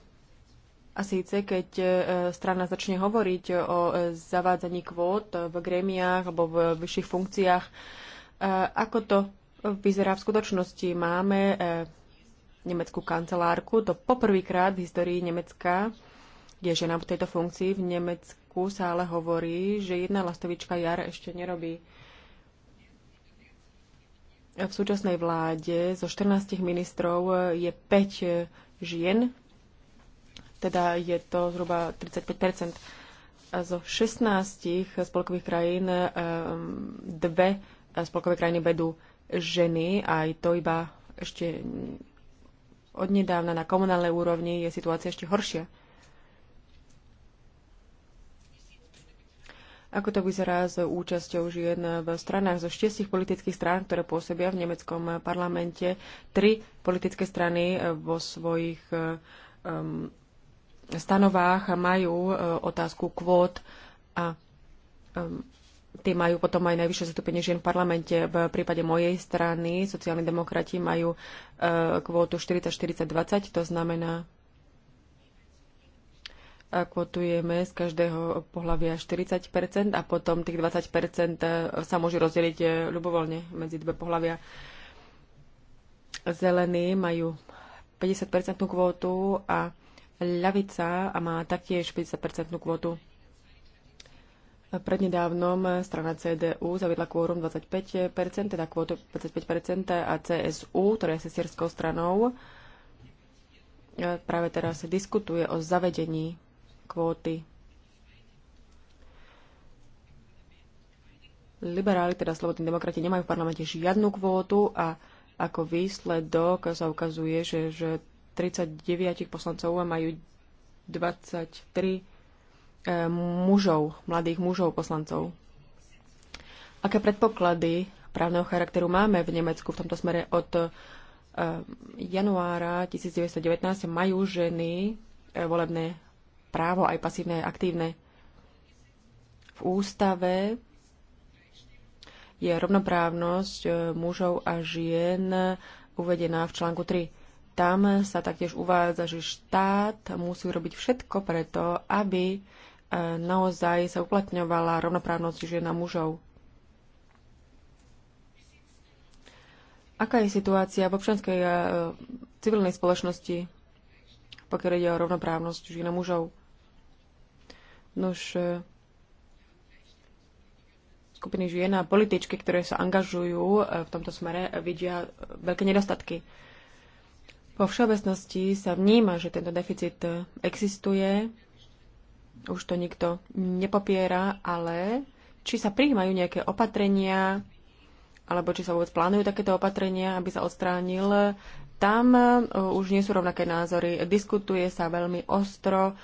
a síce, keď e, strana začne hovoriť o e, zavádzaní kvót v grémiách alebo v vyšších funkciách, e, ako to vyzerá v skutočnosti? Máme nemeckú kancelárku, to poprvýkrát v histórii Nemecka je žena v tejto funkcii v Nemecku článku sa ale hovorí, že jedna lastovička jar ešte nerobí. V súčasnej vláde zo 14 ministrov je 5 žien, teda je to zhruba 35 a zo 16 spolkových krajín ehm, dve spolkové krajiny vedú ženy, aj to iba ešte odnedávna na komunálnej úrovni je situácia ešte horšia. Ako to vyzerá s účasťou žien v stranách? Zo šiestich politických strán, ktoré pôsobia v nemeckom parlamente, tri politické strany eh, vo svojich um, stanovách majú eh, otázku kvót a um, ehm, tí majú potom aj najvyššie zastúpenie žien v parlamente. V prípade mojej strany sociálni demokrati majú uh, kvótu 40-40-20, to znamená kvotujeme z každého pohľavia 40 a potom tých 20 e, sa môže rozdeliť e, ľubovoľne medzi dve pohľavia. Zelení majú 50 kvótu a ľavica má taktiež 50 kvótu. Prednedávnom strana CDU zaviedla kvórum 25 teda kvótu 25 a CSU, ktorá je sesierskou stranou, e, práve teraz diskutuje o zavedení kvóty. Liberáli, teda slobodní demokrati, nemajú v parlamente žiadnu kvótu a ako výsledok sa ukazuje, že, že 39 poslancov majú 23 eh, mužov, mladých mužov poslancov. Aké predpoklady právneho charakteru máme v Nemecku v tomto smere od eh, januára 1919 majú ženy eh, volebné právo, aj pasívne, aj aktívne. V ústave je rovnoprávnosť e, mužov a žien uvedená v článku 3. Tam sa taktiež uvádza, že štát musí robiť všetko preto, aby e, naozaj sa uplatňovala rovnoprávnosť žien a mužov. Aká je situácia v občianskej e, civilnej spoločnosti, pokiaľ ide o rovnoprávnosť žien a mužov? Nož e, skupiny žien a političky, ktoré sa angažujú e, v tomto smere, e, vidia veľké nedostatky. Po všeobecnosti sa vníma, že tento deficit existuje, už to nikto nepopiera, ale či sa prijímajú nejaké opatrenia, alebo či sa vôbec plánujú takéto opatrenia, aby sa odstránil, tam už nie sú rovnaké názory. Diskutuje sa veľmi ostro,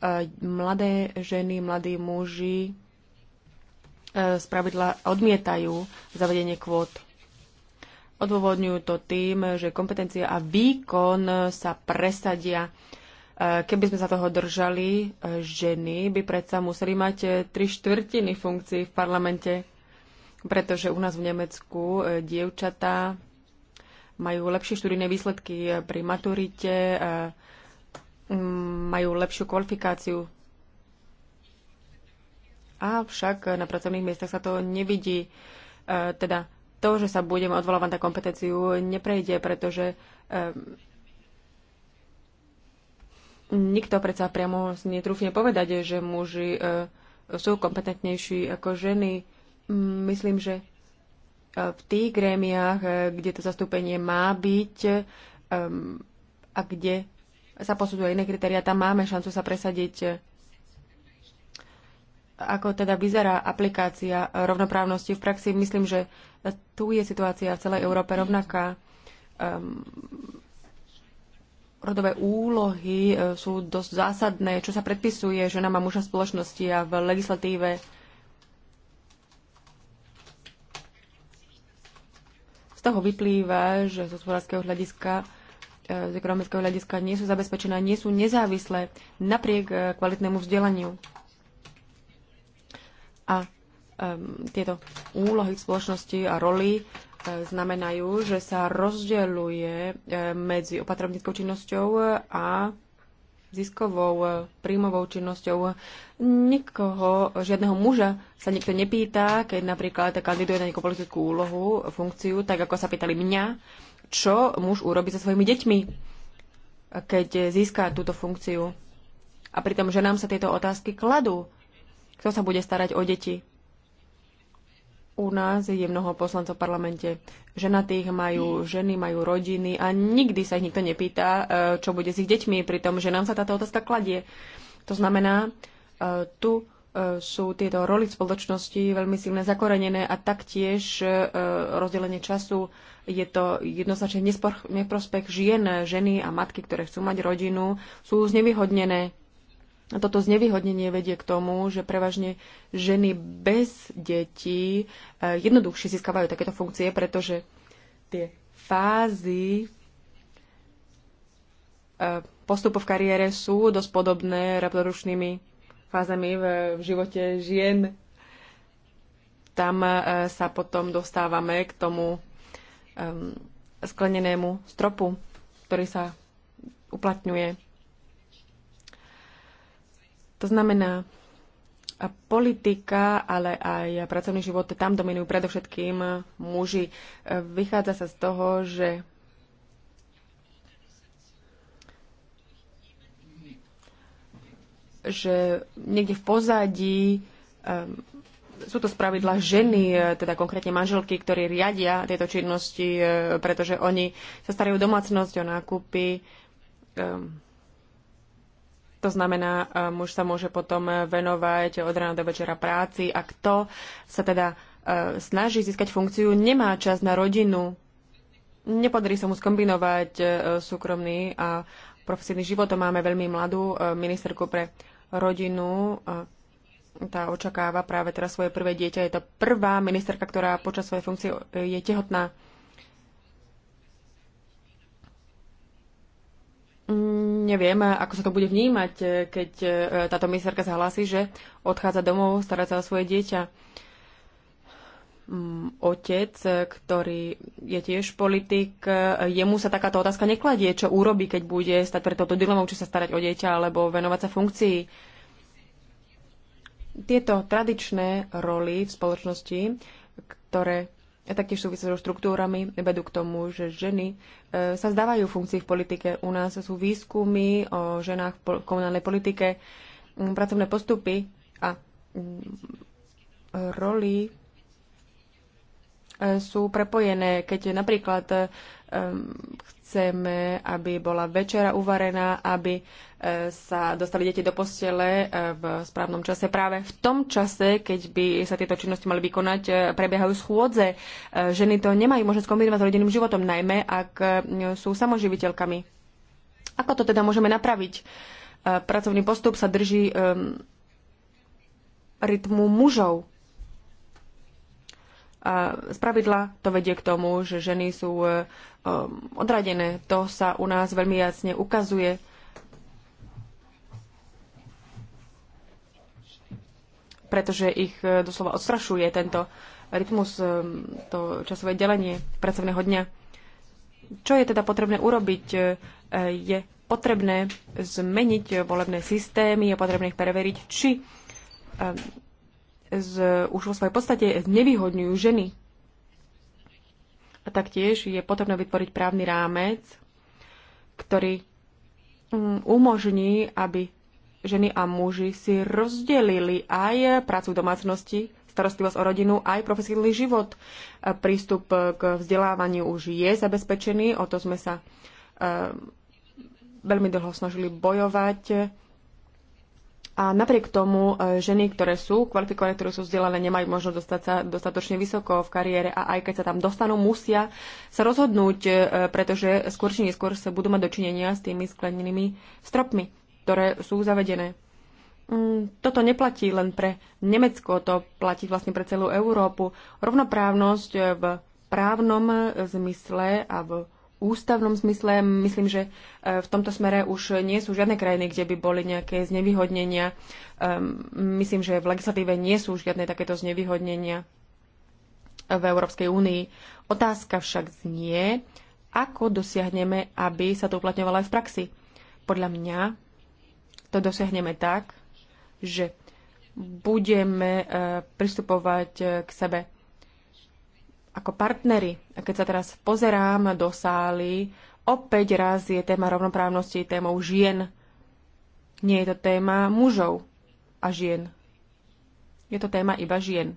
E, mladé ženy, mladí muži spravidla e, odmietajú zavedenie kvót. Odôvodňujú to tým, že kompetencia a výkon sa presadia. E, keby sme sa toho držali, ženy by predsa museli mať tri štvrtiny funkcií v parlamente, pretože u nás v Nemecku dievčatá majú lepšie študijné výsledky pri maturite, majú lepšiu kvalifikáciu. Avšak na pracovných miestach sa to nevidí. E, teda to, že sa budeme odvolávať na kompetenciu, neprejde, pretože e, nikto predsa priamo netrúfne povedať, že muži e, sú kompetentnejší ako ženy. Myslím, že v tých grémiách, kde to zastúpenie má byť a kde sa posuduje iné kritéria, tam máme šancu sa presadiť. E, ako teda vyzerá aplikácia rovnoprávnosti v praxi? Myslím, že tu je situácia v celej Európe rovnaká. Um, rodové úlohy e, sú dosť zásadné, čo sa predpisuje ženám a muža spoločnosti a v legislatíve. Z toho vyplýva, že z hospodárskeho hľadiska z ekonomického hľadiska nie sú zabezpečené, nie sú nezávislé napriek e, kvalitnému vzdelaniu. A um, tieto úlohy v spoločnosti a roli e, znamenajú, že sa rozdeľuje medzi opatrovníckou činnosťou a ziskovou, príjmovou činnosťou. Nikoho, žiadneho muža sa nikto nepýta, keď napríklad kandiduje na nejakú politickú úlohu, funkciu, tak ako sa pýtali mňa čo muž urobí so svojimi deťmi, keď získa túto funkciu. A pritom ženám sa tieto otázky kladú. Kto sa bude starať o deti? U nás je mnoho poslancov v parlamente. Ženatých majú, ženy majú rodiny a nikdy sa ich nikto nepýta, e, čo bude s ich deťmi, pritom ženám sa táto otázka kladie. To znamená, e, tu sú tieto roly spoločnosti veľmi silne zakorenené a taktiež e, rozdelenie času je to jednoznačne neprospech žien, ženy a matky, ktoré chcú mať rodinu, sú znevýhodnené. Toto znevýhodnenie vedie k tomu, že prevažne ženy bez detí e, jednoduchšie získavajú takéto funkcie, pretože tie fázy e, postupov v kariére sú dosť podobné reprodukčnými fázami v, v živote žien. Tam e, sa potom dostávame k tomu um, sklenenému stropu, ktorý sa uplatňuje. To znamená, a politika, ale aj pracovný život, tam dominujú predovšetkým muži. E, vychádza sa z toho, že že niekde v pozadí um, sú to spravidla ženy, e, teda konkrétne manželky, ktorí riadia tieto činnosti, e, pretože oni sa starajú o domácnosť, o nákupy. Um, to znamená, e, muž sa môže potom venovať od rána do večera práci a kto sa teda snaží získať funkciu, nemá čas na rodinu, nepodarí sa mu skombinovať súkromný a profesívny život. Máme veľmi mladú e, ministerku pre rodinu. E, tá očakáva práve teraz svoje prvé dieťa. Je to prvá ministerka, ktorá počas svojej funkcie e, je tehotná. Mm, neviem, ako sa to bude vnímať, keď táto ministerka zahlási, že odchádza domov starať sa o svoje dieťa otec, ktorý je tiež politik, jemu sa takáto otázka nekladie, čo urobí, keď bude stať pre toto dilemou, či sa starať o dieťa alebo venovať sa funkcii. Tieto tradičné roly v spoločnosti, ktoré taktiež súvisia so štruktúrami, vedú k tomu, že ženy e, sa zdávajú funkcií v politike. U nás sú výskumy o ženách v komunálnej politike, pracovné postupy a roli sú prepojené. Keď napríklad eh, chceme, aby bola večera uvarená, aby eh, sa dostali deti do postele eh, v správnom čase. Práve v tom čase, keď by sa tieto činnosti mali vykonať, prebiehajú schôdze. Ženy to nemajú možnosť kombinovať s rodinným životom, najmä ak sú samoživiteľkami. Ako to teda môžeme napraviť? Pracovný postup sa drží rytmu mužov a z pravidla to vedie k tomu, že ženy sú e, e, odradené. To sa u nás veľmi jasne ukazuje. pretože ich e, doslova odstrašuje tento rytmus, to časové delenie pracovného dňa. Čo je teda potrebné urobiť? Je potrebné zmeniť volebné systémy, je potrebné ich preveriť, či z, už vo svojej podstate znevýhodňujú ženy. A taktiež je potrebné vytvoriť právny rámec, ktorý mm, umožní, aby ženy a muži si rozdelili aj prácu v domácnosti, starostlivosť o rodinu, aj profesionálny život. Prístup k vzdelávaniu už je zabezpečený, o to sme sa eh, veľmi dlho snažili bojovať a napriek tomu e, ženy, ktoré sú kvalifikované, ktoré sú vzdelané, nemajú možnosť dostať sa dostatočne vysoko v kariére a aj keď sa tam dostanú, musia sa rozhodnúť, e, pretože skôr či neskôr sa budú mať dočinenia s tými sklenenými stropmi, ktoré sú zavedené. Mm, toto neplatí len pre Nemecko, to platí vlastne pre celú Európu. Rovnoprávnosť e, v právnom zmysle a v ústavnom zmysle. Myslím, že e, v tomto smere už nie sú žiadne krajiny, kde by boli nejaké znevýhodnenia. Ehm, myslím, že v legislatíve nie sú žiadne takéto znevýhodnenia v Európskej únii. Otázka však znie, ako dosiahneme, aby sa to uplatňovalo aj v praxi. Podľa mňa to dosiahneme tak, že budeme e, pristupovať e, k sebe ako partnery. A keď sa teraz pozerám do sály, opäť raz je téma rovnoprávnosti témou žien. Nie je to téma mužov a žien. Je to téma iba žien.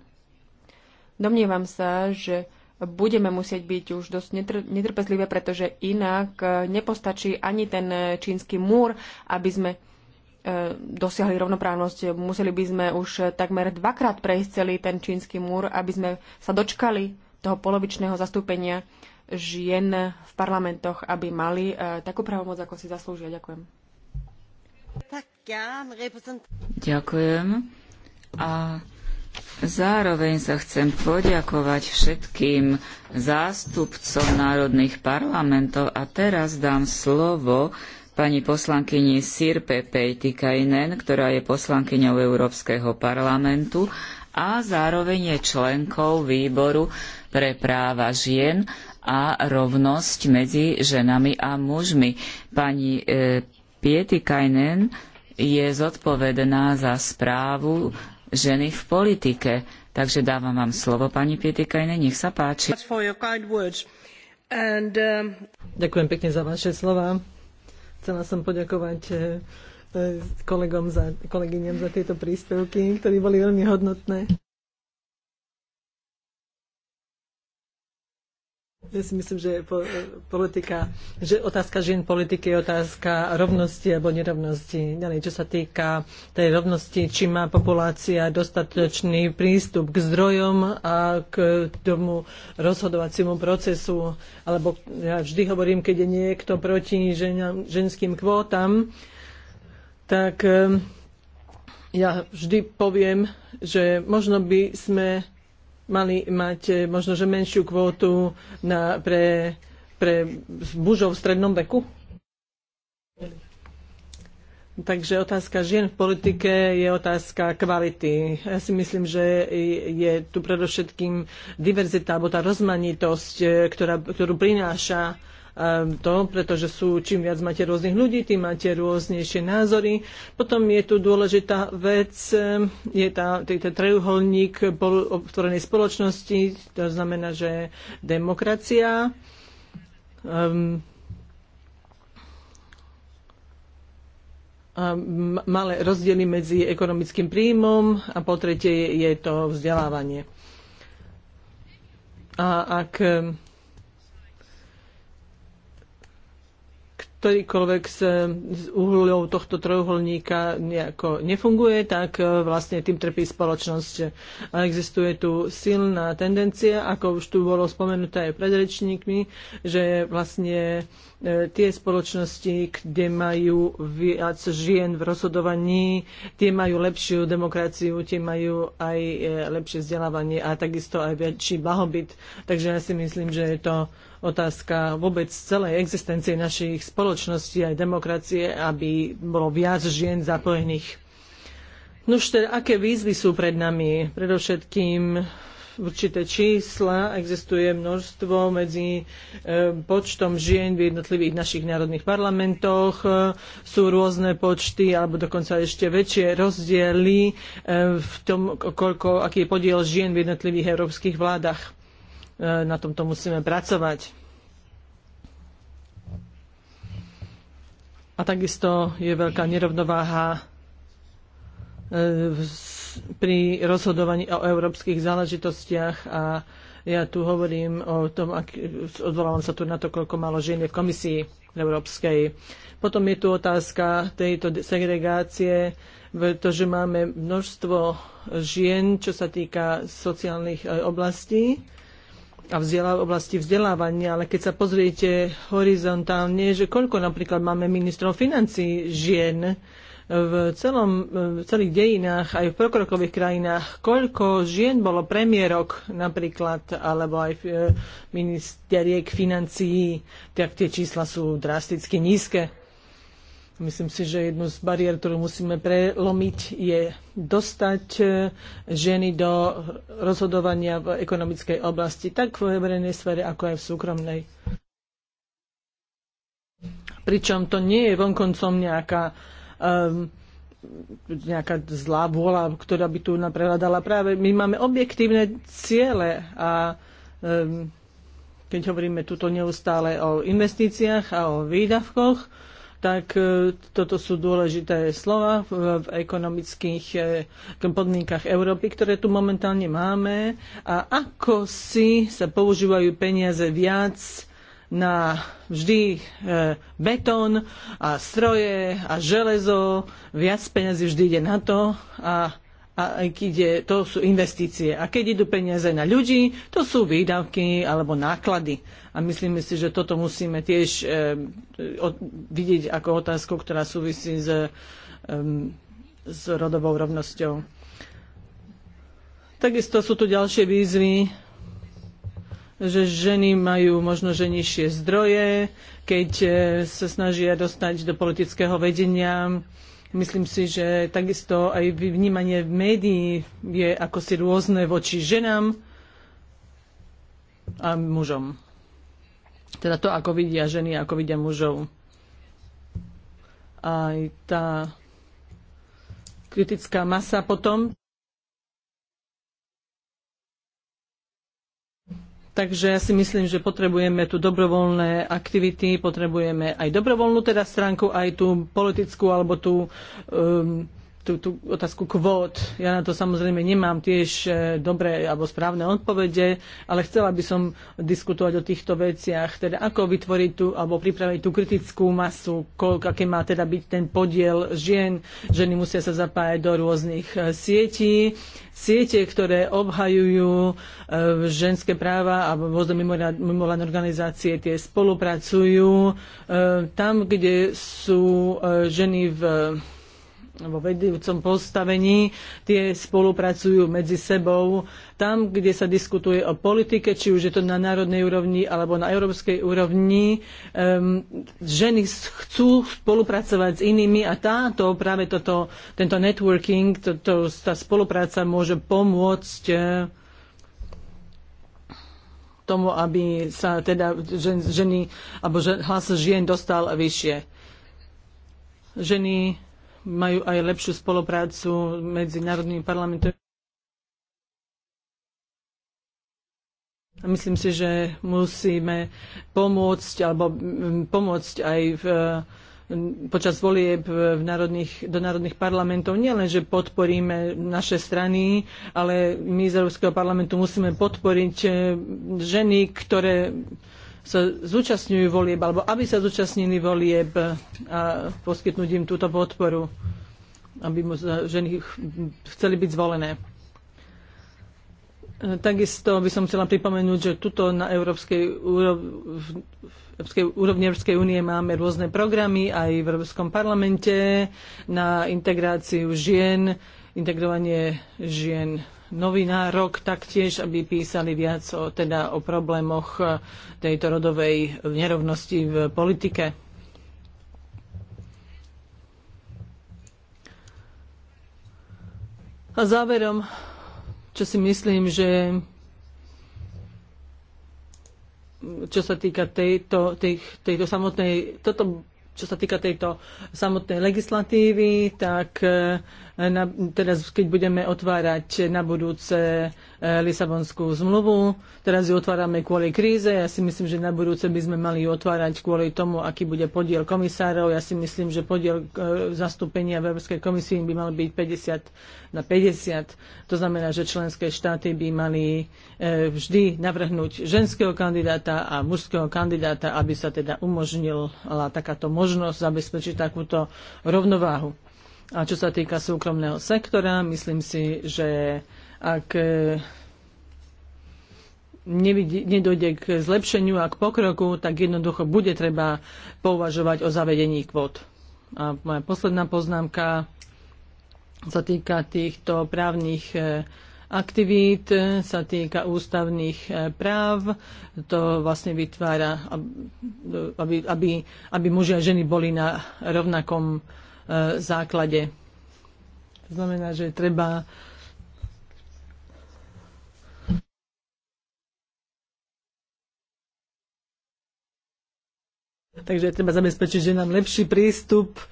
Domnievam sa, že budeme musieť byť už dosť netr- netrpezlivé, pretože inak e, nepostačí ani ten e, čínsky múr, aby sme e, dosiahli rovnoprávnosť. Museli by sme už takmer dvakrát prejsť celý ten čínsky múr, aby sme sa dočkali toho polovičného zastúpenia žien v parlamentoch, aby mali e, takú pravomoc ako si zaslúžia. Ďakujem. Ďakujem. A zároveň sa chcem poďakovať všetkým zástupcom národných parlamentov a teraz dám slovo pani poslankyni Sirpe Pejtikajnen, ktorá je poslankyňou Európskeho parlamentu a zároveň je členkou výboru pre práva žien a rovnosť medzi ženami a mužmi. Pani e, Kajnen je zodpovedná za správu ženy v politike. Takže dávam vám slovo, pani Kajnen, nech sa páči. And, um, Ďakujem pekne za vaše slova. Chcela som poďakovať e, e, kolegom za, kolegyňam za tieto príspevky, ktoré boli veľmi hodnotné. ja si myslím, že e, politika, že otázka žien politiky je otázka rovnosti alebo nerovnosti. Ďalej, čo sa týka tej rovnosti, či má populácia dostatočný prístup k zdrojom a k tomu rozhodovaciemu procesu, alebo ja vždy hovorím, keď je niekto proti žen, ženským kvótam, tak e, ja vždy poviem, že možno by sme mali mať e, možno, že menšiu kvótu na, pre, pre mužov v strednom veku? Takže otázka žien v politike je otázka kvality. Ja si myslím, že je tu predovšetkým diverzita alebo tá rozmanitosť, e, ktorá, ktorú prináša Ehm, to, pretože sú, čím viac máte rôznych ľudí, tým máte rôznejšie názory. Potom je tu dôležitá vec, ehm, je tá, tý, trojuholník otvorenej spoločnosti, to znamená, že demokracia, um, malé rozdiely medzi ekonomickým príjmom a po tretie je to vzdelávanie. A ak ktorýkoľvek z, z uhľov tohto trojuholníka nejako nefunguje, tak e, vlastne tým trpí spoločnosť. A existuje tu silná tendencia, ako už tu bolo spomenuté aj pred rečníkmi, že vlastne e, tie spoločnosti, kde majú viac žien v rozhodovaní, tie majú lepšiu demokraciu, tie majú aj e, lepšie vzdelávanie a takisto aj väčší blahobyt. Takže ja si myslím, že je to otázka vôbec celej existencie našich spoločností aj demokracie, aby bolo viac žien zapojených. No už teda, aké výzvy sú pred nami? Predovšetkým určité čísla, existuje množstvo medzi e, počtom žien v jednotlivých našich národných parlamentoch, e, sú rôzne počty alebo dokonca ešte väčšie rozdiely e, v tom, koľko, aký je podiel žien v jednotlivých európskych vládach. E, na tomto musíme pracovať. A takisto je veľká nerovnováha e, pri rozhodovaní o európskych záležitostiach a ja tu hovorím o tom, ak, odvolávam sa tu na to, koľko malo žien je v komisii európskej. Potom je tu otázka tejto segregácie, pretože máme množstvo žien, čo sa týka sociálnych e, oblastí a vzdiela, v oblasti vzdelávania, ale keď sa pozriete horizontálne, že koľko napríklad máme ministrov financí žien v, celom, v celých dejinách, aj v pokrokových krajinách, koľko žien bolo premiérok napríklad, alebo aj e, ministeriek financií, tak tie čísla sú drasticky nízke. Myslím si, že jednu z bariér, ktorú musíme prelomiť, je dostať e, ženy do rozhodovania v ekonomickej oblasti, tak v verejnej sfere, ako aj v súkromnej. Pričom to nie je vonkoncom nejaká, um, nejaká zlá vôľa, ktorá by tu napreľadala práve. My máme objektívne ciele a um, keď hovoríme tuto neustále o investíciách a o výdavkoch, tak e, toto sú dôležité slova v, v ekonomických e, podmienkach Európy, ktoré tu momentálne máme. A ako si sa používajú peniaze viac na vždy e, betón a stroje a železo, viac peniazy vždy ide na to a a ide, to sú investície. A keď idú peniaze na ľudí, to sú výdavky alebo náklady. A myslíme si, že toto musíme tiež e, o, vidieť ako otázku, ktorá súvisí s, e, s rodovou rovnosťou. Takisto sú tu ďalšie výzvy, že ženy majú možno že nižšie zdroje, keď eh, sa snažia dostať do politického vedenia Myslím si, že takisto aj vnímanie v médií je ako si rôzne voči ženám a mužom. Teda to, ako vidia ženy, ako vidia mužov. Aj tá kritická masa potom Takže ja si myslím, že potrebujeme tu dobrovoľné aktivity, potrebujeme aj dobrovoľnú teda stránku, aj tú politickú alebo tú um, tú, tú otázku kvót. Ja na to samozrejme nemám tiež e, dobré alebo správne odpovede, ale chcela by som diskutovať o týchto veciach. Teda ako vytvoriť tú, alebo pripraviť tú kritickú masu, koľko, aké má teda byť ten podiel žien. Ženy musia sa zapájať do rôznych e, sietí. Siete, ktoré obhajujú e, ženské práva a rôzne mimovládne organizácie, tie spolupracujú. Tam, kde sú ženy v vo vedúcom postavení, tie spolupracujú medzi sebou. Tam, kde sa diskutuje o politike, či už je to na národnej úrovni alebo na európskej úrovni, um, ženy chcú spolupracovať s inými a táto, práve toto, tento networking, to, to, tá spolupráca môže pomôcť eh, tomu, aby sa teda žen, ženy, alebo žen, hlas žien dostal vyššie. Ženy majú aj lepšiu spoluprácu medzi národnými parlamentami. A myslím si, že musíme pomôcť alebo mm, pomôcť aj v, mm, počas volieb v národných, do národných parlamentov. len, že podporíme naše strany, ale my z Európskeho parlamentu musíme podporiť e, ženy, ktoré sa zúčastňujú volieb, alebo aby sa zúčastnili volieb a poskytnúť im túto podporu, aby ženy chceli byť zvolené. Takisto by som chcela pripomenúť, že tuto na európskej, európskej úrovni Európskej únie máme rôzne programy aj v Európskom parlamente na integráciu žien, integrovanie žien novinárok taktiež, aby písali viac o, teda o problémoch e, tejto rodovej nerovnosti v politike. A záverom, čo si myslím, že čo sa týka tejto, tej, tejto samotnej, toto čo sa týka tejto samotnej legislatívy, tak eh, na, teraz, keď budeme otvárať na budúce Lisabonskú zmluvu. Teraz ju otvárame kvôli kríze. Ja si myslím, že na budúce by sme mali ju otvárať kvôli tomu, aký bude podiel komisárov. Ja si myslím, že podiel e, zastúpenia v Európskej komisii by mal byť 50 na 50. To znamená, že členské štáty by mali e, vždy navrhnúť ženského kandidáta a mužského kandidáta, aby sa teda umožnila takáto možnosť zabezpečiť takúto rovnováhu. A čo sa týka súkromného sektora, myslím si, že ak e, nevidí, nedojde k zlepšeniu a k pokroku, tak jednoducho bude treba pouvažovať o zavedení kvót. A moja posledná poznámka sa týka týchto právnych e, aktivít, e, sa týka ústavných práv. To vlastne vytvára, aby, aby, aby muži a ženy boli na rovnakom základe. To znamená, že treba Takže treba zabezpečiť, že nám lepší prístup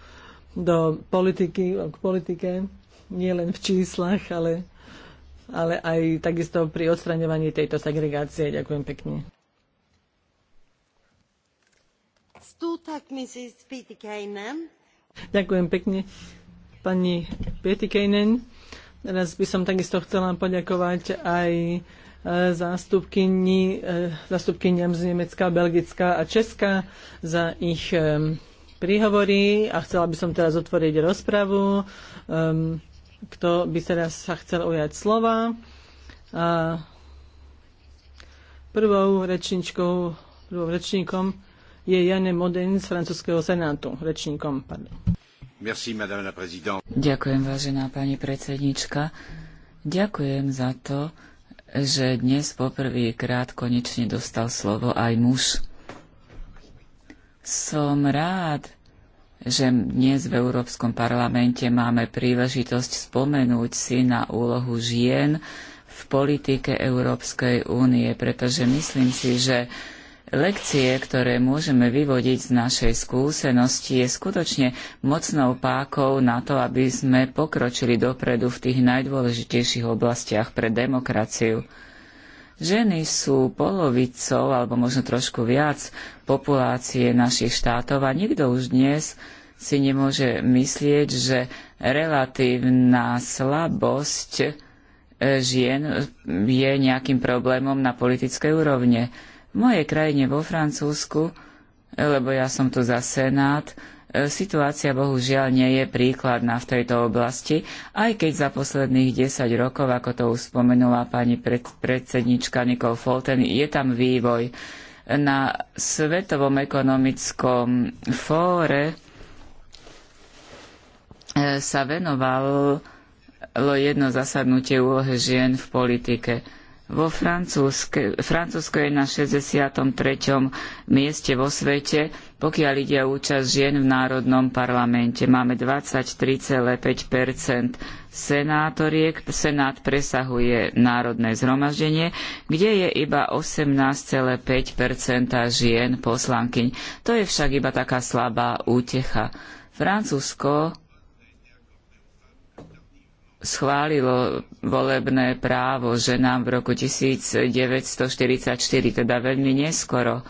do politiky, k politike, nie len v číslach, ale, ale aj takisto pri odstraňovaní tejto segregácie. Ďakujem pekne. Ďakujem pekne, pani Pietikejnen. Teraz by som takisto chcela poďakovať aj Eh, zástupkyniam z Nemecka, Belgická a Česka za ich eh, príhovory a chcela by som teraz otvoriť rozpravu. Eh, kto by teraz sa chcel ujať slova? A prvou rečničkou, prvou rečníkom je Jane Moden z francúzského senátu. Rečníkom, pardon. Merci, madame la présidente. Ďakujem, vážená pani predsednička. Ďakujem za to, že dnes poprvýkrát konečne dostal slovo aj muž. Som rád, že dnes v Európskom parlamente máme príležitosť spomenúť si na úlohu žien v politike Európskej únie, pretože myslím si, že Lekcie, ktoré môžeme vyvodiť z našej skúsenosti, je skutočne mocnou pákou na to, aby sme pokročili dopredu v tých najdôležitejších oblastiach pre demokraciu. Ženy sú polovicou, alebo možno trošku viac, populácie našich štátov a nikto už dnes si nemôže myslieť, že relatívna slabosť e, žien e, je nejakým problémom na politickej úrovne v mojej krajine vo Francúzsku, e, lebo ja som tu za Senát, e, situácia bohužiaľ nie je príkladná v tejto oblasti, aj keď za posledných 10 rokov, ako to už spomenula pani pred, predsednička Nicole Fulton, je tam vývoj. Na Svetovom ekonomickom fóre e, sa venovalo jedno zasadnutie úlohy žien v politike. Vo Francúzske, Francúzsko je na 63. mieste vo svete, pokiaľ ide o účasť žien v národnom parlamente. Máme 23,5 senátoriek. Senát presahuje národné zhromaždenie, kde je iba 18,5 žien poslankyň. To je však iba taká slabá útecha. Francúzsko schválilo volebné právo ženám v roku 1944, teda veľmi neskoro.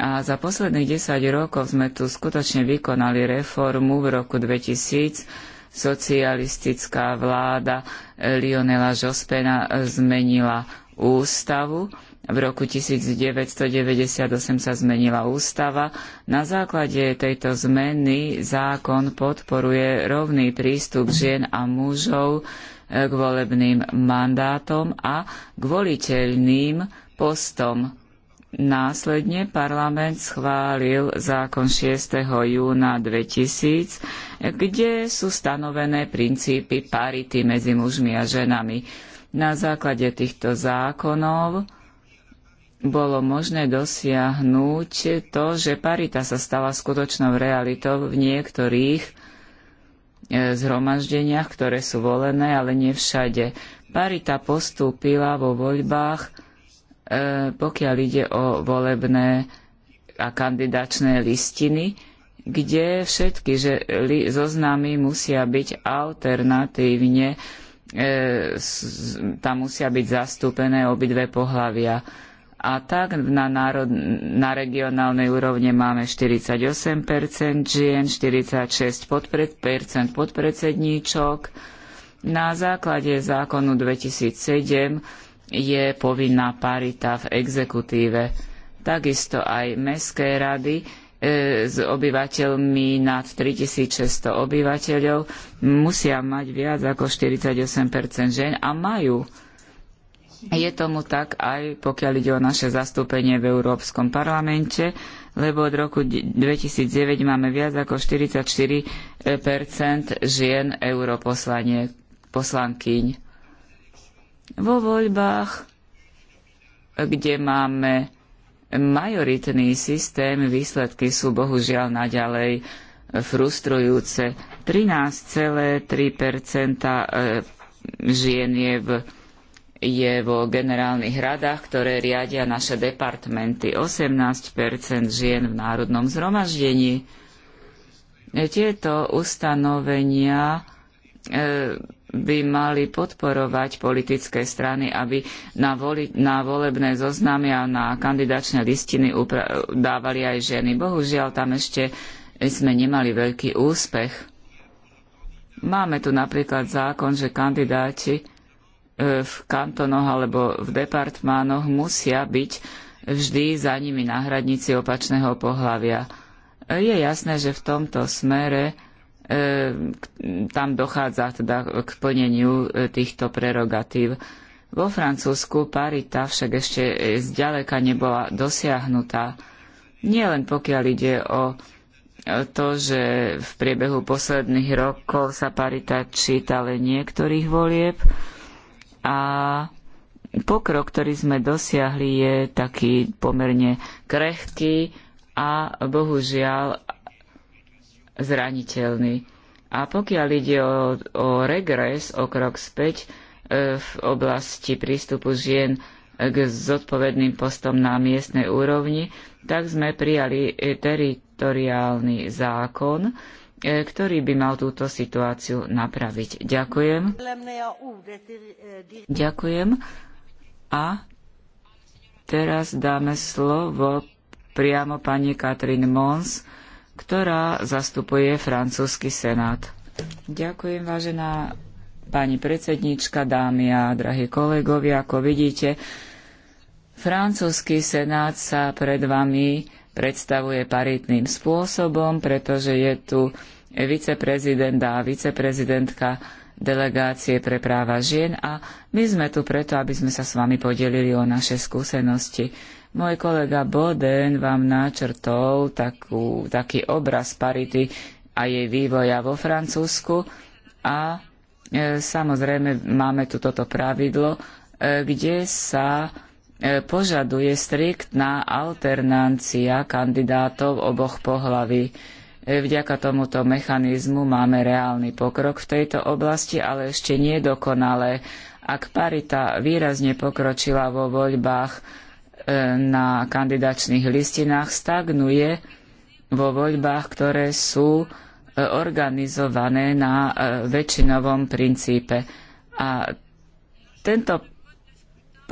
A za posledných 10 rokov sme tu skutočne vykonali reformu. V roku 2000 socialistická vláda Lionela Jospena zmenila ústavu v roku 1998 sa zmenila ústava. Na základe tejto zmeny zákon podporuje rovný prístup žien a mužov e, k volebným mandátom a k voliteľným postom. Následne parlament schválil zákon 6. júna 2000, kde sú stanovené princípy parity medzi mužmi a ženami. Na základe týchto zákonov bolo možné dosiahnuť to, že parita sa stala skutočnou realitou v niektorých e, zhromaždeniach, ktoré sú volené, ale nie všade. Parita postúpila vo voľbách, e, pokiaľ ide o volebné a kandidačné listiny, kde všetky že, li, zoznamy musia byť alternatívne, e, tam musia byť zastúpené obidve pohlavia a tak na, národ, na regionálnej úrovne máme 48% žien, 46% podpred, podpredsedníčok. Na základe zákonu 2007 je povinná parita v exekutíve. Takisto aj mestské rady e, s obyvateľmi nad 3600 obyvateľov musia mať viac ako 48% žien a majú je tomu tak aj pokiaľ ide o naše zastúpenie v Európskom parlamente, lebo od roku 2009 máme viac ako 44 žien poslankyň. Vo voľbách, kde máme majoritný systém, výsledky sú bohužiaľ naďalej e, frustrujúce. 13,3 e, žien je v je vo generálnych radách, ktoré riadia naše departmenty. 18 žien v národnom zhromaždení. Tieto ustanovenia e, by mali podporovať politické strany, aby na, voli, na volebné zoznamy a na kandidačné listiny dávali aj ženy. Bohužiaľ, tam ešte sme nemali veľký úspech. Máme tu napríklad zákon, že kandidáti E, v kantonoch alebo v departmánoch musia byť vždy za nimi náhradníci opačného pohlavia. E, je jasné, že v tomto smere e, tam dochádza teda k plneniu týchto prerogatív. Vo Francúzsku parita však ešte zďaleka nebola dosiahnutá. Nielen pokiaľ ide o to, že v priebehu posledných rokov sa parita čítale niektorých volieb, a pokrok, ktorý sme dosiahli, je taký pomerne krehký a bohužiaľ zraniteľný. A pokiaľ ide o, o regres, o krok späť e, v oblasti prístupu žien k zodpovedným postom na miestnej úrovni, tak sme prijali e, teritoriálny zákon, E, ktorý by mal túto situáciu napraviť. Ďakujem. Ďakujem. A teraz dáme slovo priamo pani Katrin Mons, ktorá zastupuje francúzsky senát. Ďakujem, vážená pani predsednička, dámy a drahí kolegovia. Ako vidíte, francúzsky senát sa pred vami predstavuje paritným spôsobom, pretože je tu viceprezident a viceprezidentka delegácie pre práva žien a my sme tu preto, aby sme sa s vami podelili o naše skúsenosti. Môj kolega Boden vám načrtol takú, taký obraz parity a jej vývoja vo Francúzsku a e, samozrejme máme tu toto pravidlo, e, kde sa E, požaduje striktná alternancia kandidátov oboch pohlaví. E, vďaka tomuto mechanizmu máme reálny pokrok v tejto oblasti, ale ešte nie dokonalé. Ak parita výrazne pokročila vo voľbách e, na kandidačných listinách, stagnuje vo voľbách, ktoré sú organizované na väčšinovom princípe. A tento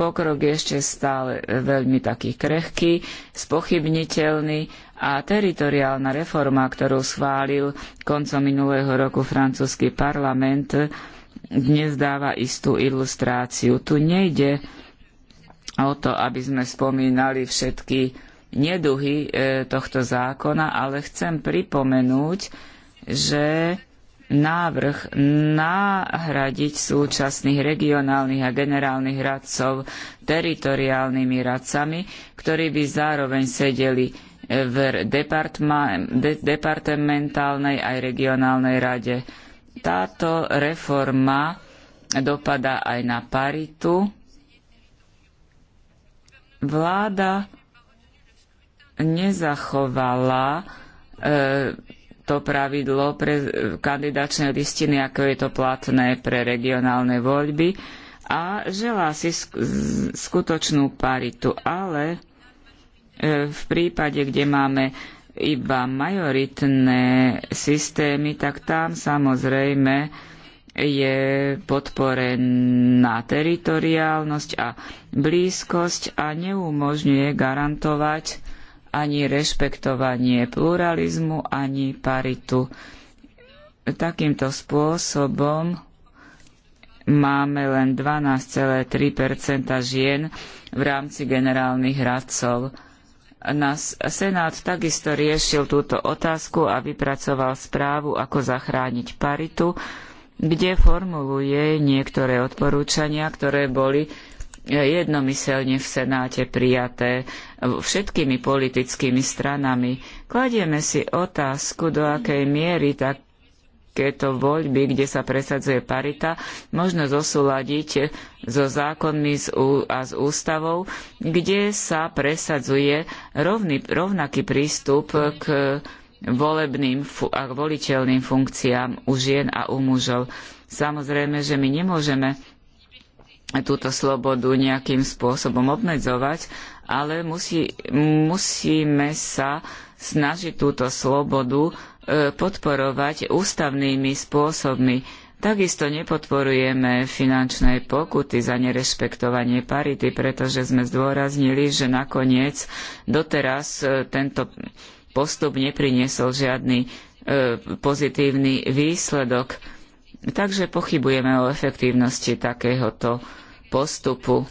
Pokrok je ešte stále veľmi taký krehký, spochybniteľný a teritoriálna reforma, ktorú schválil koncom minulého roku francúzsky parlament, dnes dáva istú ilustráciu. Tu nejde o to, aby sme spomínali všetky neduhy e, tohto zákona, ale chcem pripomenúť, že návrh nahradiť súčasných regionálnych a generálnych radcov teritoriálnymi radcami, ktorí by zároveň sedeli v departementálnej aj regionálnej rade. Táto reforma dopadá aj na paritu. Vláda nezachovala e, to pravidlo pre eh, kandidačné listiny, ako je to platné pre regionálne voľby a želá si skutočnú paritu, ale eh, v prípade, kde máme iba majoritné systémy, tak tam samozrejme je podporená teritoriálnosť a blízkosť a neumožňuje garantovať ani rešpektovanie pluralizmu, ani paritu. Takýmto spôsobom máme len 12,3 žien v rámci generálnych radcov. Nás Senát takisto riešil túto otázku a vypracoval správu, ako zachrániť paritu, kde formuluje niektoré odporúčania, ktoré boli jednomyselne v Senáte prijaté všetkými politickými stranami. Kladieme si otázku, do akej miery tak takéto voľby, kde sa presadzuje parita, možno zosúľadiť so zákonmi a s ústavou, kde sa presadzuje rovný, rovnaký prístup k volebným a voliteľným funkciám u žien a u mužov. Samozrejme, že my nemôžeme túto slobodu nejakým spôsobom obmedzovať, ale musí, musíme sa snažiť túto slobodu e, podporovať ústavnými spôsobmi. Takisto nepodporujeme finančné pokuty za nerešpektovanie parity, pretože sme zdôraznili, že nakoniec doteraz e, tento postup nepriniesol žiadny e, pozitívny výsledok. Takže pochybujeme o efektívnosti takéhoto postupu.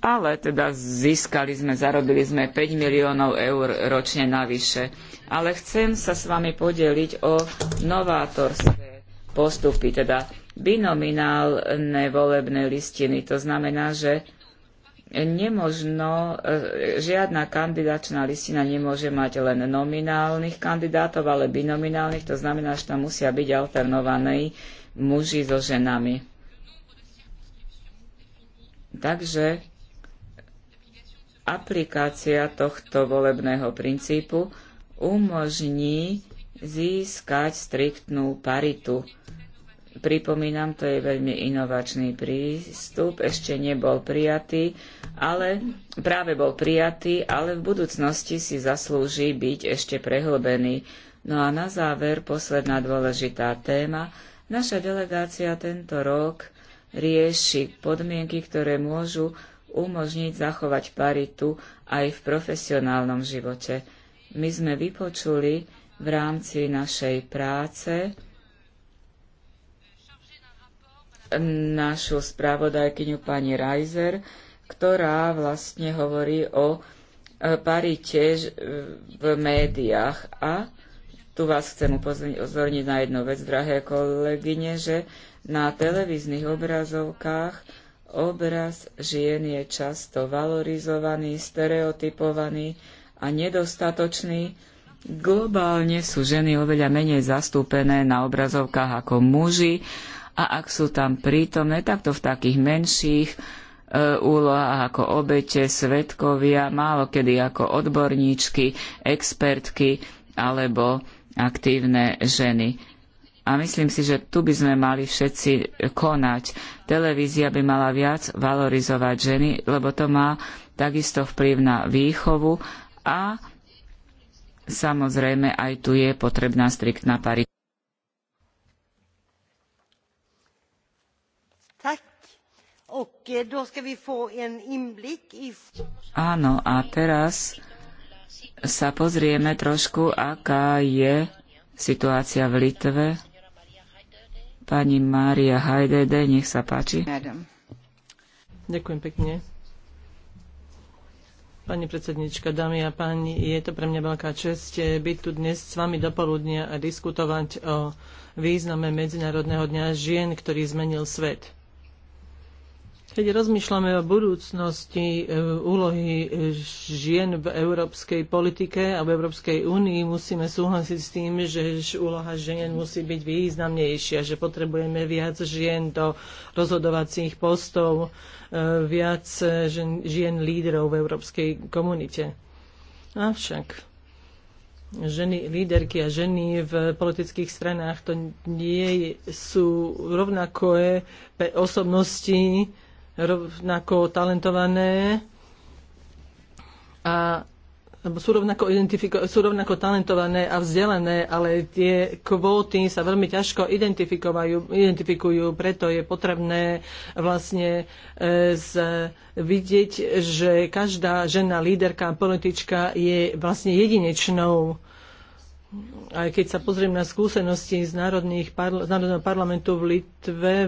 Ale teda získali sme, zarobili sme 5 miliónov eur ročne navyše. Ale chcem sa s vami podeliť o novátorské postupy, teda binominálne volebné listiny. To znamená, že nemožno, e, žiadna kandidačná listina nemôže mať len nominálnych kandidátov, ale binominálnych, to znamená, že tam musia byť alternovaní muži so ženami. Takže aplikácia tohto volebného princípu umožní získať striktnú paritu. Pripomínam, to je veľmi inovačný prístup, ešte nebol prijatý, ale práve bol prijatý, ale v budúcnosti si zaslúži byť ešte prehlbený. No a na záver posledná dôležitá téma. Naša delegácia tento rok rieši podmienky, ktoré môžu umožniť zachovať paritu aj v profesionálnom živote. My sme vypočuli v rámci našej práce našu spravodajkyňu pani Reiser, ktorá vlastne hovorí o e, parite v médiách a tu vás chcem upozorniť na jednu vec, drahé kolegyne, že na televíznych obrazovkách obraz žien je často valorizovaný, stereotypovaný a nedostatočný. Globálne sú ženy oveľa menej zastúpené na obrazovkách ako muži a ak sú tam prítomné, tak to v takých menších e, úlohách ako obete, svetkovia, málo kedy ako odborníčky, expertky alebo aktívne ženy. A myslím si, že tu by sme mali všetci konať. Televízia by mala viac valorizovať ženy, lebo to má takisto vplyv na výchovu a samozrejme aj tu je potrebná striktná parita. Áno, a teraz sa pozrieme trošku, aká je situácia v Litve. Pani Mária Hajdede, nech sa páči. Ďakujem pekne. Pani predsednička, dámy a páni, je to pre mňa veľká čest eh, byť tu dnes s vami dopoludnia a diskutovať o význame Medzinárodného dňa žien, ktorý zmenil svet. Keď rozmýšľame o budúcnosti e, úlohy e, žien v európskej politike a v Európskej únii, musíme súhlasiť s tým, že úloha žien musí byť významnejšia, že potrebujeme viac žien do rozhodovacích postov, e, viac žien lídrov v európskej komunite. Avšak ženy, líderky a ženy v politických stranách to nie sú rovnako osobnosti, rovnako talentované a lebo sú rovnako, sú rovnako talentované a vzdelané, ale tie kvóty sa veľmi ťažko identifikujú, preto je potrebné vlastne e, z, vidieť, že každá žena líderka politička je vlastne jedinečnou aj keď sa pozriem na skúsenosti z, národných parla- z Národného parlamentu v Litve,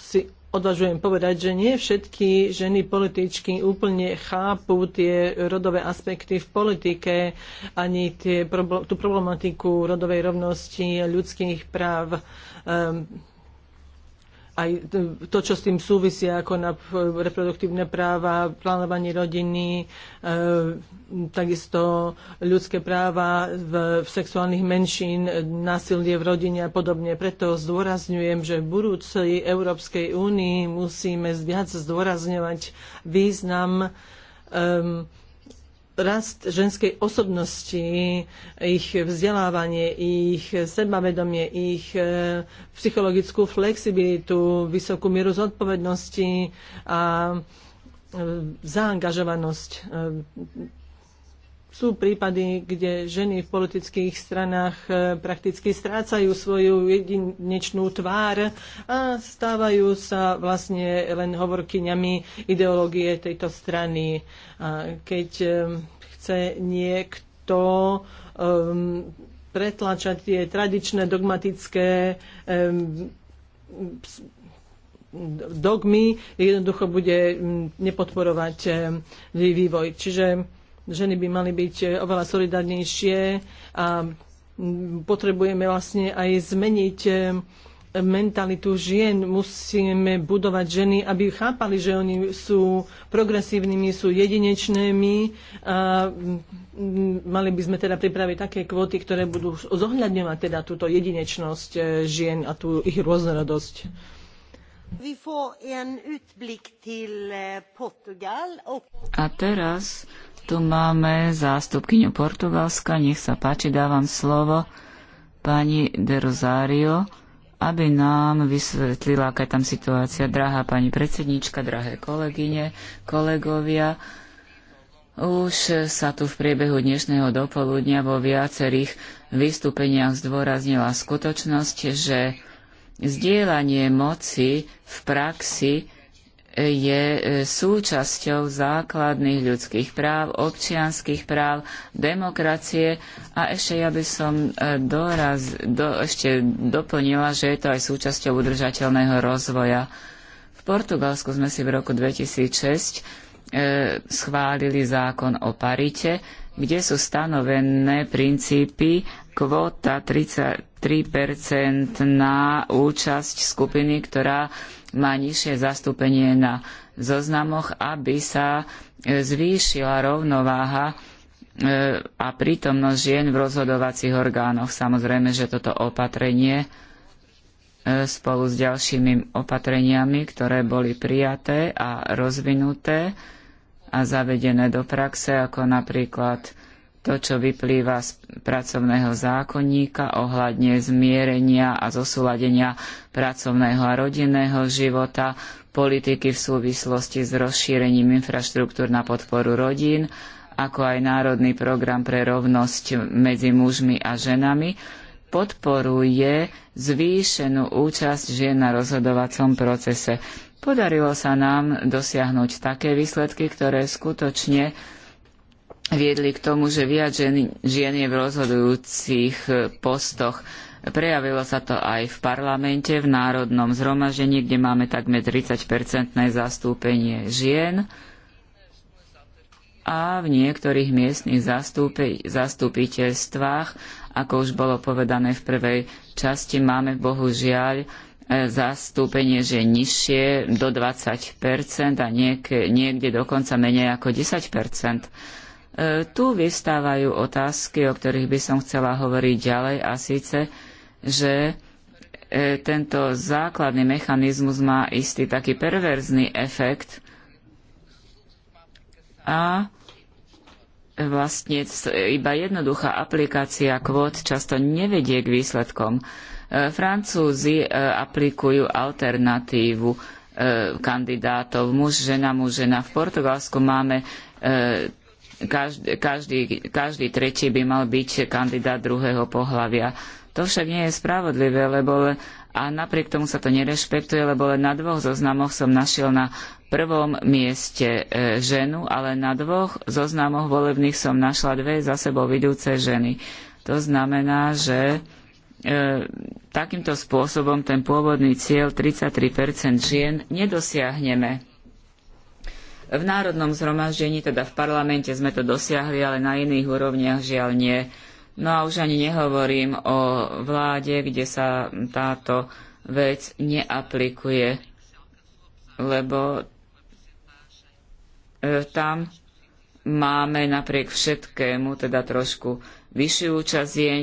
si odvažujem povedať, že nie všetky ženy političky úplne chápu tie rodové aspekty v politike, ani tie, tú problematiku rodovej rovnosti ľudských práv. Um, aj to, čo s tým súvisia, ako na reproduktívne práva, plánovanie rodiny, e, takisto ľudské práva v, v sexuálnych menšín, násilie v rodine a podobne. Preto zdôrazňujem, že v budúcej Európskej únii musíme viac zdôrazňovať význam e, rast ženskej osobnosti, ich vzdelávanie, ich sebavedomie, ich e, psychologickú flexibilitu, vysokú mieru zodpovednosti a e, zaangažovanosť e, sú prípady, kde ženy v politických stranách e, prakticky strácajú svoju jedinečnú tvár a stávajú sa vlastne len hovorkyňami ideológie tejto strany. A keď e, chce niekto um, pretlačať tie tradičné dogmatické um, dogmy, jednoducho bude mm, nepodporovať ehm, vývoj. Čiže ženy by mali byť e, oveľa solidárnejšie a potrebujeme vlastne aj zmeniť e, mentalitu žien. Musíme budovať ženy, aby chápali, že oni sú progresívnymi, sú jedinečnými. A mm, mali by sme teda pripraviť také kvóty, ktoré budú zohľadňovať teda túto jedinečnosť e, žien a tú ich rôznorodosť. Eh, a teraz tu máme zástupkyňu Portugalska. Nech sa páči, dávam slovo pani de Rosario, aby nám vysvetlila, aká je tam situácia. Drahá pani predsednička, drahé kolegyne, kolegovia, už sa tu v priebehu dnešného dopoludnia vo viacerých vystúpeniach zdôraznila skutočnosť, že zdieľanie moci v praxi je e, súčasťou základných ľudských práv, občianských práv, demokracie a ešte ja by som e, doraz, do, ešte doplnila, že je to aj súčasťou udržateľného rozvoja. V Portugalsku sme si v roku 2006 e, schválili zákon o parite, kde sú stanovené princípy kvóta 33% na účasť skupiny, ktorá má nižšie zastúpenie na zoznamoch, aby sa e, zvýšila rovnováha e, a prítomnosť žien v rozhodovacích orgánoch. Samozrejme, že toto opatrenie e, spolu s ďalšími opatreniami, ktoré boli prijaté a rozvinuté a zavedené do praxe, ako napríklad to, čo vyplýva z pracovného zákonníka ohľadne zmierenia a zosúladenia pracovného a rodinného života, politiky v súvislosti s rozšírením infraštruktúr na podporu rodín, ako aj Národný program pre rovnosť medzi mužmi a ženami, podporuje zvýšenú účasť žien na rozhodovacom procese. Podarilo sa nám dosiahnuť také výsledky, ktoré skutočne viedli k tomu, že viac žien, je v rozhodujúcich postoch. Prejavilo sa to aj v parlamente, v národnom zhromažení, kde máme takmer 30-percentné zastúpenie žien a v niektorých miestnych zastúpe, zastupiteľstvách, ako už bolo povedané v prvej časti, máme bohužiaľ e, zastúpenie, že nižšie do 20% a niek- niekde dokonca menej ako 10%. E, tu vystávajú otázky, o ktorých by som chcela hovoriť ďalej a síce, že e, tento základný mechanizmus má istý taký perverzný efekt a vlastne e, iba jednoduchá aplikácia kvót často nevedie k výsledkom. Francúzi aplikujú alternatívu kandidátov muž, žena, muž, žena. V Portugalsku máme každý, každý, každý tretí by mal byť kandidát druhého pohlavia. To však nie je spravodlivé, lebo a napriek tomu sa to nerešpektuje, lebo len na dvoch zoznamoch som našiel na prvom mieste e, ženu, ale na dvoch zoznamoch volebných som našla dve za sebou vidúce ženy. To znamená, že e, takýmto spôsobom ten pôvodný cieľ 33% žien nedosiahneme. V národnom zhromaždení, teda v parlamente sme to dosiahli, ale na iných úrovniach žiaľ nie. No a už ani nehovorím o vláde, kde sa táto vec neaplikuje, lebo e, tam máme napriek všetkému teda trošku vyššiu účasť jeň,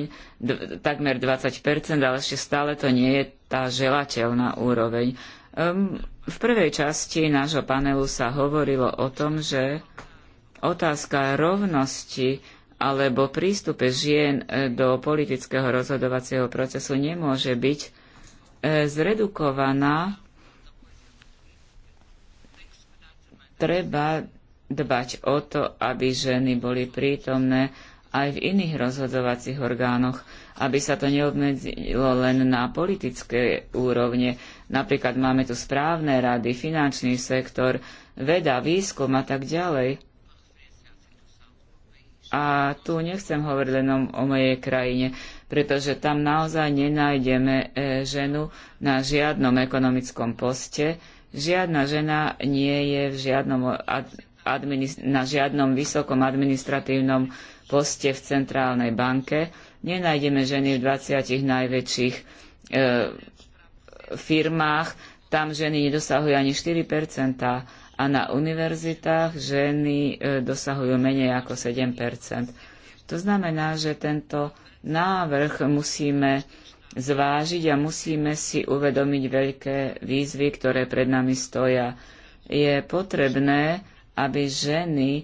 takmer 20%, ale ešte stále to nie je tá želateľná úroveň. V prvej časti nášho panelu sa hovorilo o tom, že otázka rovnosti alebo prístupe žien e, do politického rozhodovacieho procesu nemôže byť e, zredukovaná. Treba dbať o to, aby ženy boli prítomné aj v iných rozhodovacích orgánoch, aby sa to neobmedzilo len na politické úrovne, Napríklad máme tu správne rady, finančný sektor, veda, výskum a tak ďalej. A tu nechcem hovoriť len o, o mojej krajine, pretože tam naozaj nenájdeme e, ženu na žiadnom ekonomickom poste. Žiadna žena nie je v žiadnom na žiadnom vysokom administratívnom poste v Centrálnej banke. Nenájdeme ženy v 20 najväčších e, firmách tam ženy nedosahujú ani 4 a na univerzitách ženy e, dosahujú menej ako 7 To znamená, že tento návrh musíme zvážiť a musíme si uvedomiť veľké výzvy, ktoré pred nami stoja. Je potrebné, aby ženy e,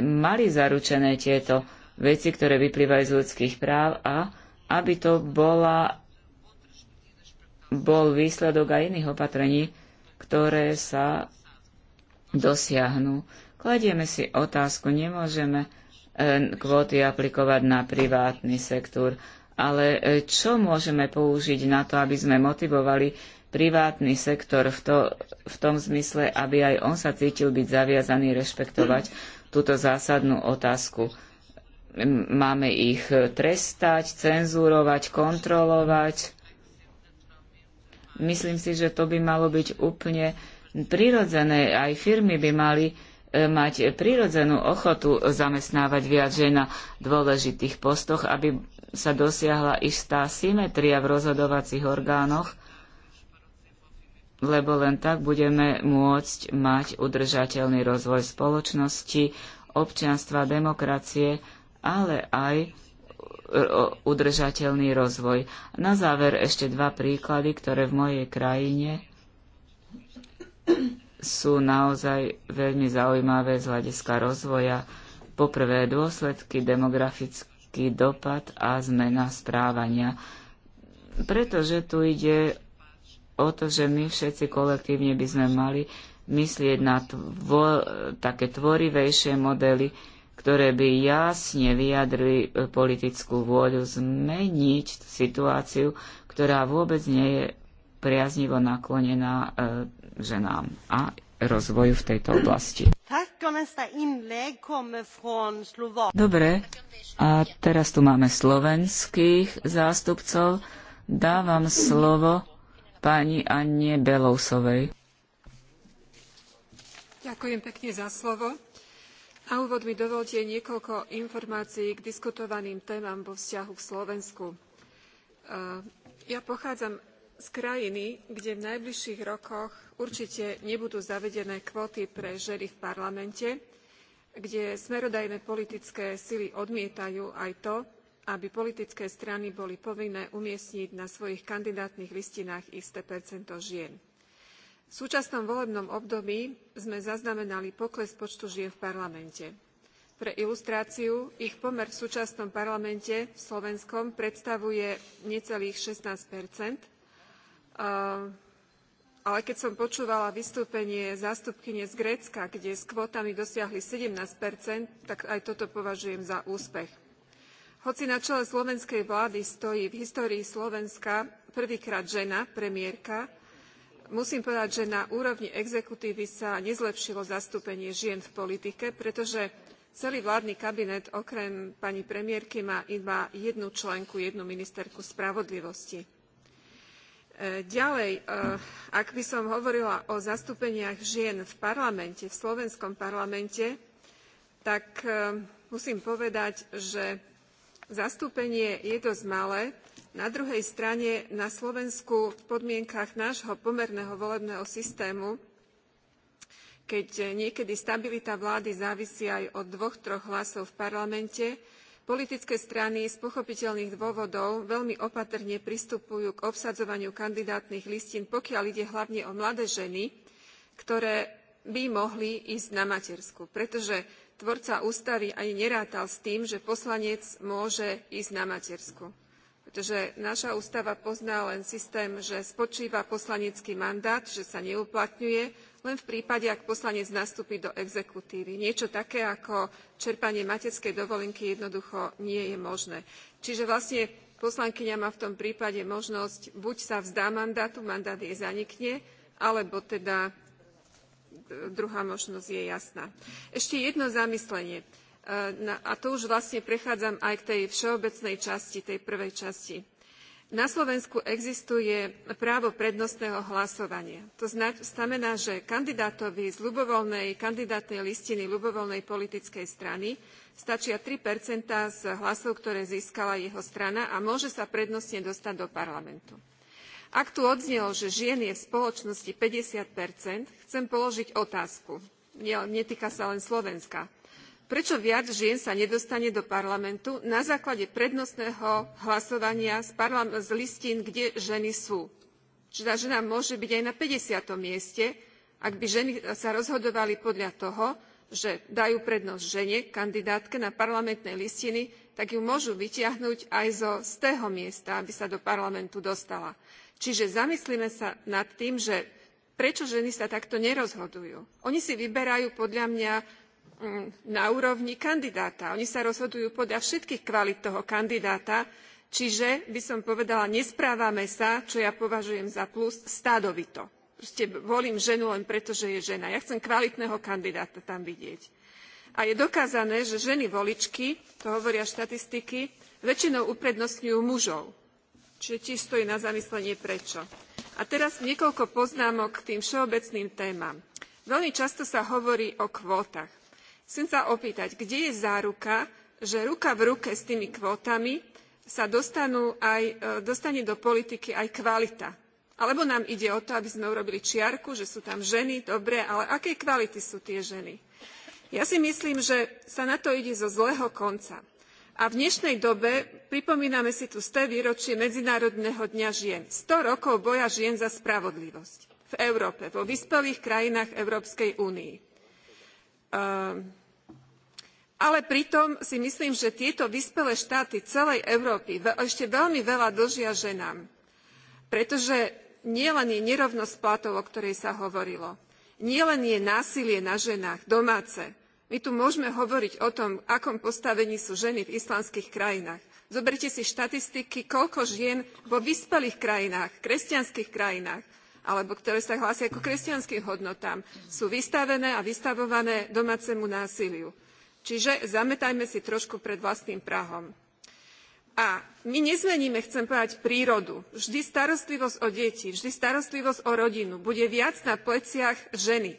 mali zaručené tieto veci, ktoré vyplývajú z ľudských práv a aby to bola bol výsledok aj iných opatrení, ktoré sa dosiahnu. Kladieme si otázku, nemôžeme e, kvóty aplikovať na privátny sektor, ale e, čo môžeme použiť na to, aby sme motivovali privátny sektor v, to, v tom zmysle, aby aj on sa cítil byť zaviazaný rešpektovať túto zásadnú otázku. Máme ich trestať, cenzurovať, kontrolovať Myslím si, že to by malo byť úplne prirodzené. Aj firmy by mali e, mať prirodzenú ochotu zamestnávať viac žien na dôležitých postoch, aby sa dosiahla istá symetria v rozhodovacích orgánoch, lebo len tak budeme môcť mať udržateľný rozvoj spoločnosti, občianstva, demokracie, ale aj udržateľný rozvoj. Na záver ešte dva príklady, ktoré v mojej krajine sú naozaj veľmi zaujímavé z hľadiska rozvoja. Poprvé dôsledky, demografický dopad a zmena správania. Pretože tu ide o to, že my všetci kolektívne by sme mali myslieť na tvo- také tvorivejšie modely, ktoré by jasne vyjadrili e, politickú vôľu zmeniť situáciu, ktorá vôbec nie je priaznivo naklonená e, ženám a rozvoju v tejto oblasti. Dobre, a teraz tu máme slovenských zástupcov. Dávam slovo pani Anne Belousovej. Ďakujem pekne za slovo na úvod mi dovolte niekoľko informácií k diskutovaným témam vo vzťahu k Slovensku. E, ja pochádzam z krajiny, kde v najbližších rokoch určite nebudú zavedené kvóty pre ženy v parlamente, kde smerodajné politické sily odmietajú aj to, aby politické strany boli povinné umiestniť na svojich kandidátnych listinách isté percento žien v súčasnom volebnom období sme zaznamenali pokles počtu žien v parlamente. pre ilustráciu ich pomer v súčasnom parlamente v slovenskom predstavuje necelých sixteen ale keď som počúvala vystúpenie zástupkyne z grécka kde s kvótami dosiahli seventeen tak aj toto považujem za úspech. hoci na čele slovenskej vlády stojí v histórii slovenska prvýkrát žena premiérka musím povedať, že na úrovni exekutívy sa nezlepšilo zastúpenie žien v politike, pretože celý vládny kabinet okrem pani premiérky má iba jednu členku, jednu ministerku spravodlivosti. E, ďalej, e, ak by som hovorila o zastúpeniach žien v parlamente, v slovenskom parlamente, tak e, musím povedať, že zastúpenie je dosť malé na druhej strane na Slovensku v podmienkach nášho pomerného volebného systému, keď niekedy stabilita vlády závisí aj od dvoch, troch hlasov v parlamente, politické strany z pochopiteľných dôvodov veľmi opatrne pristupujú k obsadzovaniu kandidátnych listín pokiaľ ide hlavne o mladé ženy ktoré by mohli ísť na Matersku, pretože tvorca ústavy ani nerátal s tým že poslanec môže ísť na Matersku pretože naša ústava pozná len systém, že spočíva poslanecký mandát, že sa neuplatňuje, len v prípade, ak poslanec nastúpi do exekutívy. Niečo také ako čerpanie materskej dovolenky jednoducho nie je možné. Čiže vlastne poslankyňa má v tom prípade možnosť buď sa vzdá mandátu, mandát jej zanikne, alebo teda e, druhá možnosť je jasná. Ešte jedno zamyslenie. Eh, a to už vlastne prechádzam aj k tej všeobecnej časti, tej prvej časti. Na Slovensku existuje právo prednostného hlasovania. To znamená, že kandidátovi z ľubovoľnej kandidátnej listiny ľubovoľnej politickej strany stačia 3 z hlasov, ktoré získala jeho strana a môže sa prednostne dostať do parlamentu. Ak tu odznelo, že žien je v spoločnosti 50 chcem položiť otázku. Netýka sa len Slovenska prečo viac žien sa nedostane do parlamentu na základe prednostného hlasovania z, listín kde ženy sú. čiže tá žena môže byť aj na 50. mieste ak by ženy sa rozhodovali podľa toho že dajú prednosť žene kandidátke na parlamentnej listiny tak ju môžu vytiahnuť aj zo stého miesta aby sa do parlamentu dostala. čiže zamyslime sa nad tým že prečo ženy sa takto nerozhodujú. oni si vyberajú podľa mňa Mm, na úrovni kandidáta. Oni sa rozhodujú podľa všetkých kvalít toho kandidáta, čiže by som povedala, nesprávame sa, čo ja považujem za plus, stádovito. Proste volím ženu len preto, že je žena. Ja chcem kvalitného kandidáta tam vidieť. A je dokázané, že ženy voličky, to hovoria štatistiky, väčšinou uprednostňujú mužov. Čiže tiež stojí na zamyslenie prečo. A teraz niekoľko poznámok k tým všeobecným témam. Veľmi často sa hovorí o kvótach. Chcem sa opýtať, kde je záruka, že ruka v ruke s tými kvótami sa aj, e, dostane do politiky aj kvalita. Alebo nám ide o to, aby sme urobili čiarku, že sú tam ženy, dobré, ale akej kvality sú tie ženy? Ja si myslím, že sa na to ide zo zlého konca. A v dnešnej dobe pripomíname si tu sté výročie Medzinárodného dňa žien. sto rokov boja žien za spravodlivosť v Európe, vo vyspelých krajinách Európskej únie. Ehm, ale pritom si myslím že tieto vyspelé štáty celej európy ešte veľmi veľa dlžia ženám pretože nielen je nerovnosť platov o ktorej sa hovorilo nielen je násilie na ženách domáce my tu môžeme hovoriť o tom v akom postavení sú ženy v islamských krajinách zoberte si štatistiky koľko žien vo vyspelých krajinách kresťanských krajinách alebo ktoré sa hlásia ku kresťanským hodnotám sú vystavené a vystavované domácemu násiliu Čiže zametajme si trošku pred vlastným prahom. A my nezmeníme, chcem povedať, prírodu. Vždy starostlivosť o deti, vždy starostlivosť o rodinu bude viac na pleciach ženy.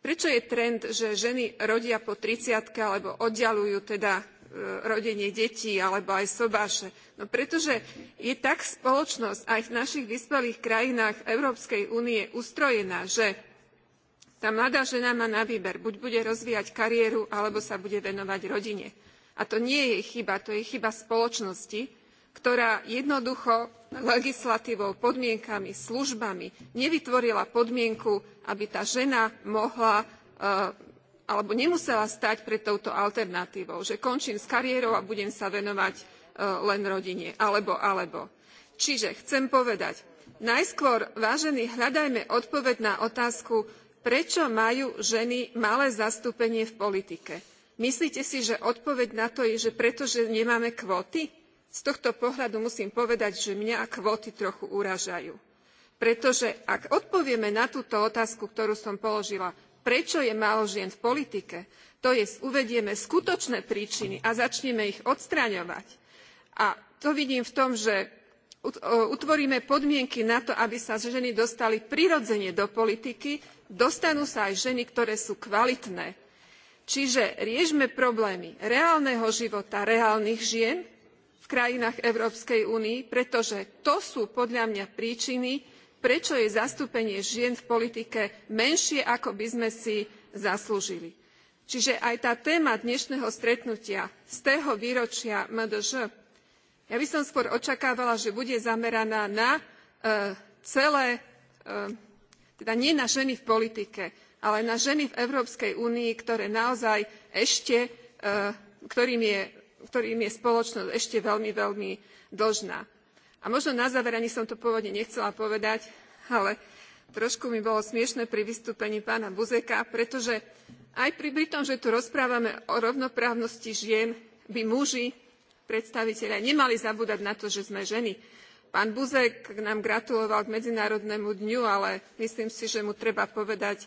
Prečo je trend, že ženy rodia po 30 alebo oddialujú teda e, rodenie detí alebo aj sobáše. No pretože je tak spoločnosť aj v našich vyspelých krajinách Európskej únie ustrojená, že tá mladá žena má na výber, buď bude rozvíjať kariéru, alebo sa bude venovať rodine. A to nie je jej chyba, to je chyba spoločnosti, ktorá jednoducho legislatívou, podmienkami, službami nevytvorila podmienku, aby tá žena mohla eh, alebo nemusela stať pred touto alternatívou, že končím s kariérou a budem sa venovať eh, len rodine, alebo, alebo. Čiže chcem povedať, najskôr, vážení, hľadajme odpoveď na otázku, prečo majú ženy malé zastúpenie v politike. myslíte si že odpoveď na to je že preto že nemáme kvóty? z tohto pohľadu musím povedať že mňa kvóty trochu urážajú pretože ak odpovieme na túto otázku ktorú som položila prečo je málo žien v politike to jest uvedieme skutočné príčiny a začneme ich odstraňovať a to vidím v tom že utvoríme podmienky na to aby sa ženy dostali prirodzene do politiky dostanú sa aj ženy ktoré sú kvalitné. čiže riešme problémy reálneho života reálnych žien v krajinách európskej únie pretože to sú podľa mňa príčiny prečo je zastúpenie žien v politike menšie ako by sme si zaslúžili. čiže aj tá téma dnešného stretnutia z. výročia mdž ja by som skôr očakávala že bude zameraná na e, celé e, teda nie na ženy v politike ale na ženy v európskej únii ktoré naozaj ešte e, ktorým je, ktorým je spoločnosť ešte veľmi veľmi dlžná. a možno na záver ani som to pôvodne nechcela povedať ale trošku mi bolo smiešne pri vystúpení pána buzeka pretože aj pri tom že tu rozprávame o rovnoprávnosti žien by muži predstavitelia nemali zabúdať na to že sme ženy. pán buzek nám gratuloval k medzinárodnému dňu ale myslím si že mu treba povedať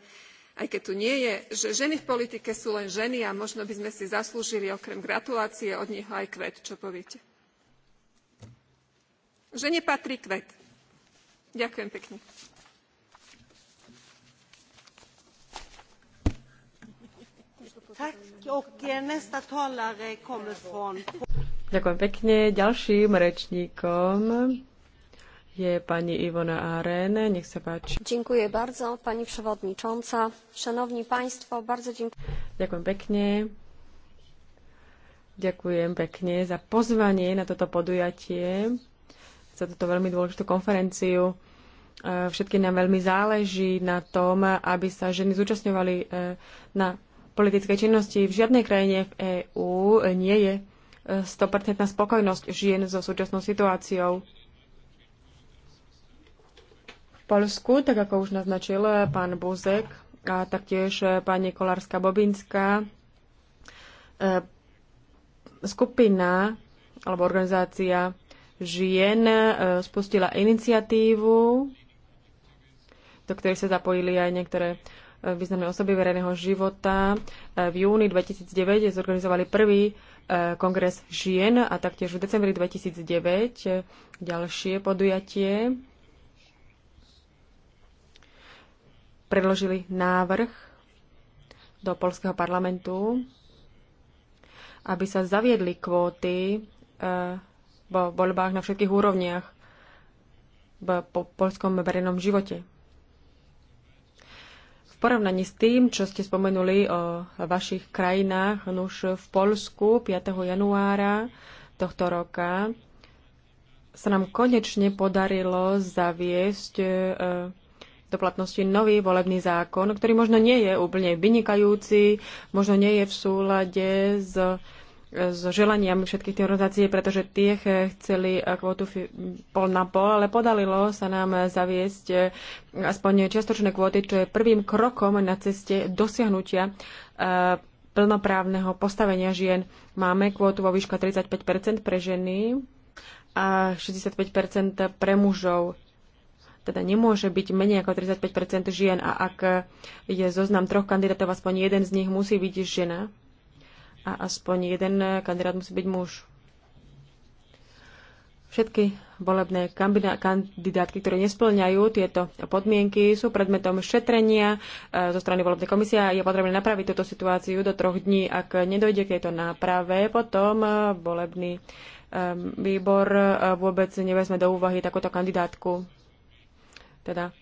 aj keď tu nie je že ženy v politike sú len ženy a možno by sme si zaslúžili okrem gratulácie od neho aj kvet čo poviete? žene patrí kvet. ďakujem pekne. Eh, Ďakujem pekne. Ďalším rečníkom je pani Ivona Aren. Nech sa páči. Ďakujem bardzo, pani przewodnicząca. Szanowni państwo, bardzo dziękuję. Ďakujem pekne. Ďakujem pekne za pozvanie na toto podujatie, za túto veľmi dôležitú konferenciu. E, Všetky nám veľmi záleží na tom, aby sa ženy zúčastňovali e, na politickej činnosti. V žiadnej krajine v EÚ e, nie je 100% spokojnosť žien so súčasnou situáciou. V Polsku, tak ako už naznačil pán Buzek a taktiež pani Kolárska-Bobinská, e, skupina alebo organizácia žien e, spustila iniciatívu, do ktorej sa zapojili aj niektoré e, významné osoby verejného života. V júni 2009 zorganizovali prvý E, kongres žien a taktiež v decembri 2009 e, ďalšie podujatie. Predložili návrh do polského parlamentu, aby sa zaviedli kvóty e, vo voľbách na všetkých úrovniach v po polskom verejnom živote porovnaní s tým, čo ste spomenuli o vašich krajinách, už v Polsku 5. januára tohto roka sa nám konečne podarilo zaviesť e, do platnosti nový volebný zákon, ktorý možno nie je úplne vynikajúci, možno nie je v súlade s s želaniami všetkých tých organizácií, pretože tie chceli eh, kvotu pol na pol, ale podarilo sa nám eh, zaviesť eh, aspoň čiastočné kvóty, čo je prvým krokom na ceste dosiahnutia plnoprávneho postavenia žien. Máme kvótu vo výška 35 pre ženy a 65 pre mužov teda nemôže byť menej ako 35 žien a ak je zoznam troch kandidátov, aspoň jeden z nich musí byť žena, a aspoň jeden kandidát musí byť muž. Všetky volebné kandidátky, ktoré nesplňajú tieto podmienky, sú predmetom šetrenia e, zo strany volebnej komisie a je potrebné napraviť túto situáciu do troch dní. Ak nedojde k tejto náprave, potom e, volebný e, výbor vôbec nevezme do úvahy takúto kandidátku. Teda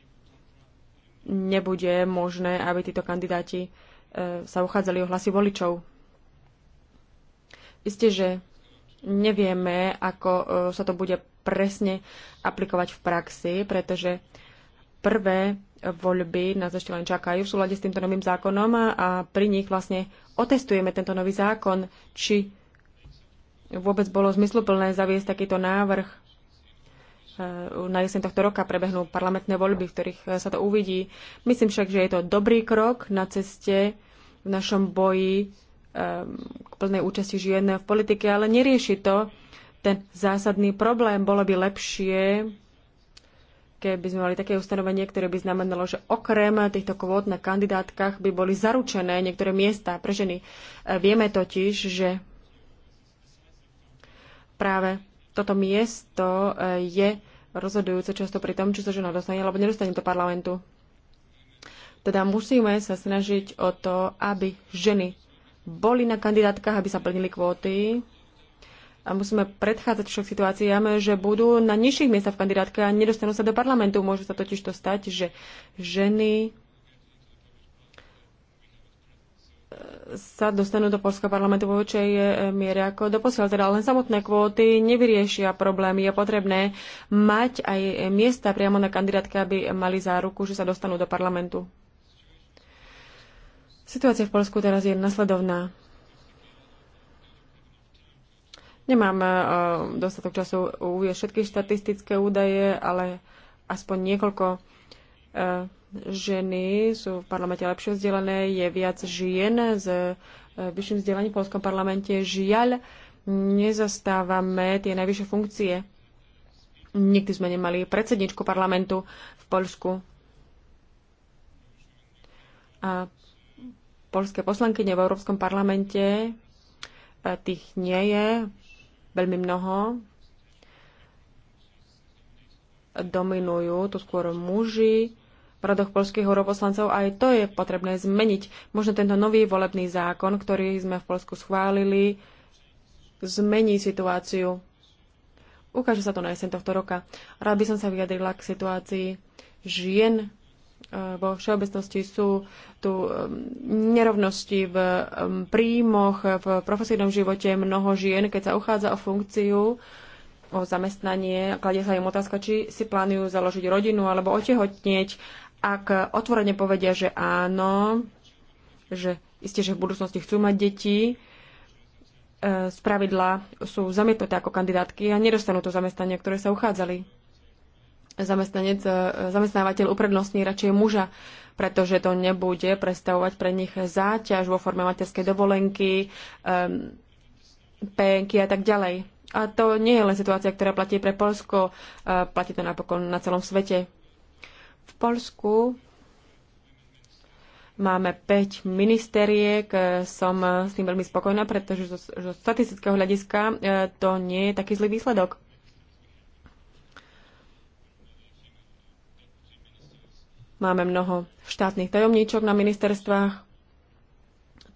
nebude možné, aby títo kandidáti sa uchádzali o hlasy voličov. Isté, že nevieme, ako e, sa to bude presne aplikovať v praxi, pretože prvé voľby nás ešte len čakajú v súlade s týmto novým zákonom a pri nich vlastne otestujeme tento nový zákon, či vôbec bolo zmysluplné zaviesť takýto návrh. E, na jeseň tohto roka prebehnú parlamentné voľby, v ktorých e, sa to uvidí. Myslím však, že je to dobrý krok na ceste v našom boji k ehm, plnej účasti žien v politike, ale nerieši to ten zásadný problém. Bolo by lepšie, keby sme mali také ustanovenie, ktoré by znamenalo, že okrem týchto kvót na kandidátkach by boli zaručené niektoré miesta pre ženy. E, vieme totiž, že práve toto miesto e, je rozhodujúce často pri tom, či sa žena dostane alebo nedostane do parlamentu. Teda musíme sa snažiť o to, aby ženy boli na kandidátkach, aby sa plnili kvóty. A musíme predchádzať však situáciám, že budú na nižších miestach v kandidátke a nedostanú sa do parlamentu. Môže sa totiž to stať, že ženy e, sa dostanú do Polského parlamentu vo väčšej e, miere ako doposiaľ. Teda len samotné kvóty nevyriešia problémy. Je potrebné mať aj miesta priamo na kandidátke, aby mali záruku, že sa dostanú do parlamentu. Situácia v Polsku teraz je nasledovná. Nemám e, dostatok času uvieť všetky štatistické údaje, ale aspoň niekoľko e, ženy sú v parlamente lepšie vzdelané, je viac žien s e, vyšším vzdelaním v polskom parlamente. Žiaľ, nezastávame tie najvyššie funkcie. Nikdy sme nemali predsedničku parlamentu v Polsku. A polské poslankyne v Európskom parlamente. E, tých nie je veľmi mnoho. Dominujú tu skôr muži v radoch polských europoslancov. Aj to je potrebné zmeniť. Možno tento nový volebný zákon, ktorý sme v Polsku schválili, zmení situáciu. Ukáže sa to na jeseň tohto roka. Rád by som sa vyjadrila k situácii žien vo všeobecnosti sú tu um, nerovnosti v um, príjmoch, v profesijnom živote mnoho žien, keď sa uchádza o funkciu, o zamestnanie, kladie sa im otázka, či si plánujú založiť rodinu alebo otehotnieť. Ak otvorene povedia, že áno, že isté, že v budúcnosti chcú mať deti, e, z pravidla sú zamietnuté ako kandidátky a nedostanú to zamestnanie, ktoré sa uchádzali zamestnanec, e, zamestnávateľ uprednostní radšej muža, pretože to nebude predstavovať pre nich záťaž vo forme materskej dovolenky, um, penky a tak ďalej. A to nie je len situácia, ktorá platí pre Polsko, uh, platí to napokon na celom svete. V Polsku máme 5 ministeriek, e, som s tým veľmi spokojná, pretože zo, zo statistického hľadiska to nie je taký zlý výsledok. Máme mnoho štátnych tajomníčok na ministerstvách.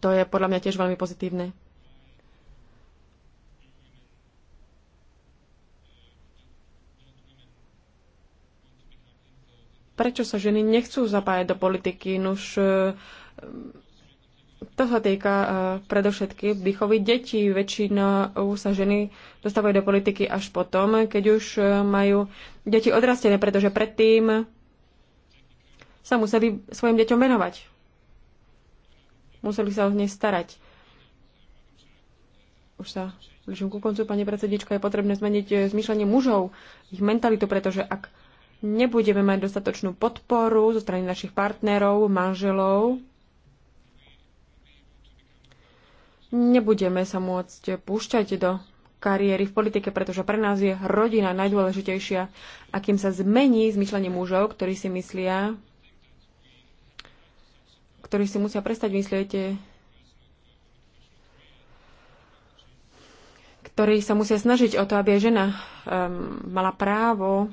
To je podľa mňa tiež veľmi pozitívne. Prečo sa ženy nechcú zapájať do politiky? Nuž, e, to sa týka uh, predovšetkým výchovy detí. Väčšinou sa ženy dostávajú do politiky až potom, keď už e, majú deti odrastené, pretože predtým sa museli svojim deťom venovať. Museli sa o ne starať. Už sa blížim ku koncu, pani predsedička, je potrebné zmeniť eh, zmýšľanie mužov, ich mentalitu, pretože ak nebudeme mať dostatočnú podporu zo strany našich partnerov, manželov, nebudeme sa môcť púšťať do kariéry v politike, pretože pre nás je rodina najdôležitejšia. A kým sa zmení zmyšľanie mužov, ktorí si myslia, ktorí si musia prestať myslieť, eh, ktorí sa musia snažiť o to, aby žena um, mala právo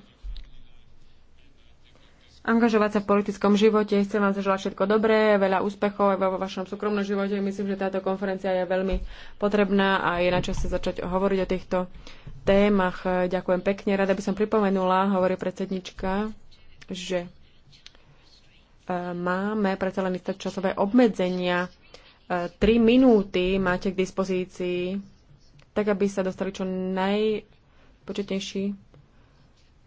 angažovať sa v politickom živote. Chcem vám zaželať všetko dobré, veľa úspechov aj vo vašom súkromnom živote. Myslím, že táto konferencia je veľmi potrebná a je na čase začať hovoriť o týchto témach. Ďakujem pekne. Rada by som pripomenula, hovorí predsednička, že máme predsa len isté časové obmedzenia. 3 e, minúty máte k dispozícii, tak aby sa dostali čo najpočetnejší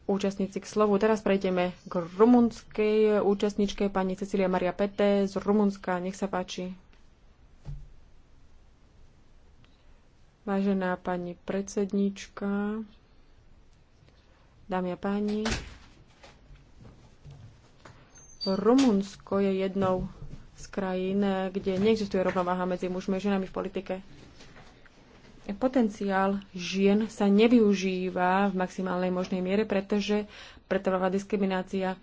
účastníci k slovu. Teraz prejdeme k rumunskej účastničke, pani Cecilia Maria Pete z Rumunska. Nech sa páči. Vážená pani predsednička, dámy a páni, Rumunsko je jednou z krajín, kde neexistuje rovnováha medzi mužmi a ženami v politike. Potenciál žien sa nevyužíva v maximálnej možnej miere, pretože pretrváva diskriminácia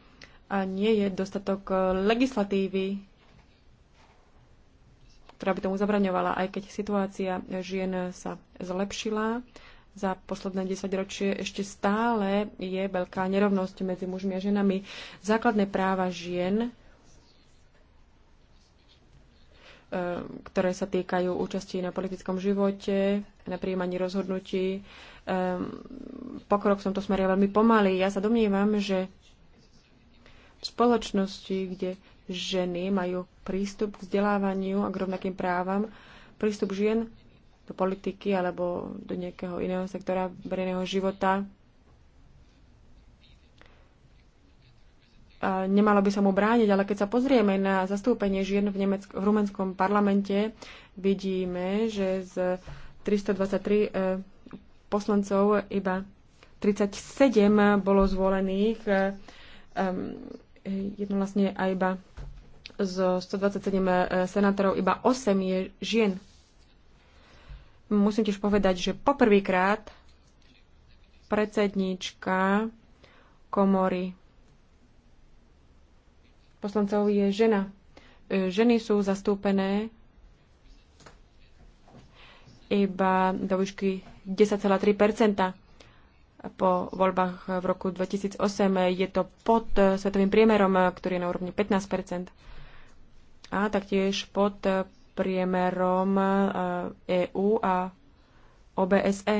a nie je dostatok legislatívy, ktorá by tomu zabraňovala, aj keď situácia žien sa zlepšila za posledné 10 ročie ešte stále je veľká nerovnosť medzi mužmi a ženami. Základné práva žien, e, ktoré sa týkajú účasti na politickom živote, na príjmaní rozhodnutí. E, pokrok v tomto smere je veľmi pomalý. Ja sa domnívam, že v spoločnosti, kde ženy majú prístup k vzdelávaniu a k rovnakým právam, prístup žien do politiky alebo do nejakého iného sektora verejného života. A nemalo by sa mu brániť, ale keď sa pozrieme na zastúpenie žien v, Nemeck- v rumenskom parlamente, vidíme, že z 323 e, poslancov iba 37 bolo zvolených, e, e, jedno vlastne a iba zo 127 e, senátorov iba 8 je žien. Musím tiež povedať, že poprvýkrát predsednička komory poslancov je žena. E, ženy sú zastúpené iba do výšky 10,3 po voľbách v roku 2008. Je to pod svetovým priemerom, ktorý je na úrovni 15 a taktiež pod priemerom EÚ eh, e a OBSE.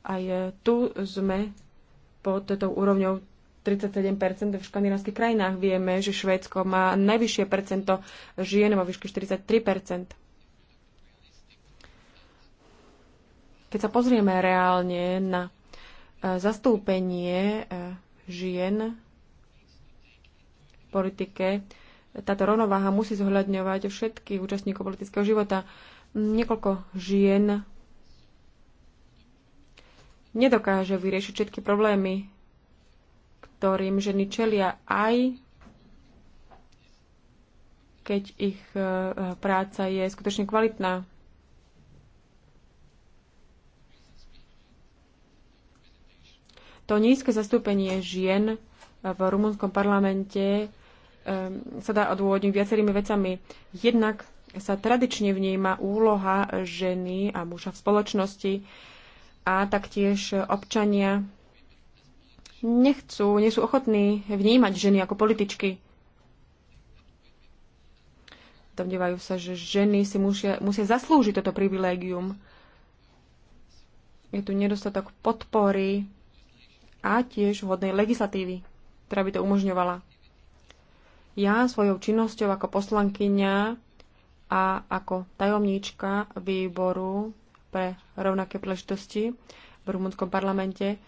Aj tu sme pod tou úrovňou 37% v škandinávskych krajinách. Vieme, že Švédsko má najvyššie percento žien vo výške 43%. Keď sa pozrieme reálne na eh, zastúpenie eh, žien v politike, táto rovnováha musí zohľadňovať všetky účastníkov politického života. Niekoľko žien nedokáže vyriešiť všetky problémy, ktorým ženy čelia aj keď ich e, práca je skutočne kvalitná. To nízke zastúpenie žien v rumunskom parlamente Ehm, sa dá odôvodniť viacerými vecami. Jednak sa tradične vníma úloha ženy a muža v spoločnosti a taktiež občania nechcú, nie sú ochotní vnímať ženy ako političky. Domnievajú sa, že ženy si musia, musia zaslúžiť toto privilégium. Je tu nedostatok podpory a tiež vhodnej legislatívy, ktorá by to umožňovala. Ja svojou činnosťou ako poslankyňa a ako tajomníčka výboru pre rovnaké príležitosti v rumunskom parlamente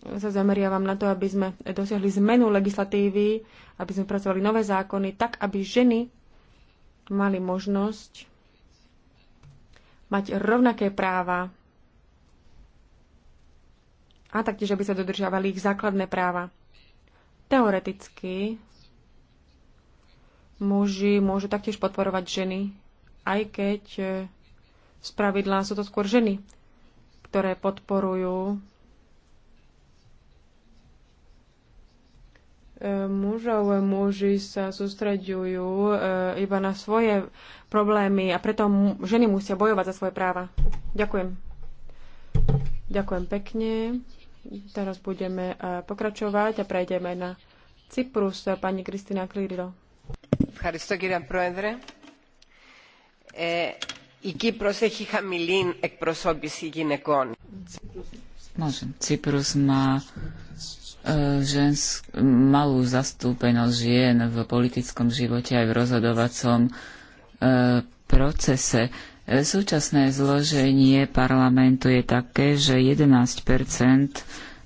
sa zameriavam na to, aby sme dosiahli zmenu legislatívy, aby sme pracovali nové zákony, tak aby ženy mali možnosť mať rovnaké práva a taktiež, aby sa dodržiavali ich základné práva. Teoreticky muži môžu taktiež podporovať ženy, aj keď e, z pravidla sú to skôr ženy, ktoré podporujú e, mužov. Muži sa sústreďujú e, iba na svoje problémy a preto ženy musia bojovať za svoje práva. Ďakujem. Ďakujem pekne. Teraz budeme pokračovať a prejdeme na Cyprus. Pani Kristina Klirilo. Ευχαριστώ κύριε Πρόεδρε. Ε, η Κύπρος έχει malú zastúpenosť žien v politickom živote aj v rozhodovacom e, procese. E, súčasné zloženie parlamentu je také, že 11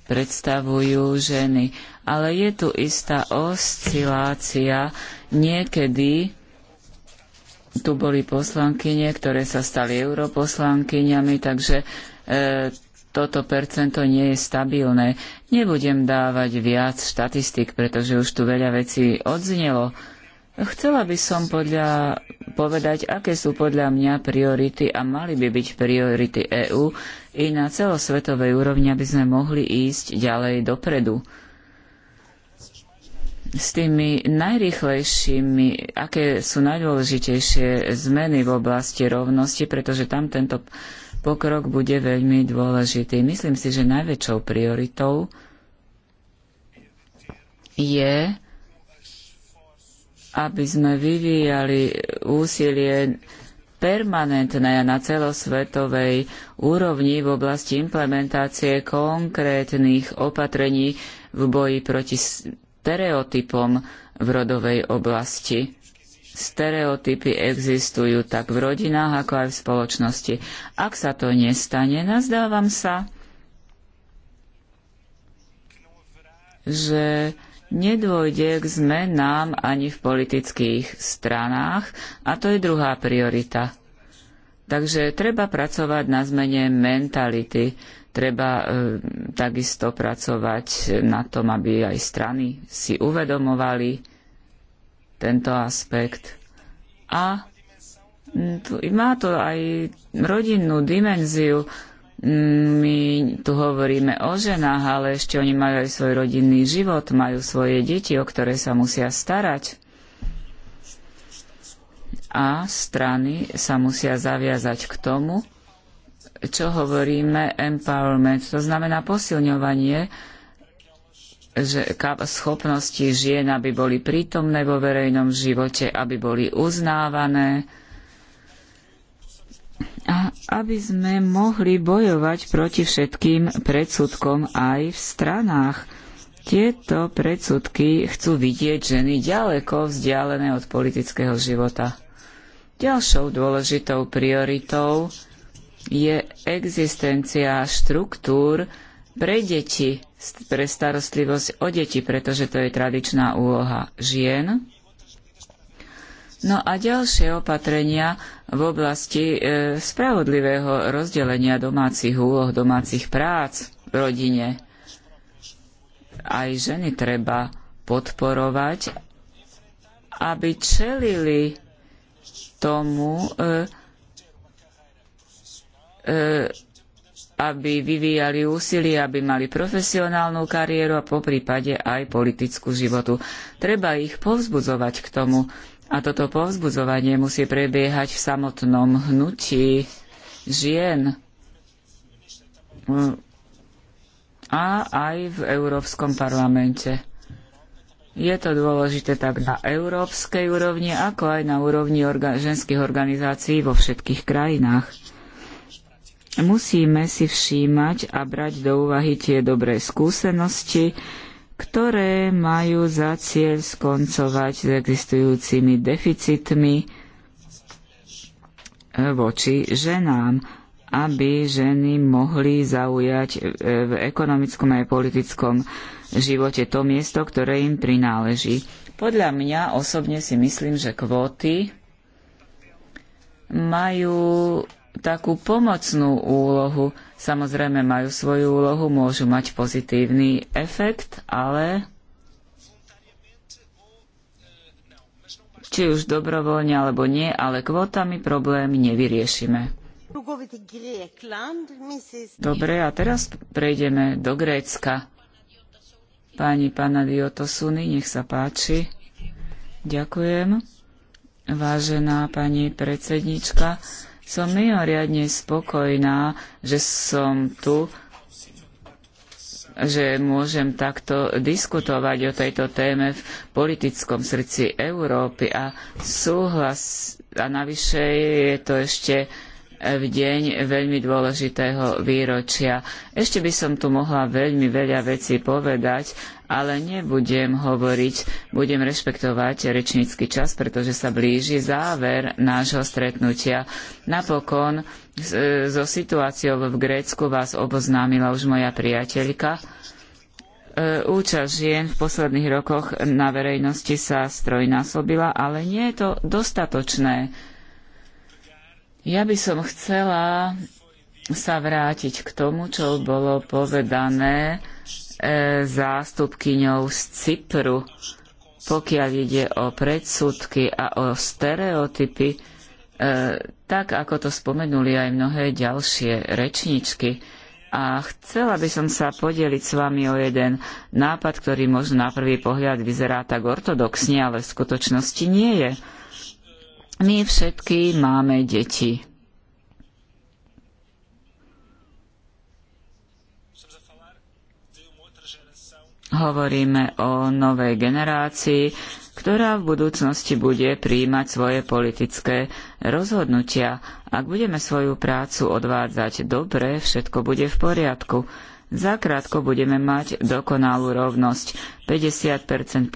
predstavujú ženy ale je tu istá oscilácia. Niekedy tu boli poslankyne, ktoré sa stali europoslankyňami, takže e, toto percento nie je stabilné. Nebudem dávať viac štatistik, pretože už tu veľa vecí odznelo. Chcela by som podľa, povedať, aké sú podľa mňa priority a mali by byť priority EÚ i na celosvetovej úrovni, aby sme mohli ísť ďalej dopredu s tými najrýchlejšími, aké sú najdôležitejšie zmeny v oblasti rovnosti, pretože tam tento pokrok bude veľmi dôležitý. Myslím si, že najväčšou prioritou je, aby sme vyvíjali úsilie permanentné na celosvetovej úrovni v oblasti implementácie konkrétnych opatrení v boji proti stereotypom v rodovej oblasti. Stereotypy existujú tak v rodinách, ako aj v spoločnosti. Ak sa to nestane, nazdávam sa, že nedôjde k zmenám ani v politických stranách a to je druhá priorita. Takže treba pracovať na zmene mentality. Treba e, takisto pracovať na tom, aby aj strany si uvedomovali tento aspekt. A má to aj rodinnú dimenziu. My tu hovoríme o ženách, ale ešte oni majú aj svoj rodinný život, majú svoje deti, o ktoré sa musia starať a strany sa musia zaviazať k tomu, čo hovoríme empowerment, to znamená posilňovanie že schopnosti žien, aby boli prítomné vo verejnom živote, aby boli uznávané a aby sme mohli bojovať proti všetkým predsudkom aj v stranách. Tieto predsudky chcú vidieť ženy ďaleko vzdialené od politického života. Ďalšou dôležitou prioritou je existencia štruktúr pre deti, pre starostlivosť o deti, pretože to je tradičná úloha žien. No a ďalšie opatrenia v oblasti e, spravodlivého rozdelenia domácich úloh, domácich prác v rodine. Aj ženy treba podporovať, aby čelili tomu, e, E, aby vyvíjali úsilie, aby mali profesionálnu kariéru a po prípade aj politickú životu. Treba ich povzbudzovať k tomu. A toto povzbudzovanie musí prebiehať v samotnom hnutí žien a aj v Európskom parlamente. Je to dôležité tak na európskej úrovni, ako aj na úrovni orga- ženských organizácií vo všetkých krajinách musíme si všímať a brať do úvahy tie dobré skúsenosti, ktoré majú za cieľ skoncovať s existujúcimi deficitmi e, voči ženám, aby ženy mohli zaujať e, v ekonomickom aj politickom živote to miesto, ktoré im prináleží. Podľa mňa osobne si myslím, že kvóty majú takú pomocnú úlohu. Samozrejme majú svoju úlohu, môžu mať pozitívny efekt, ale či už dobrovoľne alebo nie, ale kvótami problém nevyriešime. Dobre, a teraz prejdeme do Grécka. Pani Panadiotosuny, nech sa páči. Ďakujem. Vážená pani predsednička, som mimoriadne spokojná, že som tu, že môžem takto diskutovať o tejto téme v politickom srdci Európy a súhlas a navyše je to ešte v deň veľmi dôležitého výročia. Ešte by som tu mohla veľmi veľa vecí povedať, ale nebudem hovoriť, budem rešpektovať rečnícky čas, pretože sa blíži záver nášho stretnutia. Napokon e, so situáciou v Grécku vás oboznámila už moja priateľka. E, účasť žien v posledných rokoch na verejnosti sa strojnásobila, ale nie je to dostatočné. Ja by som chcela sa vrátiť k tomu, čo bolo povedané E, zástupkyňou z Cypru, pokiaľ ide o predsudky a o stereotypy, e, tak ako to spomenuli aj mnohé ďalšie rečničky. A chcela by som sa podeliť s vami o jeden nápad, ktorý možno na prvý pohľad vyzerá tak ortodoxne, ale v skutočnosti nie je. My všetky máme deti Hovoríme o novej generácii, ktorá v budúcnosti bude príjmať svoje politické rozhodnutia. Ak budeme svoju prácu odvádzať dobre, všetko bude v poriadku. Zakrátko budeme mať dokonalú rovnosť 50%, 50%.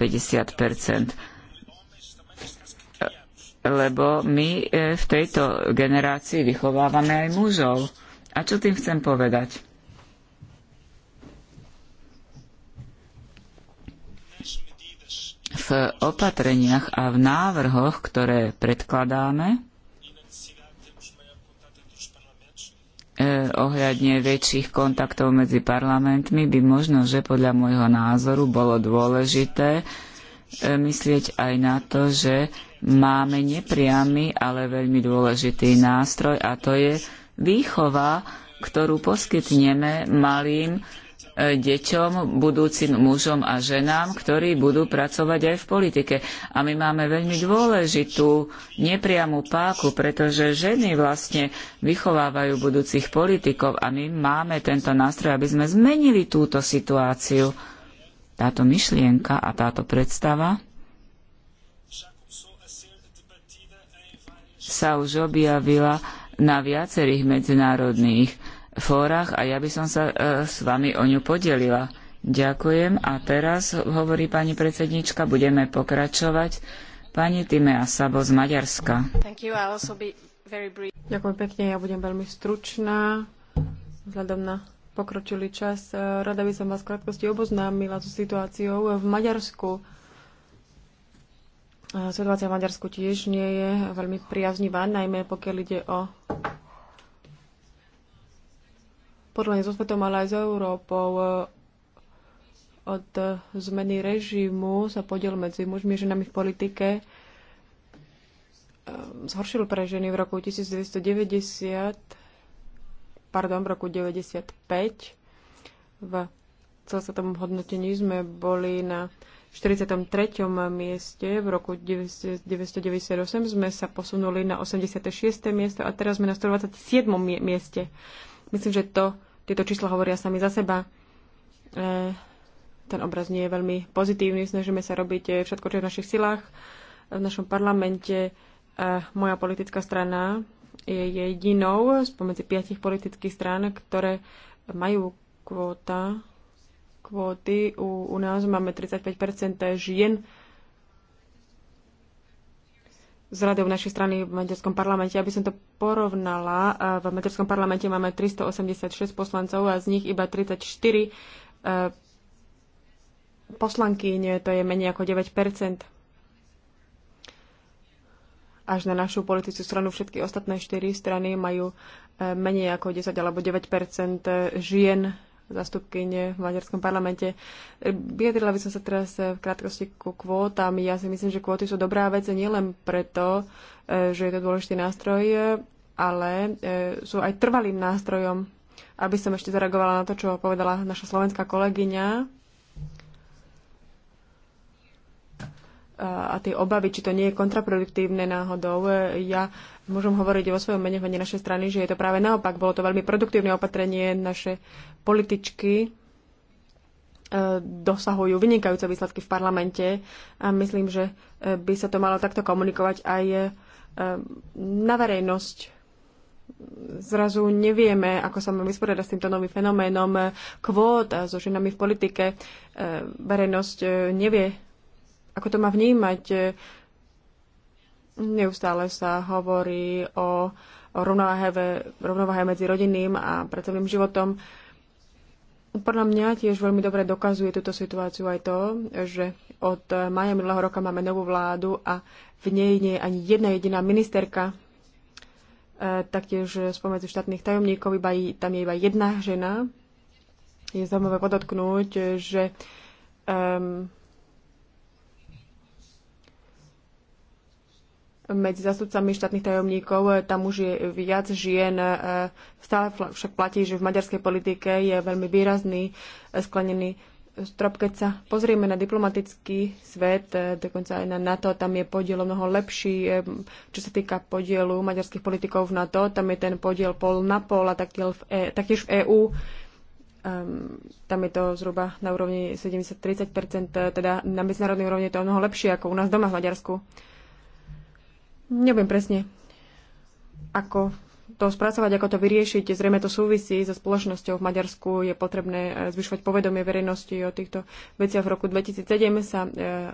Lebo my eh, v tejto generácii vychovávame aj mužov. A čo tým chcem povedať? v opatreniach a v návrhoch, ktoré predkladáme, e, ohľadne väčších kontaktov medzi parlamentmi by možno, že podľa môjho názoru bolo dôležité e, myslieť aj na to, že máme nepriamy, ale veľmi dôležitý nástroj a to je výchova, ktorú poskytneme malým E, deťom, budúcim mužom a ženám, ktorí budú pracovať aj v politike. A my máme veľmi dôležitú nepriamu páku, pretože ženy vlastne vychovávajú budúcich politikov a my máme tento nástroj, aby sme zmenili túto situáciu. Táto myšlienka a táto predstava sa už objavila na viacerých medzinárodných fórach a ja by som sa e, s vami o ňu podelila. Ďakujem a teraz, hovorí pani predsednička, budeme pokračovať. Pani Timea Sabo z Maďarska. Ďakujem pekne, ja budem veľmi stručná. Vzhľadom na pokročilý čas, e, rada by som vás v krátkosti oboznámila so situáciou v Maďarsku. E, situácia v Maďarsku tiež nie je veľmi priaznivá, najmä pokiaľ ide o porovnaní so svetom, ale aj s Európou. E, od zmeny režimu sa podiel medzi mužmi a ženami v politike e, zhoršil pre ženy v roku 1990, pardon, v roku 95. V celosvetovom hodnotení sme boli na 43. mieste, v roku 1998 sme sa posunuli na 86. miesto a teraz sme na 127. mieste. Myslím, že to, tieto čísla hovoria sami za seba. E, ten obraz nie je veľmi pozitívny. Snažíme sa robiť e, všetko, čo je v našich silách. E, v našom parlamente e, moja politická strana je jedinou spomedzi piatich politických strán, ktoré majú kvóta, kvóty. U, u nás máme 35 žien z radou našej strany v maďarskom parlamente. Aby som to porovnala, eh, v maďarskom parlamente máme 386 poslancov a z nich iba 34 eh, nie, to je menej ako 9 Až na našu politickú stranu všetky ostatné 4 strany majú eh, menej ako 10 alebo 9 žien zastupkyne v maďarskom parlamente. Vyjadrila by som sa teraz v krátkosti ku kvótam. Ja si myslím, že kvóty sú dobrá vec nielen preto, e, že je to dôležitý nástroj, e, ale e, sú aj trvalým nástrojom. Aby som ešte zareagovala na to, čo povedala naša slovenská kolegyňa, a, tie obavy, či to nie je kontraproduktívne náhodou. Ja môžem hovoriť o svojom mene mene našej strany, že je to práve naopak. Bolo to veľmi produktívne opatrenie. Naše političky e, dosahujú vynikajúce výsledky v parlamente a myslím, že e, by sa to malo takto komunikovať aj e, na verejnosť. Zrazu nevieme, ako sa máme vysporiadať s týmto novým fenoménom kvót a so ženami v politike. Verejnosť nevie ako to má vnímať. Neustále sa hovorí o, o rovnováhe, rovnováhe medzi rodinným a pracovným životom. Podľa mňa tiež veľmi dobre dokazuje túto situáciu aj to, že od maja minulého roka máme novú vládu a v nej nie je ani jedna jediná ministerka. E, taktiež spomedzi štátnych tajomníkov iba, tam je iba jedna žena. Je zaujímavé podotknúť, že um, medzi zastupcami štátnych tajomníkov tam už je viac žien. E, Stále však platí, že v maďarskej politike je veľmi výrazný e, sklenený strop. Keď sa pozrieme na diplomatický svet, e, dokonca aj na NATO, tam je podiel mnoho lepší. Čo sa týka podielu maďarských politikov v NATO, tam je ten podiel pol na pol a taktiež v, EÚ. Um, ehm, tam je to zhruba na úrovni 70-30%, teda na medzinárodnej úrovni je to mnoho lepšie ako u nás doma v Maďarsku. Neviem presne, ako to spracovať, ako to vyriešiť. Zrejme to súvisí so spoločnosťou v Maďarsku. Je potrebné eh, zvyšovať povedomie verejnosti o týchto veciach. V roku 2007 sa eh,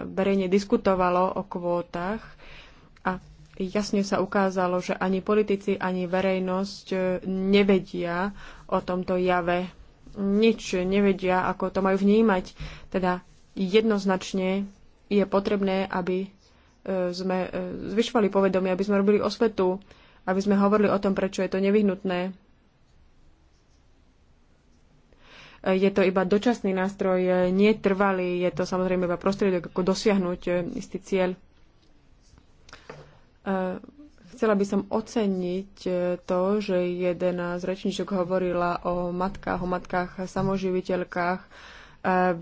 verejne diskutovalo o kvótach a jasne sa ukázalo, že ani politici, ani verejnosť eh, nevedia o tomto jave. Nič nevedia, ako to majú vnímať. Teda jednoznačne je potrebné, aby sme e, zvyšovali povedomie, aby sme robili osvetu, aby sme hovorili o tom, prečo je to nevyhnutné. Je to iba dočasný nástroj, e, netrvalý, je to samozrejme iba prostriedok, ako dosiahnuť e, istý cieľ. Chcela by som oceniť to, že jeden z rečníčok hovorila o matkách, o matkách samoživiteľkách.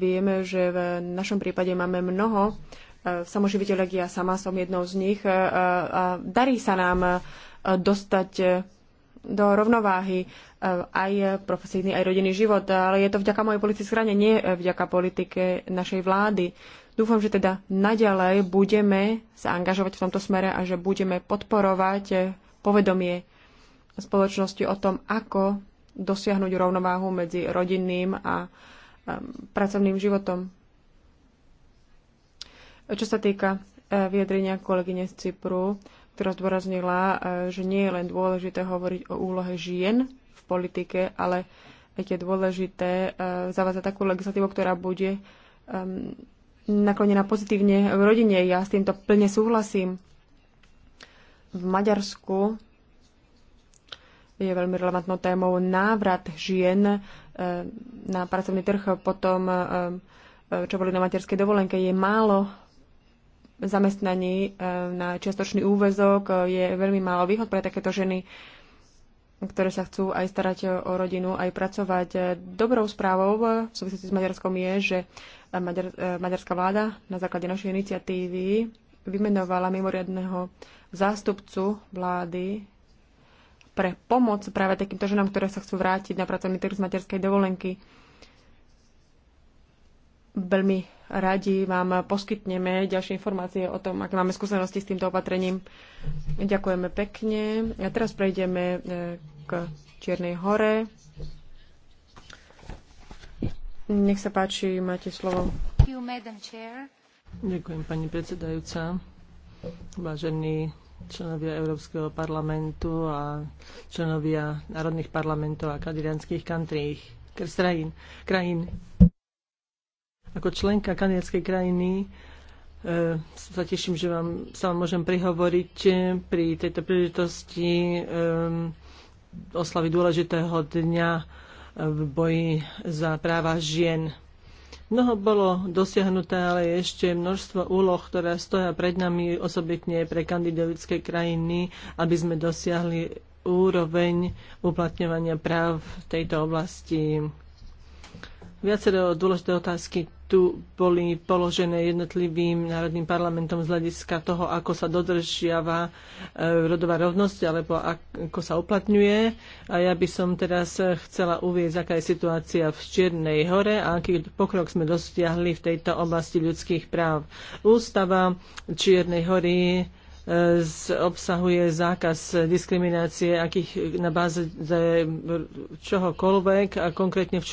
Vieme, že v našom prípade máme mnoho E, samoživiteľek, ja sama som jednou z nich, e, e, darí sa nám dostať do rovnováhy aj profesívny, aj rodinný život, ale je to vďaka mojej politické strane, nie vďaka politike našej vlády. Dúfam, že teda naďalej budeme sa angažovať v tomto smere a že budeme podporovať povedomie spoločnosti o tom, ako dosiahnuť rovnováhu medzi rodinným a pracovným životom. Čo sa týka e, vyjadrenia kolegyne z Cypru, ktorá zdôraznila, e, že nie je len dôležité hovoriť o úlohe žien v politike, ale je dôležité e, zavázať takú legislatívu, ktorá bude naklonená pozitívne v rodine. Ja s týmto plne súhlasím. V Maďarsku je veľmi relevantnou témou návrat žien na pracovný trh potom, čo boli na materskej dovolenke. Je málo zamestnaní e, na čiastočný úvezok e, je veľmi málo výhod pre takéto ženy, ktoré sa chcú aj starať o rodinu, aj pracovať. E, dobrou správou v súvislosti s Maďarskom je, že maďar, maďarská vláda na základe našej iniciatívy vymenovala mimoriadného zástupcu vlády pre pomoc práve takýmto ženám, ktoré sa chcú vrátiť na pracovný trh z materskej dovolenky. Veľmi radi vám poskytneme ďalšie informácie o tom, aké máme skúsenosti s týmto opatrením. Ďakujeme pekne. A teraz prejdeme e, k Čiernej hore. Nech sa páči, máte slovo. Ďakujem, pani predsedajúca. Vážení členovia Európskeho parlamentu a členovia národných parlamentov a kadirianských krajín. Ako členka kanadskej krajiny e, sa teším, že vám sa vám môžem prihovoriť pri tejto príležitosti oslavy dôležitého dňa v boji za práva žien. Mnoho bolo dosiahnuté, ale je ešte množstvo úloh, ktoré stoja pred nami, osobitne pre kandidátske krajiny, aby sme dosiahli úroveň uplatňovania práv v tejto oblasti. Viacero dôležité otázky tu boli položené jednotlivým národným parlamentom z hľadiska toho, ako sa dodržiava e, rodová rovnosť alebo ako sa uplatňuje. A ja by som teraz chcela uvieť, aká je situácia v Čiernej hore a aký pokrok sme dosiahli v tejto oblasti ľudských práv. Ústava Čiernej hory obsahuje zákaz diskriminácie akých, na báze čohokoľvek a konkrétne v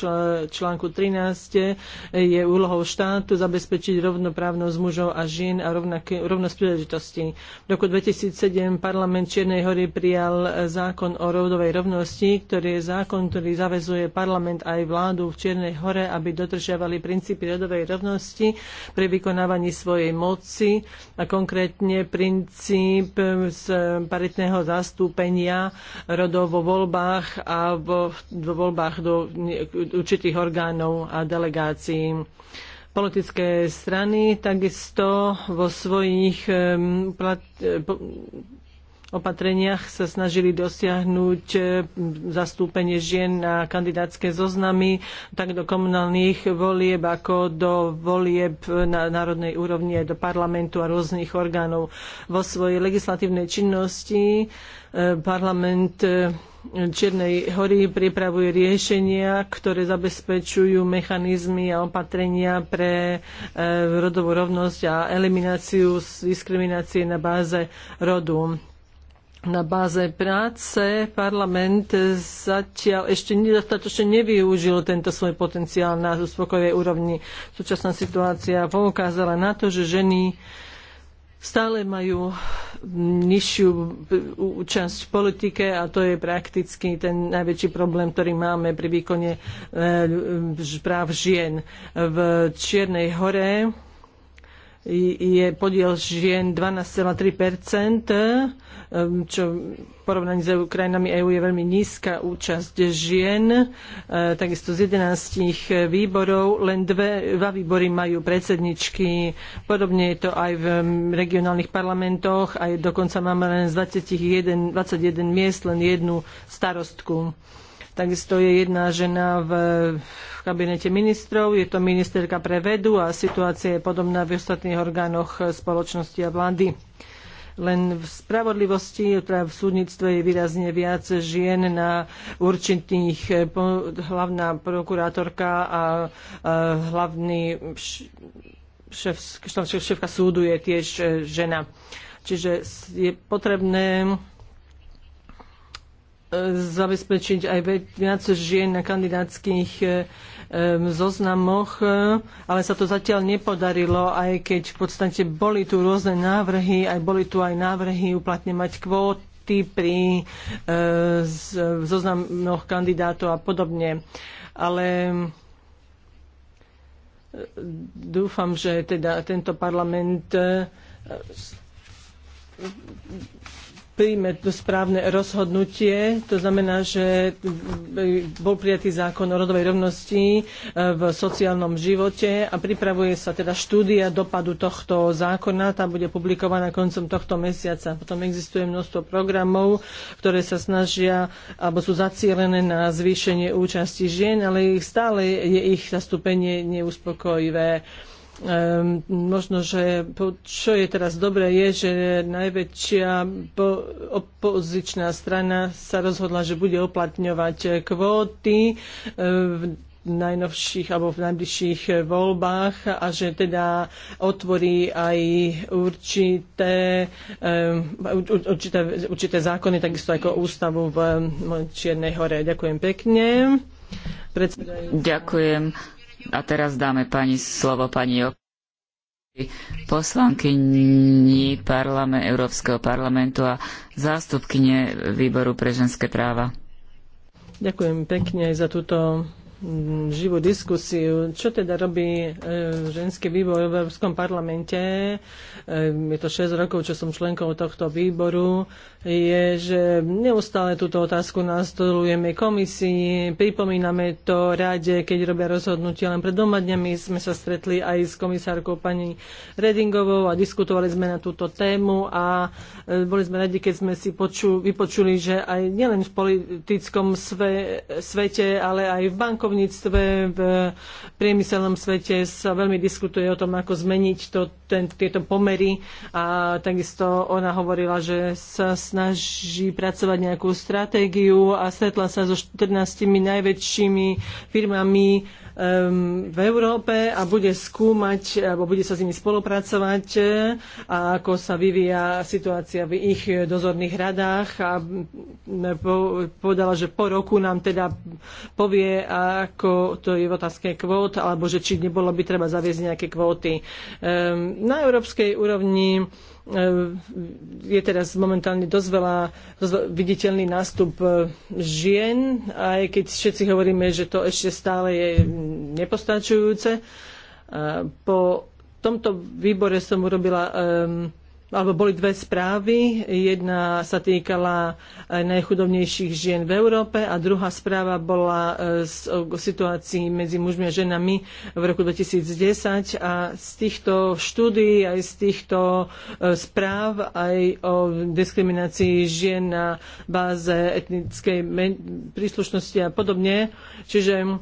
článku 13 je úlohou štátu zabezpečiť rovnoprávnosť mužov a žien a rovnosť príležitostí. V roku 2007 parlament Čiernej hory prijal zákon o rodovej rovnosti, ktorý je zákon, ktorý zavezuje parlament aj vládu v Čiernej hore, aby dodržiavali princípy rodovej rovnosti pri vykonávaní svojej moci a konkrétne princípy princíp e, z paritného zastúpenia rodov vo voľbách a vo, vo voľbách do určitých orgánov a delegácií politické strany takisto vo svojich e, e, opatreniach sa snažili dosiahnuť eh, zastúpenie žien na kandidátske zoznamy, tak do komunálnych volieb, ako do volieb na národnej úrovni, aj do parlamentu a rôznych orgánov. Vo svojej legislatívnej činnosti eh, parlament eh, Čiernej hory pripravuje riešenia, ktoré zabezpečujú mechanizmy a opatrenia pre rodovú rovnosť a elimináciu diskriminácie na báze rodu na báze práce parlament zatiaľ ešte nedostatočne nevyužil tento svoj potenciál na uspokojivej úrovni. Súčasná situácia poukázala na to, že ženy stále majú nižšiu účasť v politike a to je prakticky ten najväčší problém, ktorý máme pri výkone eh, práv žien. V Čiernej hore je podiel žien 12,3 ehm, čo v porovnaní s krajinami EÚ je veľmi nízka účasť žien. E, takisto z 11 výborov len dve, dva výbory majú predsedničky. Podobne je to aj v regionálnych parlamentoch. Aj dokonca máme len z 21, 21 miest len jednu starostku. Takisto je jedna žena v, v kabinete ministrov, je to ministerka pre vedu a situácia je podobná v ostatných orgánoch spoločnosti a vlády. Len v spravodlivosti, teda v súdnictve je výrazne viac žien na určitých, eh, hlavná prokurátorka a, eh, hlavný šéf, šéfka súdu je tiež eh, žena. Čiže je potrebné zabezpečiť aj viac žien na kandidátskych e, zoznamoch, e, ale sa to zatiaľ nepodarilo, aj keď v podstate boli tu rôzne návrhy, aj boli tu aj návrhy uplatňovať kvót pri e, zoznamoch kandidátov a podobne. Ale dúfam, že teda tento parlament príjme to správne rozhodnutie. To znamená, že bol prijatý zákon o rodovej rovnosti e, v sociálnom živote a pripravuje sa teda štúdia dopadu tohto zákona. Tá bude publikovaná koncom tohto mesiaca. Potom existuje množstvo programov, ktoré sa snažia alebo sú zacielené na zvýšenie účasti žien, ale ich stále je ich zastúpenie neuspokojivé. Ehm, možno, že čo je teraz dobré, je, že najväčšia opozičná strana sa rozhodla, že bude oplatňovať kvóty ehm, v najnovších alebo v najbližších voľbách a že teda otvorí aj určité, ehm, určité, určité zákony, takisto ako ústavu v Čiernej hore. Ďakujem pekne. Predsedajúca. Ďakujem. A teraz dáme pani slovo pani poslankyni parlament, Európskeho parlamentu a zástupkyne Výboru pre ženské práva. Ďakujem pekne aj za túto mm, živú diskusiu. Čo teda robí e, ženský výbor v Európskom parlamente? E, je to 6 rokov, čo som členkou tohto výboru je, že neustále túto otázku nastolujeme komisii, pripomíname to rade, keď robia rozhodnutia. Len pred dvoma dňami sme sa stretli aj s komisárkou pani Redingovou a diskutovali sme na túto tému a e, boli sme radi, keď sme si poču, vypočuli, že aj nielen v politickom sve, svete, ale aj v bankovníctve, v priemyselnom svete sa veľmi diskutuje o tom, ako zmeniť to, ten, tieto pomery a takisto ona hovorila, že sa snaží pracovať nejakú stratégiu a stretla sa so 14 najväčšími firmami um, v Európe a bude skúmať, alebo bude sa s nimi spolupracovať e, a ako sa vyvíja situácia v ich dozorných radách a povedala, že po roku nám teda povie, ako to je v otázke kvót, alebo že či nebolo by treba zaviesť nejaké kvóty. Um, na európskej úrovni E, je teraz momentálne dosť veľa viditeľný nástup e, žien, aj keď všetci hovoríme, že to ešte stále je nepostačujúce. E, po tomto výbore som urobila um, alebo boli dve správy. Jedna sa týkala eh, najchudobnejších žien v Európe a druhá správa bola eh, o situácii medzi mužmi a ženami v roku 2010. A z týchto štúdií, aj z týchto eh, správ, aj o diskriminácii žien na báze etnickej príslušnosti a podobne. Čiže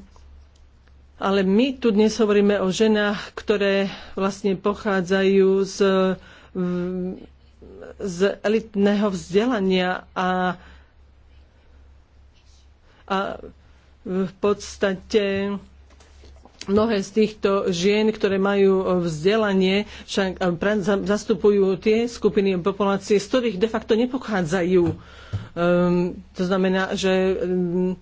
ale my tu dnes hovoríme o ženách, ktoré vlastne pochádzajú z z elitného vzdelania a, a v podstate mnohé z týchto žien, ktoré majú vzdelanie, však eh, zastupujú tie skupiny populácie, z ktorých de facto nepochádzajú. Um, to znamená, že um,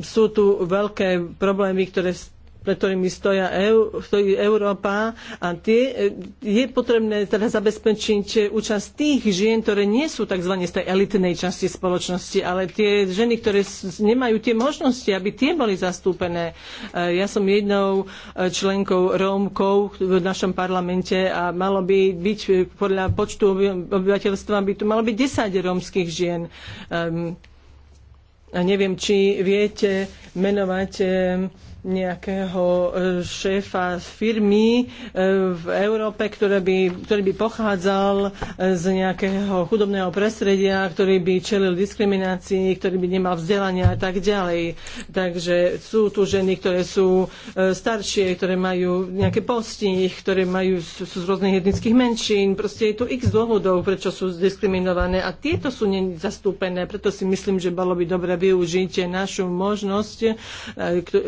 sú tu veľké problémy, ktoré pre ktorými stoja EU, stojí Európa a tie, e, je potrebné teda zabezpečiť e, účasť tých žien, ktoré nie sú tzv. z tej elitnej časti spoločnosti, ale tie ženy, ktoré nemajú tie možnosti, aby tie boli zastúpené. E, ja som jednou členkou Rómkov v našom parlamente a malo by byť podľa počtu obyvateľstva by tu malo byť 10 rómskych žien. Ehm, a neviem, či viete menovať ehm, nejakého e, šéfa firmy e, v Európe, ktoré by, ktorý by pochádzal e, z nejakého chudobného prostredia, ktorý by čelil diskriminácii, ktorý by nemal vzdelania a tak ďalej. Takže sú tu ženy, ktoré sú staršie, ktoré majú nejaké postih, ktoré majú, sú z rôznych etnických menšín. Proste je tu x dôvodov, prečo sú diskriminované a tieto sú nezastúpené. Preto si myslím, že bolo by dobre využiť našu možnosť,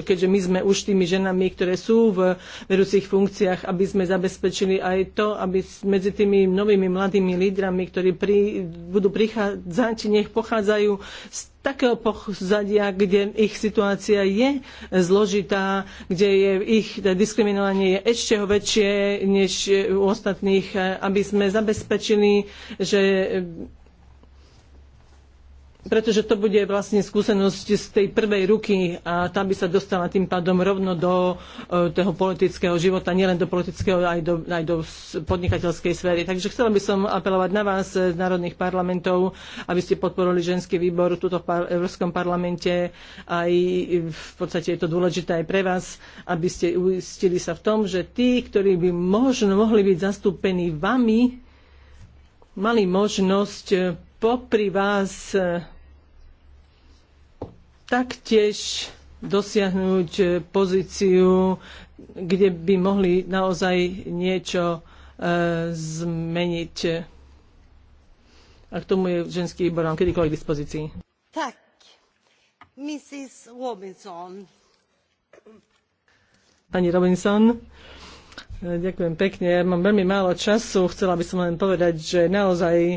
keďže my sme už tými ženami, ktoré sú v vedúcich funkciách, aby sme zabezpečili aj to, aby medzi tými novými mladými lídrami, ktorí pri, budú prichádzať, nech pochádzajú z takého pozadia, kde ich situácia je zložitá, kde je ich diskriminovanie je ešte väčšie než u ostatných, aby sme zabezpečili, že pretože to bude vlastne skúsenosť z tej prvej ruky a tá by sa dostala tým pádom rovno do e, toho politického života, nielen do politického, aj do, aj do podnikateľskej sféry. Takže chcela by som apelovať na vás e, z národných parlamentov, aby ste podporili ženský výbor tuto v par- Európskom parlamente. Aj e, v podstate je to dôležité aj pre vás, aby ste uistili sa v tom, že tí, ktorí by možno mohli byť zastúpení vami, mali možnosť popri vás taktiež dosiahnuť e, pozíciu, kde by mohli naozaj niečo e, zmeniť. A k tomu je ženský výbor vám kedykoľvek k dispozícii. Tak, Mrs. Robinson. Pani Robinson. Ďakujem pekne. Ja mám veľmi málo času. Chcela by som len povedať, že naozaj e,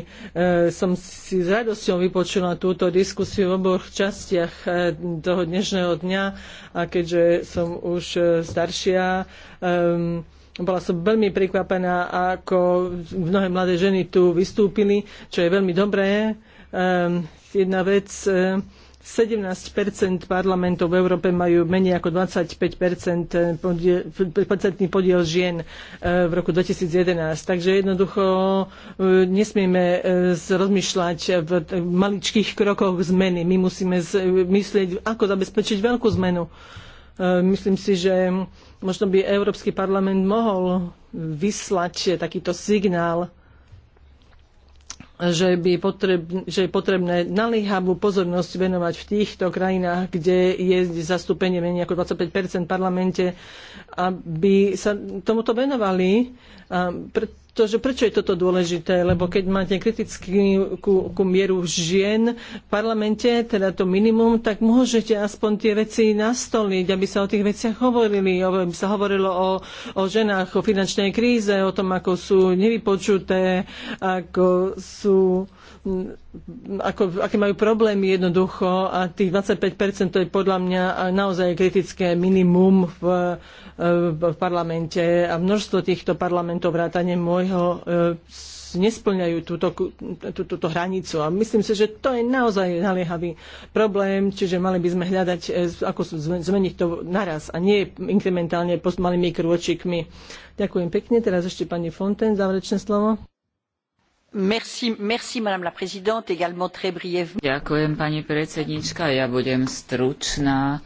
som si s radosťou vypočula túto diskusiu v oboch častiach e, toho dnešného dňa a keďže som už e, staršia, e, bola som veľmi prekvapená, ako mnohé mladé ženy tu vystúpili, čo je veľmi dobré. E, jedna vec. E, 17 parlamentov v Európe majú menej ako 25 eh, podiel, percentný podiel žien eh, v roku 2011. Takže jednoducho eh, nesmieme rozmýšľať v maličkých krokoch zmeny. My musíme myslieť, ako zabezpečiť veľkú zmenu. Myslím si, že možno by Európsky parlament mohol vyslať takýto signál že, by potreb, že je potrebné naliehavú pozornosť venovať v týchto krajinách, kde je zastúpenie menej ako 25 v parlamente, aby sa tomuto venovali. A pre- to, že prečo je toto dôležité, lebo keď máte kritickú mieru žien v parlamente, teda to minimum, tak môžete aspoň tie veci nastoliť, aby sa o tých veciach hovorili, aby sa hovorilo o, o ženách, o finančnej kríze, o tom, ako sú nevypočuté, ako sú ako, aké majú problémy jednoducho a tých 25% to je podľa mňa naozaj kritické minimum v, v parlamente a množstvo týchto parlamentov vrátane môjho e, nesplňajú túto, tú, túto hranicu. A myslím si, že to je naozaj naliehavý problém, čiže mali by sme hľadať, e, ako zmeniť to naraz a nie inkrementálne malými krôčikmi. Ďakujem pekne. Teraz ešte pani Fonten, záverečné slovo. Ďakujem, pani predsedníčka, ja budem stručná.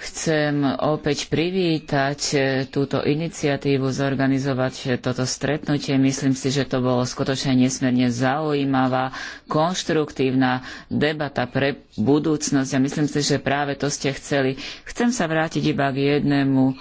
Chcem opäť privítať e, túto iniciatívu zorganizovať e, toto stretnutie. Myslím si, že to bolo skutočne nesmierne zaujímavá, konštruktívna debata pre budúcnosť a myslím si, že práve to ste chceli. Chcem sa vrátiť iba k jednému e,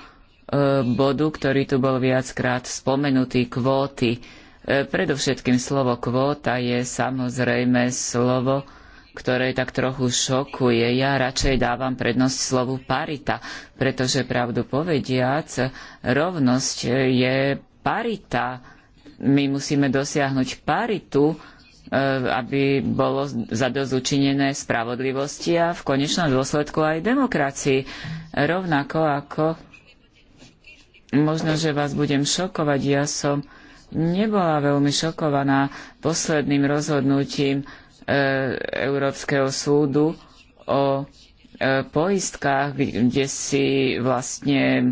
bodu, ktorý tu bol viackrát spomenutý, kvóty. Predovšetkým slovo kvóta je samozrejme slovo, ktoré tak trochu šokuje. Ja radšej dávam prednosť slovu parita, pretože pravdu povediac, rovnosť je parita. My musíme dosiahnuť paritu, e, aby bolo zadozučinené spravodlivosti a v konečnom dôsledku aj demokracii. Rovnako ako, možno, že vás budem šokovať, ja som nebola veľmi šokovaná posledným rozhodnutím e, Európskeho súdu o e, poistkách, kde si vlastne e,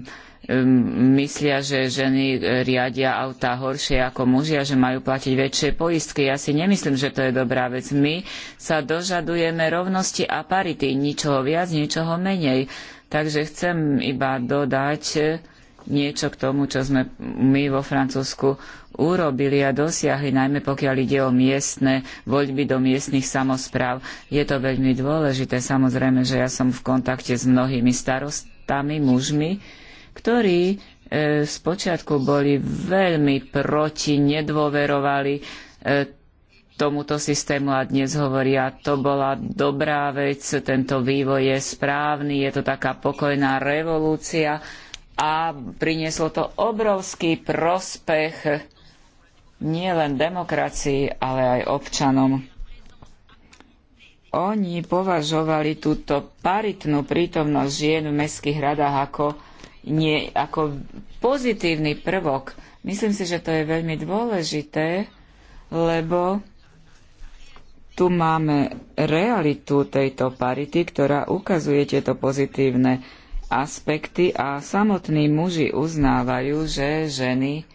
myslia, že ženy e, riadia autá horšie ako muži a že majú platiť väčšie poistky. Ja si nemyslím, že to je dobrá vec. My sa dožadujeme rovnosti a parity, ničoho viac, ničoho menej. Takže chcem iba dodať, niečo k tomu, čo sme my vo Francúzsku urobili a dosiahli, najmä pokiaľ ide o miestne voľby do miestnych samospráv. Je to veľmi dôležité. Samozrejme, že ja som v kontakte s mnohými starostami, mužmi, ktorí e, spočiatku boli veľmi proti, nedôverovali e, tomuto systému a dnes hovoria, to bola dobrá vec, tento vývoj je správny, je to taká pokojná revolúcia a prinieslo to obrovský prospech nielen demokracii, ale aj občanom. Oni považovali túto paritnú prítomnosť žien v mestských radách ako, nie, ako pozitívny prvok. Myslím si, že to je veľmi dôležité, lebo tu máme realitu tejto parity, ktorá ukazuje tieto pozitívne aspekty a samotní muži uznávajú, že ženy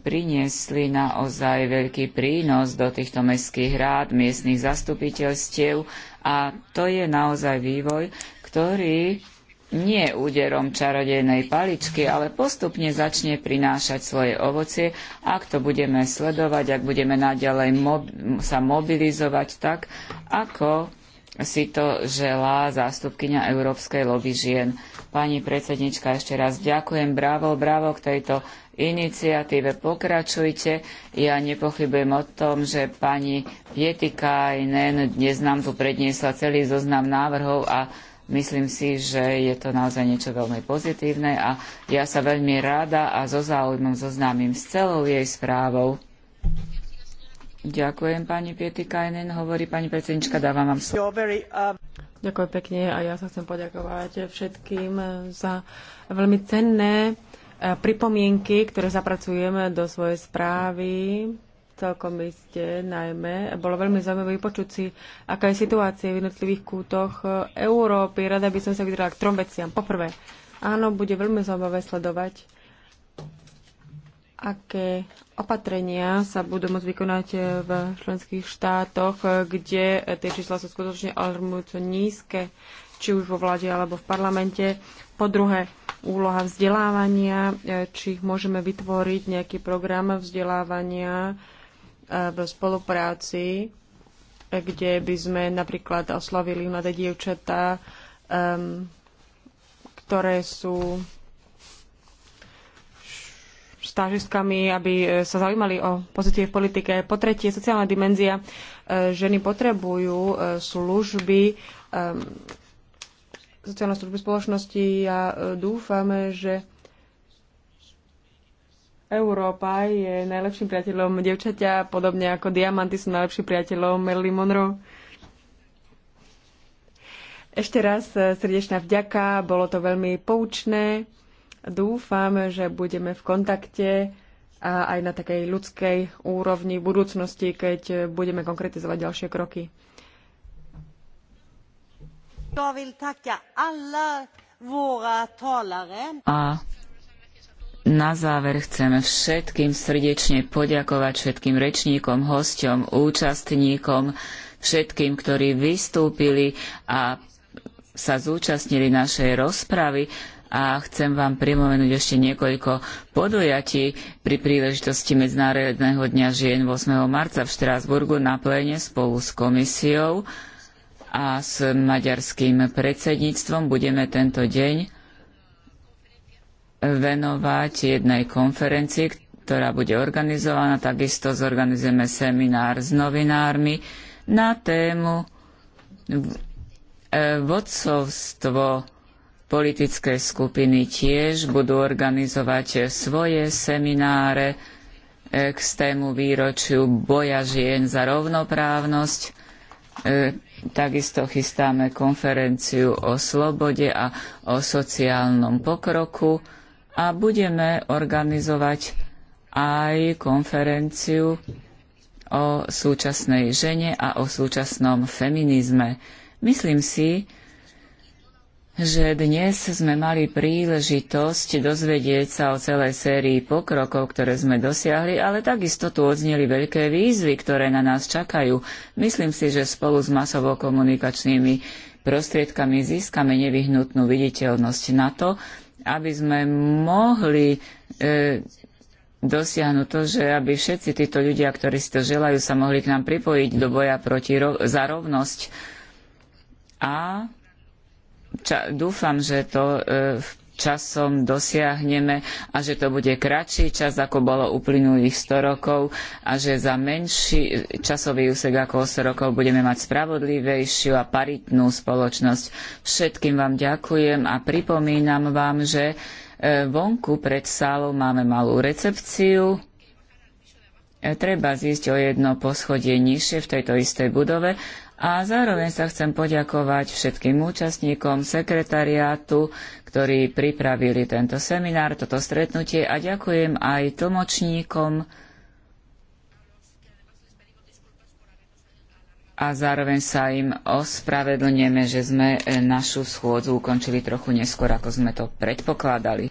priniesli naozaj veľký prínos do týchto mestských rád, miestnych zastupiteľstiev a to je naozaj vývoj, ktorý nie úderom čarodejnej paličky, ale postupne začne prinášať svoje ovocie, ak to budeme sledovať, ak budeme naďalej sa mobilizovať tak, ako si to želá zástupkyňa Európskej lobby žien. Pani predsednička, ešte raz ďakujem. Bravo, bravo k tejto iniciatíve. Pokračujte. Ja nepochybujem o tom, že pani Pietikainen dnes nám tu predniesla celý zoznam návrhov a myslím si, že je to naozaj niečo veľmi pozitívne a ja sa veľmi rada a so záujmom zoznámim s celou jej správou. Ďakujem pani Pietikajnen, hovorí pani predsednička, dávam vám slovo. Um, Ďakujem pekne a ja sa chcem poďakovať všetkým za veľmi cenné eh, pripomienky, ktoré zapracujeme do svojej správy celkom iste najmä. Bolo veľmi zaujímavé počuť si, aká je situácia v jednotlivých kútoch eh, Európy. Rada by som sa vydrala k trom veciam. Poprvé, áno, bude veľmi zaujímavé sledovať aké opatrenia sa budú môcť vykonať v členských štátoch, kde tie čísla sú skutočne alarmujúco nízke, či už vo vláde alebo v parlamente. Po druhé, úloha vzdelávania, e, či môžeme vytvoriť nejaký program vzdelávania e, v spolupráci, e, kde by sme napríklad oslovili mladé dievčatá, ktoré sú štážistkami, aby e, sa zaujímali o pozície v politike. Po tretie, sociálna dimenzia. E, ženy potrebujú e, služby, sociálne služby spoločnosti. Ja dúfame, že Európa je najlepším priateľom devčaťa, podobne ako diamanty sú najlepším priateľom Marilyn Monroe. Ešte raz srdečná vďaka, bolo to veľmi poučné. Dúfam, že budeme v kontakte a aj na takej ľudskej úrovni v budúcnosti, keď budeme konkretizovať ďalšie kroky. A na záver chcem všetkým srdečne poďakovať všetkým rečníkom, hosťom, účastníkom, všetkým, ktorí vystúpili a sa zúčastnili našej rozpravy a chcem vám pripomenúť ešte niekoľko podujatí pri príležitosti Medzinárodného dňa žien 8. marca v Štrásburgu na pléne spolu s komisiou a s maďarským predsedníctvom budeme tento deň venovať jednej konferencii, ktorá bude organizovaná. Takisto zorganizujeme seminár s novinármi na tému e, vodcovstvo Politické skupiny tiež budú organizovať svoje semináre k tému výročiu boja žien za rovnoprávnosť. E, takisto chystáme konferenciu o slobode a o sociálnom pokroku a budeme organizovať aj konferenciu o súčasnej žene a o súčasnom feminizme. Myslím si, že dnes sme mali príležitosť dozvedieť sa o celej sérii pokrokov, ktoré sme dosiahli, ale takisto tu odzneli veľké výzvy, ktoré na nás čakajú. Myslím si, že spolu s masovo komunikačnými prostriedkami získame nevyhnutnú viditeľnosť na to, aby sme mohli e, dosiahnuť to, že aby všetci títo ľudia, ktorí si to želajú, sa mohli k nám pripojiť do boja proti, za rovnosť. A ča, dúfam, že to e, časom dosiahneme a že to bude kratší čas, ako bolo uplynulých 100 rokov a že za menší časový úsek ako 100 rokov budeme mať spravodlivejšiu a paritnú spoločnosť. Všetkým vám ďakujem a pripomínam vám, že e, vonku pred sálou máme malú recepciu. E, treba zísť o jedno poschodie nižšie v tejto istej budove a zároveň sa chcem poďakovať všetkým účastníkom sekretariátu, ktorí pripravili tento seminár, toto stretnutie a ďakujem aj tlmočníkom a zároveň sa im ospravedlňujeme, že sme našu schôdzu ukončili trochu neskôr, ako sme to predpokladali.